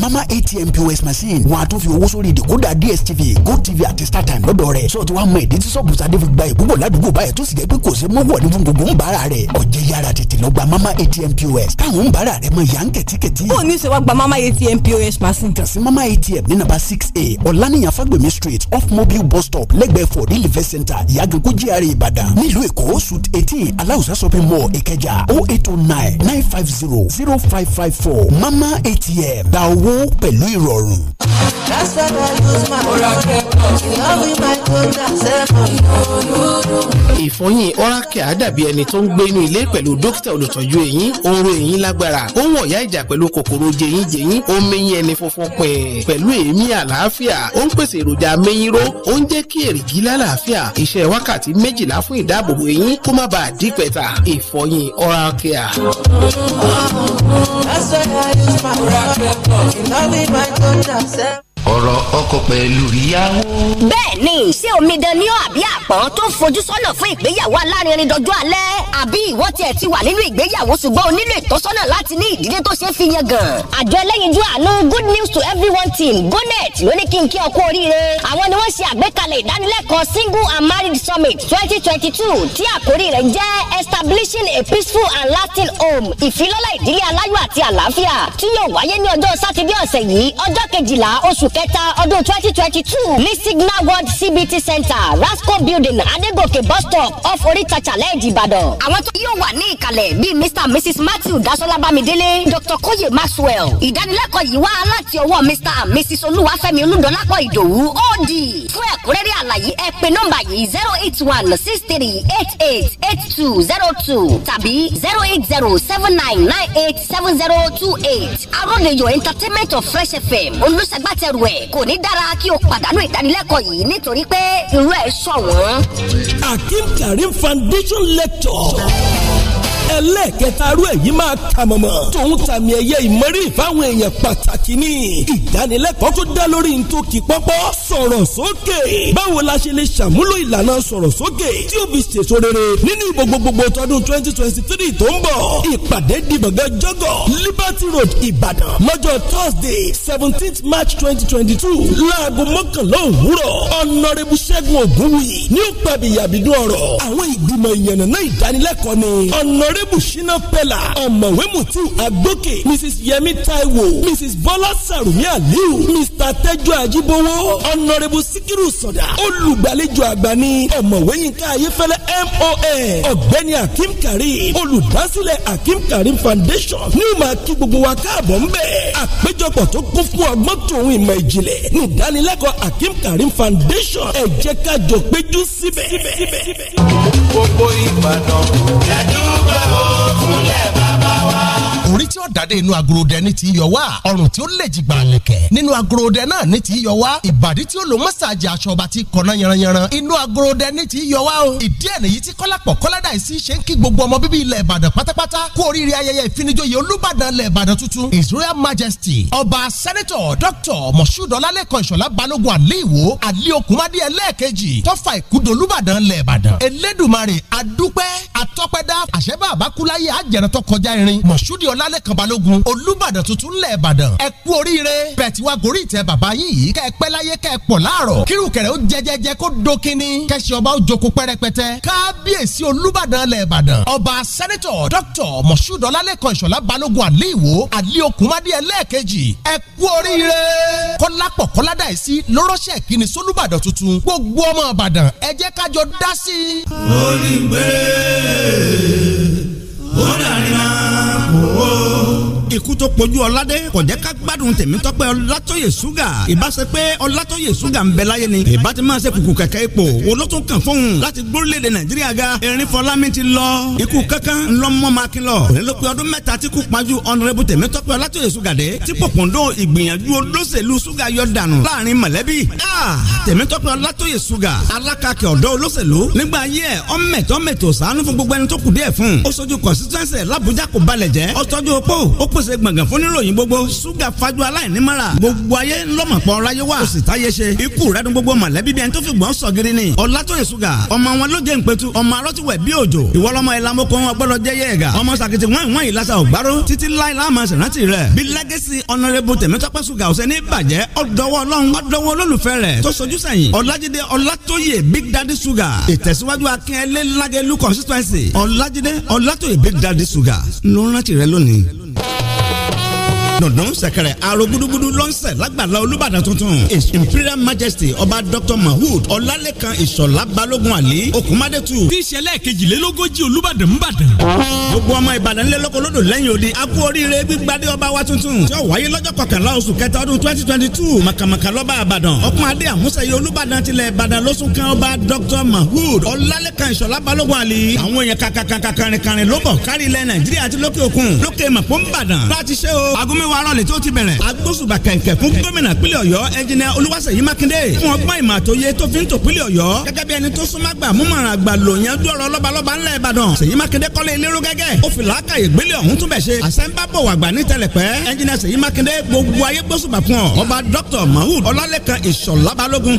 Speaker 4: mama atm pos machine wọn a tún fi owó sórí ìdìkúdà dstv gotv àti startime lọ́dọ̀ rẹ̀ sọ ti wá mọ ìdí tí sọ́ọ̀bù sadé fi gba ìbúbọ̀ ládùúgbò báyìí tó sì jẹ́ pé kò sí mọ́wọ́ ní fún gbogbo ń bára rẹ̀ ọ̀jẹ̀ yára tètè lọ gba mama atm pos táwọn ń bára rẹ̀ mọ ìyá ń kẹ̀tíkẹ̀tí. ó ní ṣe gba mama atm pos machine. kàn sí mama atm ní nàbà six a ọ̀lànìyàn fagbemi street off mobile bus stop lẹ́gbẹ̀ẹ́ for delivery center ìyàgànkú gr ìbàdàn nílùú èkó suit eighteen aláùsá shopping mall ìkẹjà Oh eight oh nine nine five zero zero five five four mama atm gba owó owó pẹ̀lú ìrọ̀rùn. That's why
Speaker 1: I
Speaker 6: use my Oracle.
Speaker 1: You love me, my good, that's
Speaker 6: ìfọyín ọ́rákẹ́ àdàbí ẹni tó ń gbé inú ilé pẹ̀lú dókítà olùtọ́jú eyín oró eyín lágbára ohun ọ̀yá ìjà pẹ̀lú kòkòrò jẹyín jẹyín ó mẹyín ẹni funfun pẹ̀ẹ́ pẹ̀lú èémí àlàáfíà ó ń pèsè èròjà mẹyìnró ó ń jẹ́ kí èrìgì lálàáfíà iṣẹ́ wákàtí méjìlá fún ìdáàbòbò eyín kó má bàa dí pẹ̀ta ìfọyín ọ́rákẹ́ à.
Speaker 9: you know we might go to the same.
Speaker 6: ọ̀rọ̀ ọkọ
Speaker 2: pẹ̀lú
Speaker 9: ìyàwó. bẹ́ẹ̀ni ṣé omidan ni ọ àbí àpọ́n tó fojú sọ́nà fún ìgbéyàwó alárinrin dọjú alẹ́ àbí ìwọ tiẹ̀ ti wà nínú ìgbéyàwó ṣùgbọ́n o nílò ìtọ́sọ́nà láti ní ìdílé tó ṣeé fi yan gan. àjọ ẹlẹ́yinjú àánú good news to everyone team gonet ló ní kí n kí ọkú oríire àwọn ni wọ́n ṣe àgbékalẹ̀ ìdánilẹ́kọ̀ọ́ single and married summit twenty twenty two tí àkórí rẹ̀ jẹ́ establishing a peaceful and lasting home ìfilọ́lẹ̀ ìdílé aláyọ̀ àti àlàáfíà tí yóò wáyé ní ọjọ́ sátidé ọ̀sẹ̀ yìí ọjọ́ kejìlá oṣù k kẹta ọdún twenty twenty two ní signal world cbt center rasco building adegoke bus stop off oríta challenge ìbàdàn. àwọn tó yóò wà ní ìkàlẹ̀ bíi mr and mrs matthew dasola bamidele dr koye maxwell ìdánilẹ́kọ̀ọ́ yìí wá láti ọwọ́ mr and mrs olúwàfẹ́mi olúdọ́lápọ̀ ìdòwú od fún ẹ̀kúnrẹ́rẹ́ àlàyé ẹ pè nọ́mbà yìí zero eight one six three eight eight eight two zero two tàbí zero eight zero seven nine nine eight seven zero two eight arọ́dẹ̀yọ̀ entertainment of fresh fm olùṣègbàtẹ̀rù àwẹ̀ kò ní dára kí o pàdánù ìdánilẹ́kọ̀ọ́ yìí nítorí pé irú ẹ̀ ṣọ̀wọ́n. Akeem Karim
Speaker 4: Foundation lecture ẹlẹ́ẹ̀kẹta rú èyí máa kà mọ̀mọ́ tòun tàmì ẹ̀yẹ ìmọ̀rí ìfáwọn èèyàn pàtàkì ni ìdánilẹ́kọ̀ọ́ tó dá lórí ntòkì pọ́pọ́ sọ̀rọ̀ sókè báwo la ṣe lè ṣàmúlò ìlànà sọ̀rọ̀ sókè tí ó fi ṣèso rere nínú ìbò gbogbogbò tọdún twenty twenty three tó ń bọ̀ ìpàdé dìgbọ̀ngàn jọ́gọ̀ Liberty Road Ìbàdàn lọ́jọ́ Thursday seventeenth March twenty twenty two láago mọ́kànlá òwúrọ̀ ọ̀nàrẹ́bù ṣẹ́gun ògúnwì ní ó pàbíyàbídún ọ̀rọ̀ àwọn ìgbìmọ̀ ìyànnà náà ìdánilẹ́kọ̀ọ́ ni ọ̀nàr honourable shina pella ọ̀mọ̀wé mutu agbókè mrs yemi taiwo mrs bọ́lá sàrùmí aliu mr tẹ́jú ajíbówó honourable sikiru sọ̀dà olùgbàlejò àgbà ní ọ̀mọ̀wé yínká ayéfẹ́lẹ́ mon ọ̀gbẹ́ni akim karim olùdásílẹ̀ akim karim foundation ní o máa kí gbogbo wa káàbọ̀ ń bẹ̀ àpéjọpọ̀ tó kún fún ọgbọ́n tòun ìmọ̀ ìjìnlẹ̀ ní ìdánilẹ́kọ̀ọ́ akim karim foundation ẹ jẹ́ ká péjú síbẹ̀. gbogbo ìbàdàn lẹ́dùn bá ó kúnlẹ̀ bàbá wa orí tí ó dàdé inú agorodẹ ní ti yọ wá ọrùn tí ó lè jìgbà lẹ̀kẹ̀ nínú agorodẹ náà ní ti yọ wá ìbàdí tí ó lo mọ́sáàjì aṣọ ọba ti kọ̀nà yanranyanran inú agorodẹ ní ti yọ wá o ìdí ẹ̀ nìyí tí kọ́lápọ̀ kọ́ládà yìí sì ṣe ń kí gbogbo ọmọ bíbí ilẹ̀ ìbàdàn pátápátá kú oríire ayẹyẹ ìfinijoyè olúbàdàn ilẹ̀ ìbàdàn tuntun his royal majesty ọba sẹ́nẹ́tọ̀ dr moshood ọlálẹ́kan ìṣọ̀lá balógun àlíwò àlí okùnmádé ẹlẹ́ẹ̀kejì tọ́fà ìkúdò olúbàdàn ilẹ̀ ìbàdàn elédùmarè adúpẹ́ atọ́pẹ́dá àṣẹ́bà àbákúláyé àjẹrántọ́ kọjá irin moshood ọl ọlálẹ́kan balógun olúbàdàn tuntun lẹ̀ ìbàdàn ẹ kú oríire bẹ́ẹ̀ tí wàá gorí ìtẹ́ bàbá yín yìí kẹ́ ẹ pẹ́ láyé kẹ́ ẹ pọ̀ láàrọ̀ kírùkẹ̀rẹ̀ ó jẹjẹjẹ kó do kínní kẹ́sì ọba ó joko pẹ́rẹpẹtẹ kábíyèsí olúbàdàn lẹ̀ ìbàdàn ọba sẹ́nẹ́tọ̀ dókítọ̀ mọ̀ṣúd ọlálẹ́kan ìṣọ̀lá balógun àlíwò àlí okùnmádé ẹlẹ́ẹ̀kejì ẹ kú oríire kọ́lápọ̀ kọ́ládà ẹ̀ sí world ikú tó pojú ọládé kò jẹ́ ká gbádùn tèmítọ́pẹ́ ọlátọ́yè ṣúgà ìbáṣe pé ọlátọ́yè ṣúgà ń bẹ láyé ni ìbá ti máa ṣe kùkù kẹ̀kẹ́ ipò wo ló tún kàn fóun láti gbórílẹ̀-èdè nàìjíríà ga erin fọlámi ti lọ ikú kankan ńlọmọ makilọ òrèlópin ọdún mẹ́ta tí kú pajú ọ̀nrẹ́bù tèmítọ́pẹ́ ọlátọ́yè ṣúgà dé tí pòpòndó ìgbìyànjú olóṣèlú ṣúgà yọ dànù láàrin mọ̀lẹ́bí tèmítọ́pẹ́ ọlátọ́yè ṣúgà alákàkẹ́ ọ̀dọ́ olóṣèlú nígbà ayé pèsè gbọ̀ngàn fún níròyìn gbogbo ṣúgà fájú aláìnímọ̀ra gbogbo ayé ńlọ́mọ̀pọ̀ ọ̀ráyé wà òsì táyé ṣe ikú rẹ́dùn gbogbo mọ̀lẹ́bí bí ẹni tó fi gbọ́n sọ gírí ni ọ̀làtòyè ṣúgà ọmọ wọn ló jẹ́ ìpẹ́tù ọmọ arọ́tìwẹ̀ bí òjò ìwọlọ́mọ ìlàmọ́ kan wọn gbọ́dọ̀ jẹ́ yẹ̀ẹ̀gà ọmọ sàkìtì wọ́n ìwọ́n ìlàsà ògbárò títí láì láàmà sèrántì rẹ̀ bí lẹ́gẹ̀sì ọ̀nàrẹ́bù tẹ̀mẹ́tọ́pẹ́ ṣúgà ọ̀sẹ̀ ní bàjẹ́ ọ̀dọ́wọ́ ọlọ́run ọ̀dọ́wọ́ olólùfẹ́ rẹ̀ tó sojú sẹ́yìn ọ̀làjídé ọ̀làtòyè big daddy ṣúgà ìtẹ̀síwájú akínyẹlé lágẹ̀lú constituency ọ̀làjídé ọ̀làtòyè big daddy ṣúgà ló ń rẹ lónìí dùndún sẹ̀kẹ̀rẹ̀ aro gúdúgúdú lọ́nsẹ̀ lágbàlá olúbàdàn tuntun his imperial majesty ọba dr mahood ọlálẹ́kan ìṣọ̀lá balógun àlí okumadetu. tí ìṣẹ̀lẹ̀ kejìlélógójì olúbàdàn ńbàdàn. gbogbo ọmọ ìbàdàn nílé lóko lódò lẹ́yìn odi a kú oríire gbígbádé ọba wa tuntun tí ó wáyé lọ́jọ́ kọkànlá oṣù kẹta ọdún twenty twenty two màkàmàkà lọ́ba àbàdàn ọkùn adé àmúṣayé olúbàdàn tilẹ̀ ìbàdàn lóṣù kan ọba dr mahood ọlálẹ́kan ìṣọ̀lá balógun àlí. àwọn èèyàn kàkàkàkàkàrìnkàrìn ló bọ̀ kárí ilẹ̀ nàìjíríà àti lókè òkun lókè màpó ńbàdàn. láti ṣe wa rọlẹ̀ tó ti bẹ̀rẹ̀. agbósùbà kẹ̀kẹ́ fún gómìnà pínlẹ̀ ọ̀yọ́ ẹnjìnà olúwaṣèyí mákindé fún ọgbọ́n ìmọ̀ àtòye tó fi ń tò pínlẹ̀ ọ̀yọ́ gẹ́gẹ́ bí ẹni tó súnmọ́ gbà múmọ̀ràn àgbà lòyìn dúró lọ́balọ́ba ńlẹ̀ ìbàdàn ṣèyí mákindé kọ́lé eléró gẹ́gẹ́ ó fi làákàyè gbélé ọ̀hún tún bẹ̀ ṣe àṣẹ́ńbàbọ̀ wàgbà ní tẹlẹ̀pẹ́ ẹnjìnà ṣèyí mákindé gbogbo ayé gbósùbà fún ọ ọba dr ọlálẹ́kan ìṣọ̀lá balógun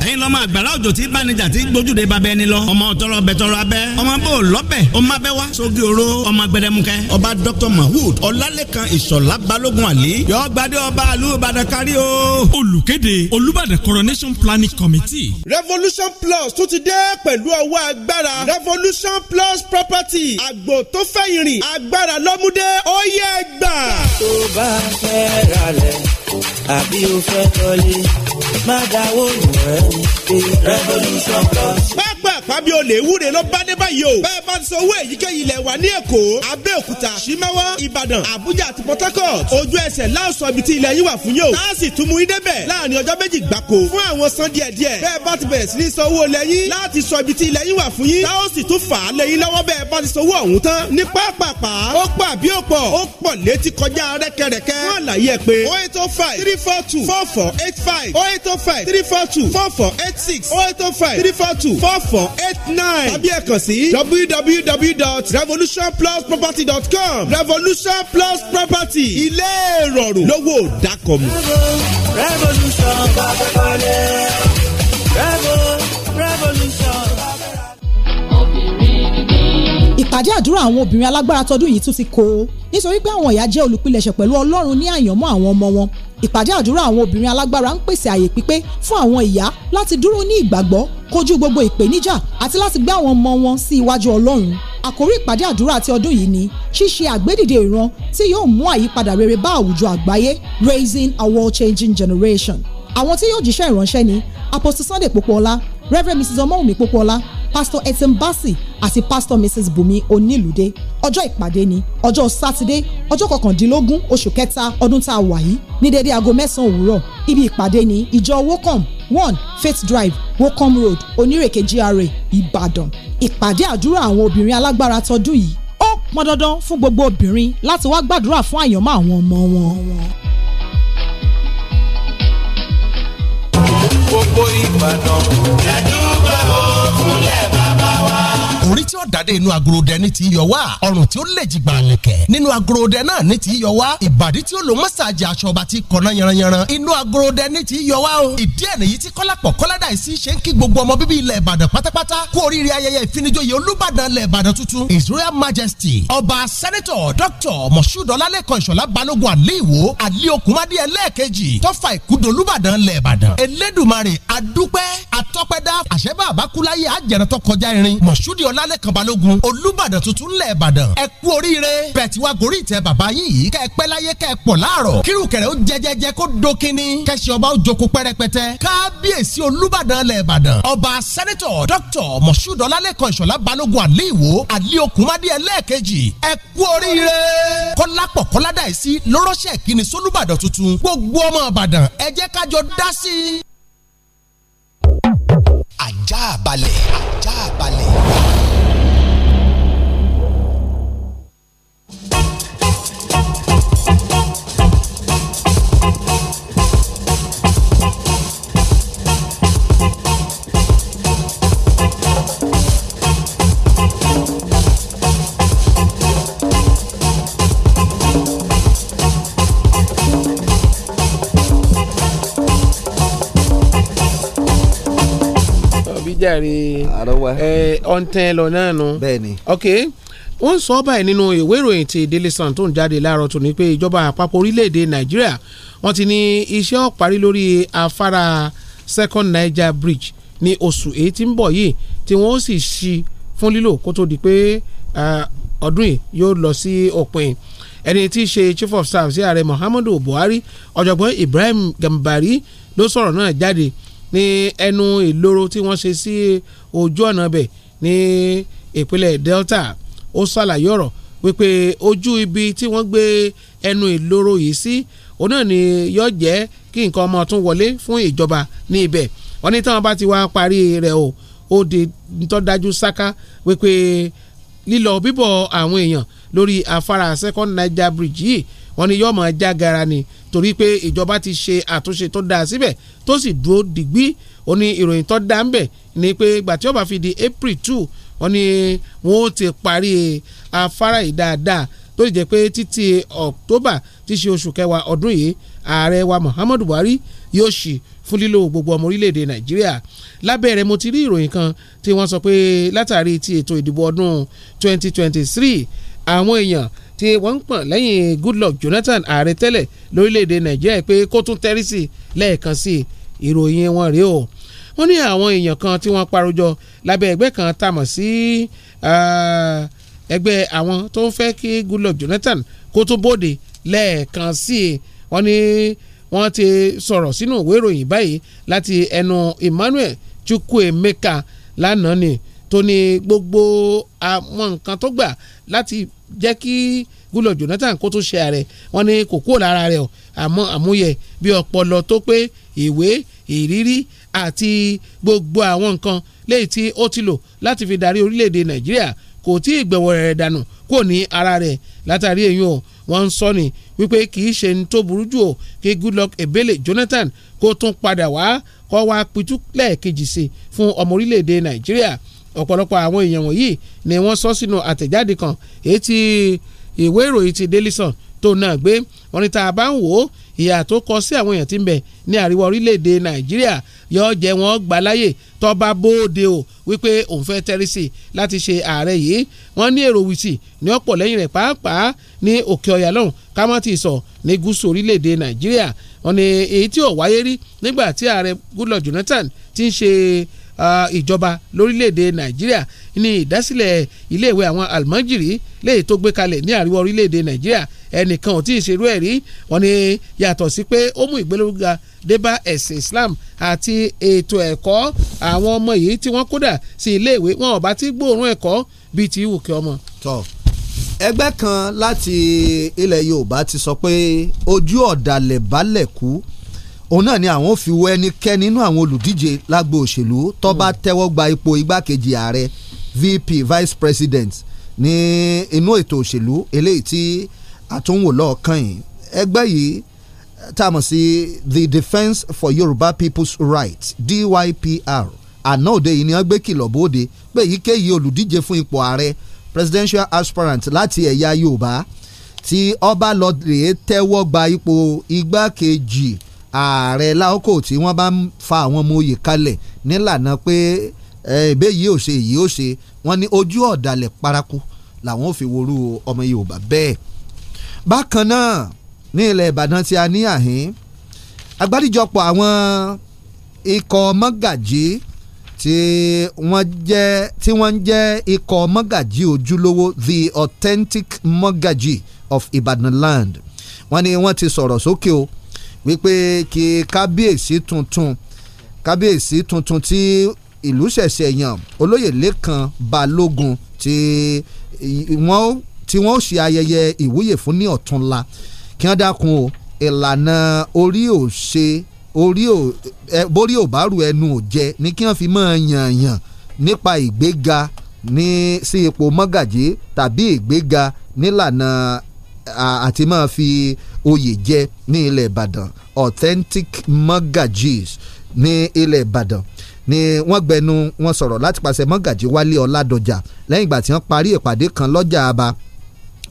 Speaker 4: àlè yìí yọ gbadé ọba àlú kárí o. olùkéde olùbàdàn coronation planning committee. revolution plus tún ti dé pẹ̀lú ọwọ́ agbára revolution plus property àgbò tó fẹ́ ìrìn agbára lọ́múdé ó yẹ gbà. tó bá
Speaker 1: fẹ́ ralẹ̀ àbí
Speaker 4: o fẹ́ tọ́lé má dáwọ́
Speaker 1: ìwọ̀n revolution. pé revolution plus.
Speaker 4: pápá àpábí olè wúre ló bá dé báyìí o. bẹ́ẹ̀ bá ń san owó èyíkéyìí ilẹ̀ wa ní èkó abẹ́òkúta simawa ìbàdàn àbújá àti port harcourt ojú ẹsẹ̀ láòsàn ibi tí ilẹ̀ yín wà fún yóò. táàsì tún mú i débẹ̀ láàrin ọjọ́ méjì gbáko fún àwọn san díẹ̀ díẹ̀. bẹ́ẹ̀ bá ti bẹ̀rẹ̀ sí ní san owó ilẹ̀ yín láti sọ ibi tí ilẹ̀ yín wà fún yín. táòsì tún fà á lé yín lọ́wọ́ bẹ́ẹ̀ bá ti sanwó ọ̀hún tán. ní pápápá ó pọ̀ àbí ó pọ̀ ó pọ̀ létí kọjá rẹ́kẹrẹ́kẹ́. wọ́n àlàyé ẹ pé oh eight oh five three four two four four eight five oh eight oh oh five three four two four four eight six oh eight oh five three four two four four eight nine tàbí ẹ kàn revolution plus property ilé ìrọ̀rùn lówó dákọ̀mù. revolution bá kọ́lé
Speaker 1: revolution
Speaker 4: ìpàdé àdúrà àwọn obìnrin alágbára tọdún yìí tún ti kó o nítorí pé àwọn ìyá jẹ́ olùpilẹ̀ṣẹ̀ pẹ̀lú Ọlọ́run ní àyànmọ́ àwọn ọmọ wọn ìpàdé àdúrà àwọn obìnrin alágbára ń pèsè àyè pípé fún àwọn ìyá láti dúró ní ìgbàgbọ́ kojú gbogbo ìpèníjà àti láti gbé àwọn ọmọ wọn sí iwájú Ọlọ́run àkórí ìpàdé àdúrà ti ọdún yìí ni ṣíṣe àgbédìde ìran tí yóò mú àyípadà rere bá àwùjọ àgbáyé raising a world changing generation àwọn tí yóò jíṣẹ́ ìránṣẹ́ ni Apostle Sunday Popoola Reverend Mrs. Omowumi Popoola pastor Etim Bassey àti pastor Mrs Bùnmi Onílùdé ọjọ́ ìpàdé ni ọjọ́ sátidé ọjọ́ kọkàndínlógún oṣù kẹta ọdún tá a wà yìí ní dédé aago mẹ́sàn-án òwúrọ̀ ibi ìpàdé ni ìjọ Wocom one Faith Drive Wocom Road Onírèké GRA Ìbàdàn ìpàdé àdúrà àwọn obìnrin alágbára tọdún yìí ó pọn dandan fún gbogbo obìnrin láti wá gbàdúrà fún àyànmọ́ àwọn ọmọ wọn. gbogbo Ìbàdàn jẹ́dúgbà ó kúnlẹ̀ ọkùnrin tí ó dàdé inú agorodẹ ní ti yọ wá ọrùn tí ó lè jìgbà lẹ̀kẹ̀ nínú agorodẹ náà ní ti yọ wá ìbàdí tí ó lo mọ́sáàjì aṣọ ọba ti kọ̀nà yanranyanran inú agorodẹ ní ti yọ wá o ìdí ẹ̀ nìyí tí kọ́lápọ̀ kọ́ládà ìsí ṣe ń kí gbogbo ọmọ bíbí ilẹ̀ ìbàdàn pátápátá kú oríire ayẹyẹ ìfinijoyè olúbàdàn ilẹ̀ ìbàdàn tuntun his royal majesty ọba sẹ́nẹ́tọ̀ dr moshood ọlálẹ́kan ìṣọ̀lá balógun àlíwò àlíokùnmádé ẹlẹ́ẹ̀kejì tọ́fà ìkúdolúbàdàn ilẹ̀ ìbàdàn elédùmarè adúpẹ́ atọ́pẹ́dá àṣẹ́bà àbákúláyé àjẹrántọ́ kọjá irin moshood ọl ọlálẹ́kan balógun olúbàdàn tuntun lẹ̀ ìbàdàn ẹ kú oríire bẹ́ẹ̀ tí wàá gorí ìtẹ́ bàbá yín yìí kẹ́ ẹ pẹ́ láyé kẹ́ ẹ pọ̀ láàrọ̀ kírùkẹ̀rẹ̀ ó jẹjẹjẹ kó do kínní kẹ́sì ọba ó joko pẹ́rẹpẹtẹ kábíyèsí olúbàdàn lẹ̀ ìbàdàn ọba sẹ́nẹ́tọ̀ dr moshood ọlálẹ́kan ìṣọ̀lá balógun àlíwò àlíokùnmádé ẹlẹ́ẹ̀kejì ẹ kú oríire
Speaker 6: jàre ọ̀ntẹ́ lọ náà nu ok wọ́n sọ ọ́ báyìí nínú ìwé ìròyìn ti Daily Sun tó ń jáde láàárọ̀ tó ní pé ìjọba àpapọ̀ orílẹ̀-èdè Nàìjíríà wọ́n ti ní iṣẹ́ ó parí lórí afárá Second Niger Bridge ní oṣù èyí tí ń bọ̀ yìí tí wọ́n ó sì ṣí fún lílò kó tó di pé ọdún yìí yóò lọ sí òpin ẹni tí í ṣe chief of staff sí ààrẹ Muhammadu Buhari ọ̀jọ̀gbọ́n Ibrahim Gambari ló sọ̀rọ̀ náà jáde ní ẹnu ìloro tí wọ́n ṣe sí ojú ọ̀nà bẹ̀ ní ìpínlẹ̀ Delta ó ṣàlàyé ọ̀rọ̀ wípé ojú ibi tí wọ́n gbé ẹnu ìloro yìí sí òun náà ni yóò jẹ́ kí nǹkan ọmọ tún wọlé fún ìjọba ní ibẹ̀ wọ́n ní táwọn bá ti wá parí rẹ̀ o ó di ntọ́dájú sáká wípé lílọ bíbọ̀ àwọn èèyàn lórí afárá second Niger bridge yìí wọ́n ní yóò máa gara ni torí pé ìjọba ti ṣe àtúnṣe tó dáa síbẹ̀ tó sì dúró dìgbì ó ní ìròyìn tó dáa ń bẹ̀ ni pé ìgbà tí fi di April two wọ́n ní wọ́n ti parí afárá yìí dáadáa tó sì jẹ́ pé títí October ti ṣe oṣù kẹwàá ọdún yìí ààrẹ wa Muhammadu Buhari yóò ṣì fún lílo gbogbo ọmọ orílẹ̀-èdè Nàìjíríà lábẹ́ rẹ̀ mo ti rí ìròyìn kan tí wọ́n sọ pé látàrí ti ètò ìdìbò ọdún 2023 àwọn èèyàn tí wọ́n ń pọ̀n lẹ́yìn Goodluck Jonathan ààrẹ tẹ́lẹ̀ lórílẹ̀‐èdè Nàìjíríà pé kó tún tẹ́rí sí lẹ́ẹ̀kan sí ìròyìn wọn rèé o wọ́n ní àwọn èèyàn kan tí wọ́n parojọ lábẹ́ ẹgbẹ́ kan tá mọ̀ sí ẹgbẹ́ àwọn tó ń fẹ́ kí Goodluck Jonathan kó tún bóde lẹ́ẹ̀kan sí wọ́n ní wọ́n ti sọ̀rọ̀ sínú ìwé ìròyìn báyìí láti ẹnu Emmanuel Chukwuemeka lánàá ni tó ní gbogbo àwọn nǹkan tó gbà láti jẹ́ kí Goodluck Jonathan kó tó ṣe ààrẹ wọ́n ní kò kúrò lára rẹ̀ ọ̀ àmọ́ àmúyẹ bí ọpọlọ tó pé ìwé ìrírí àti gbogbo àwọn nǹkan léyìí tí ó ti lò láti fi darí orílẹ̀-èdè Nàìjíríà kò tí ì gbẹ̀wọ̀ rẹ̀ dànù kò ní ara rẹ̀ látàrí èyí o wọ́n ń sọ ni wípé kì í ṣe ní tó burú jù o kí Goodluck Ebele Jonathan kó tún padà wá kó wá pitú lẹ́ẹ̀kejì sí fún ọmọ orílẹ̀-èdè Nàìjíríà ọ̀pọ̀lọpọ̀ àwọn èèyàn wọ̀nyí ni wọ́n sọ sínú àtẹ̀jáde kan èyí tí ìwé ìròyìn ti Daily Sun tó náà gbé wọn ní tá a bá ń wò ó ìyà tó kọ sí àwọn èèyàn tí ń bẹ ní àríwá orílẹ̀-èdè Nàìjíríà yóò jẹ́ wọn gbà láyè tó bá bóde o wípé òun fẹ́ tẹ́rí sí i láti ṣe ààrẹ yìí wọ́n ní èrò wìtì ní ọ̀pọ̀ lẹ́yìn rẹ̀ pàápàá ní òkè ọ̀yà lọ́hùn kámọ́tì sọ ní gúúsù orílẹ̀-èdè Nàìjíríà wọ́n ní èyí tí ò wáyé rí nígbà tí ààrẹ Goodluck Jonathan ti ń ṣe ìjọba lórílẹ̀‐èdè nàìjíríà ní ìdásílẹ̀ iléèwé àwọn àlùmọ́jìrì léyìí tó gbé kalẹ̀ ní àríwá orílẹ̀‐èdè nàìjíríà ẹnìkan ò tí ì ṣerú ẹ̀ rí wọ́n ní yàtọ̀ sí pé ó mú ìgbélórúga dé bá ẹ̀sìn islam àti ètò ẹ̀kọ́ àwọn ọmọ yìí tí wọ́n kódà sí iléèwé wọn ò bá ti gbóòórùn ẹ̀kọ́ bíi ti ìwùkẹ́ ọmọ. tọ́
Speaker 5: ẹgbẹ́ kan láti ilẹ̀ yorùbá ti sọ pé ojú ọ̀dàlẹ̀ balẹ̀ kú òun náà ni àwọn fi wọ ẹnikẹ́ni nínú àwọn olùdíje lágbo òṣèlú tó bá hmm. tẹ́wọ́ gba ipò igbákejì ààrẹ vp vice president ní inú ètò òṣèlú eléyìí tí àtúnwò lọ́ọ̀kan yìí ẹgbẹ́ yìí tá a mọ̀ sí the defence for yorùbá people's rights dypr àná òde yìí ni wọ́n gbé kìlọ̀ bóde pé èyíkéyìí olùdíje fún ipò ààrẹ presidential aspirant láti ẹ̀yà yorùbá tí ọba lọ́ọ̀dẹ̀ tẹ́wọ́ gba ipò igbákejì ààrẹ láòkò tí wọ́n bá ń fa àwọn ọmọ oyè kalẹ̀ nílànà pé ẹ̀ẹ́dẹ́ yìí ò ṣe yìí ò ṣe wọ́n ní ojú ọ̀dàlẹ̀ paraku làwọn ò fi worú ọmọ Yorùbá bẹ́ẹ̀. bákan náà ní ilẹ̀ Ìbàdàn tí a ní àhín agbáríjọpọ̀ àwọn ikọ̀ mọ́gàjí tí wọ́n ń jẹ́ ikọ̀ mọ́gàjí ojúlówó the authentic mọ́gàjí of Ibadan land wọ́n ní wọ́n ti sọ̀rọ̀ sókè o. So wípé kí kábíyèsí tuntun kábíyèsí tuntun tí ìlú ṣẹ̀ṣẹ̀ yàn olóyè lẹ́kan balógun tí wọ́n tí wọ́n ó ṣe ayẹyẹ ìwúyè fún ní ọ̀túnla kí wọ́n dákun o ìlànà orí ò ṣe orí ò borí ò bá ru ẹnu ò jẹ ni kí wọ́n fi máa yàn yàn nípa ìgbéga ní sí ipò mọ́gàjí tàbí ìgbéga nílànà àti máa fi oyè jẹ ní ilẹ̀ ìbàdàn authentic mọ́gàjís ní ilẹ̀ ìbàdàn ni wọ́n gbẹnu wọn sọ̀rọ̀ láti pàṣẹ mọ́gàjí wálé ọ̀làdọ̀jà lẹ́yìn ìgbà tí wọ́n parí ìpàdé kan lọ́jà aba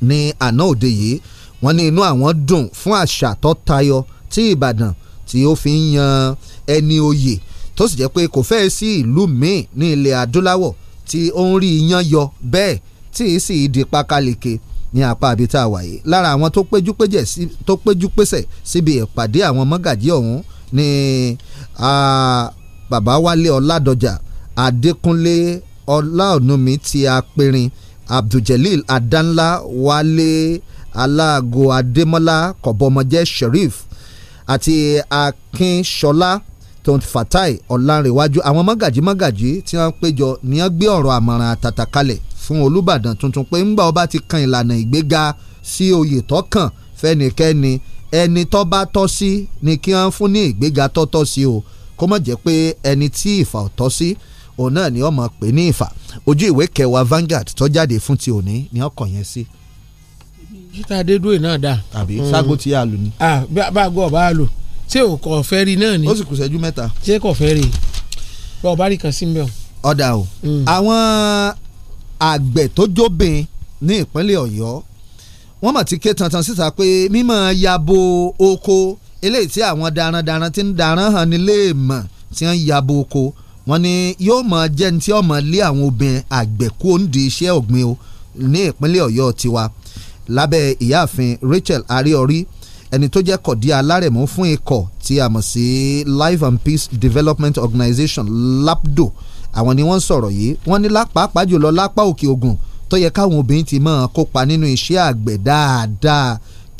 Speaker 5: ní àná òde yìí wọ́n ní inú àwọn dùn fún àṣà tó tayọ tí ìbàdàn tí ó fi ń yan ẹni oyè tó sì jẹ́ pé kò fẹ́ẹ́ sí ìlú míì ní ilẹ̀ adúláwọ̀ tí ó ń rí iyán yọ bẹ́ẹ̀ tí ì sì di pákáleke ní apá àbí tá a wà yìí lára àwọn tó péjú péjẹ tó péjú pèsè síbi ìpàdé àwọn mọ́gàjí ọ̀hún ni bàbá wálé ọ̀làdọ̀jà adékúnlé ti apẹ̀rin abdulgelil adanla Wale Alago adémọ́lá kọ̀bọ́mọjẹ́ sheriff àti akínṣọlá tonti fatai ọ̀làǹrẹ̀wájú àwọn mọ́gàjí mọ́gàjí tí wọ́n péjọ ni wọ́n gbé ọ̀rọ̀ àmọ̀ràn àtàtà kalẹ̀ fún olùbàdàn tuntun pé ńgbà ọba ti kan ìlànà ìgbéga sí oyè tọkàn fẹ́nikẹ́ni ẹni tó bá tọ́ sí ni kí wọ́n fún ní ìgbéga tọ́tọ́ sí o kó má jẹ́ pé ẹni tí ìfà ò tọ́ sí òun náà ni wọ́n máa pè ní ìfà ojú ìwé kẹwàá Vanguard tó jáde fún ti òní ni wọ́n kọ yẹn sí.
Speaker 6: peter adédọ́yè náà dà. àbí sago mm. ti yà lù ni. bá a gbọ́ ọba a lò ṣé o kò fẹ́ rí náà ni. ó sì kù sẹ́jú mẹ́ta. ṣé kò fẹ́ rí bá rí kan sí mbẹ́ o. ọ̀dà o mm. àwọn àgbẹ̀ tó
Speaker 5: jóbìn ní ìpínlẹ̀ ọ̀yọ́ wọ́n mọ̀ ti ké tantan síta pé mímọ́ yabo oko eléyìí tí àwọn darandaran ti ń daran hàn nílé mọ̀ tí wọ́n yabo oko wọ́n ní yóò mọ̀ jẹ́ ní tí ọmọ lé àwọn obìnrin àgbẹ̀ kó ń di iṣẹ́ ọ̀gbìn o ní ìpínlẹ̀ ọ̀yọ́ tiwa lábẹ́ ìyáàfin Rachel Ariori ẹni tó jẹ́ kọ̀dí alárẹ̀mú fún ikọ̀ tí a mọ̀ sí Life and Peace Development Organization LAPDO àwọn ni wọ́n ń sọ̀rọ̀ yìí wọ́n ní lápapá jùlọ lápá òkè Ògùn tó yẹ káwọn obìnrin ti máa kópa nínú iṣẹ́ àgbẹ̀ dáadáa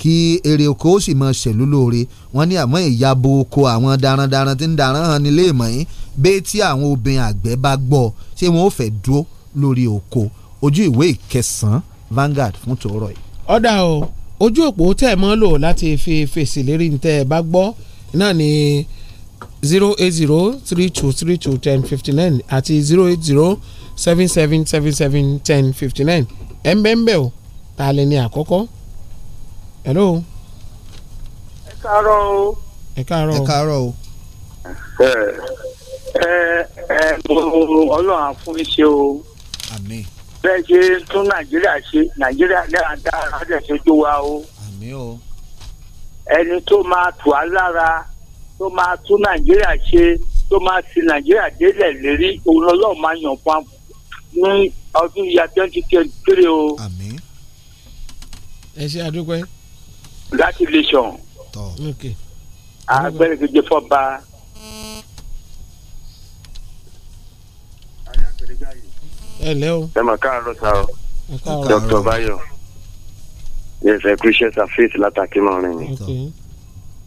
Speaker 5: kí èrè oko ó sì máa ṣẹ̀lú lóore wọ́n ní àmọ́ ìyàbọ̀ oko àwọn darandaran tí ń daran hàn nílé ìmọ̀ yín bẹ́ẹ̀ tí àwọn obìnrin àgbẹ̀ bá gbọ́ ṣé wọn ò fẹ́ dúró lórí oko ojú ìwé ìkẹsàn-án Vanguard fún tòórọ̀ yìí.
Speaker 6: ọ̀dà o ojú òpó tẹ̀ mọ́ lò láti fi fèsì lérí ní tẹ́ ẹ bá gbọ́ náà ni. Nani zero eight zero three two three two ten fifty nine àti zero eight zero seven seven seven seven ten fifty nine ẹ̀ńbẹ́ńbẹ́ o ta lẹ ní àkọ́kọ́ hello. ẹ káàárọ̀ o. ẹ káàárọ̀ o. ẹ káàárọ̀ o.
Speaker 8: ẹ ẹ ẹ ọlọ́run á fún iṣẹ́ o. àmín. bẹ́ẹ̀ ṣe tún
Speaker 4: nàìjíríà ṣe nàìjíríà dáadáa á dẹ̀ wa o. àmín o. ẹni tó máa tù á lára tó máa tún nàìjíríà ṣe tó máa ti nàìjíríà délẹ̀ lérí òun lọ́lọ́run máa yàn fún ní ọdún ìyá twenty twenty
Speaker 6: three o. àmín ẹ ṣe àdúpẹ́. congratulations. tọ́ ok. agbẹ́rẹ́gẹ́dẹ́ fọba. ẹ lẹ́ o. ẹ mọ̀ káàárọ̀ sá
Speaker 8: o. dr bayo yẹsẹ̀ kúṣẹ́ sàfíìsì látàkì mọ́rin ni. Okay. okay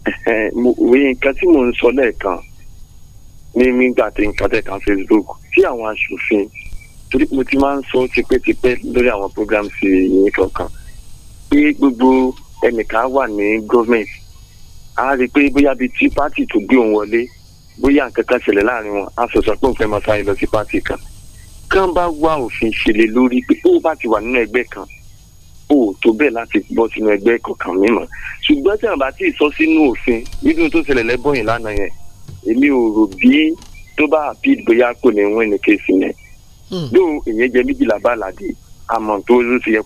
Speaker 8: nǹkan tí mò ń sọ lẹ́ẹ̀kan ní nígbà tí nǹkan tẹ̀ Facebook tí àwọn aṣòfin torí mo ti máa ń sọ tipẹ́tipẹ́ lórí àwọn program sí yìnyín kankan pé gbogbo ẹnìkan wà ní gọ́ọ̀mẹ̀ntì a rí i pé bóyá bíi tí pátì tó gbé òun wọlé bóyá nǹkan kan ṣẹlẹ̀ láàrin wọn a sọ̀sọ̀ pé òun fẹ́ máa sáré lọ sí pátì kan kán bá wá òfin ṣẹlẹ̀ lórí pé ó bá ti wà nínú ẹgbẹ́ kan ò tó bẹ́ẹ̀ láti bọ́ sínú ẹgbẹ́ kọ̀ọ̀kan mímọ́ ṣùgbọ́n tí àwọn bá ti sọ sínú òfin nínú tó ṣẹlẹ̀ lẹ́bọ̀yìn lánàá yẹn èmi ò rò bí tó bá àpíd bóyá kò wọ́n ní kéésì yẹn. lóò èyàn jẹ méjìlá bá làdí àmọ́
Speaker 1: tó ló ti yẹ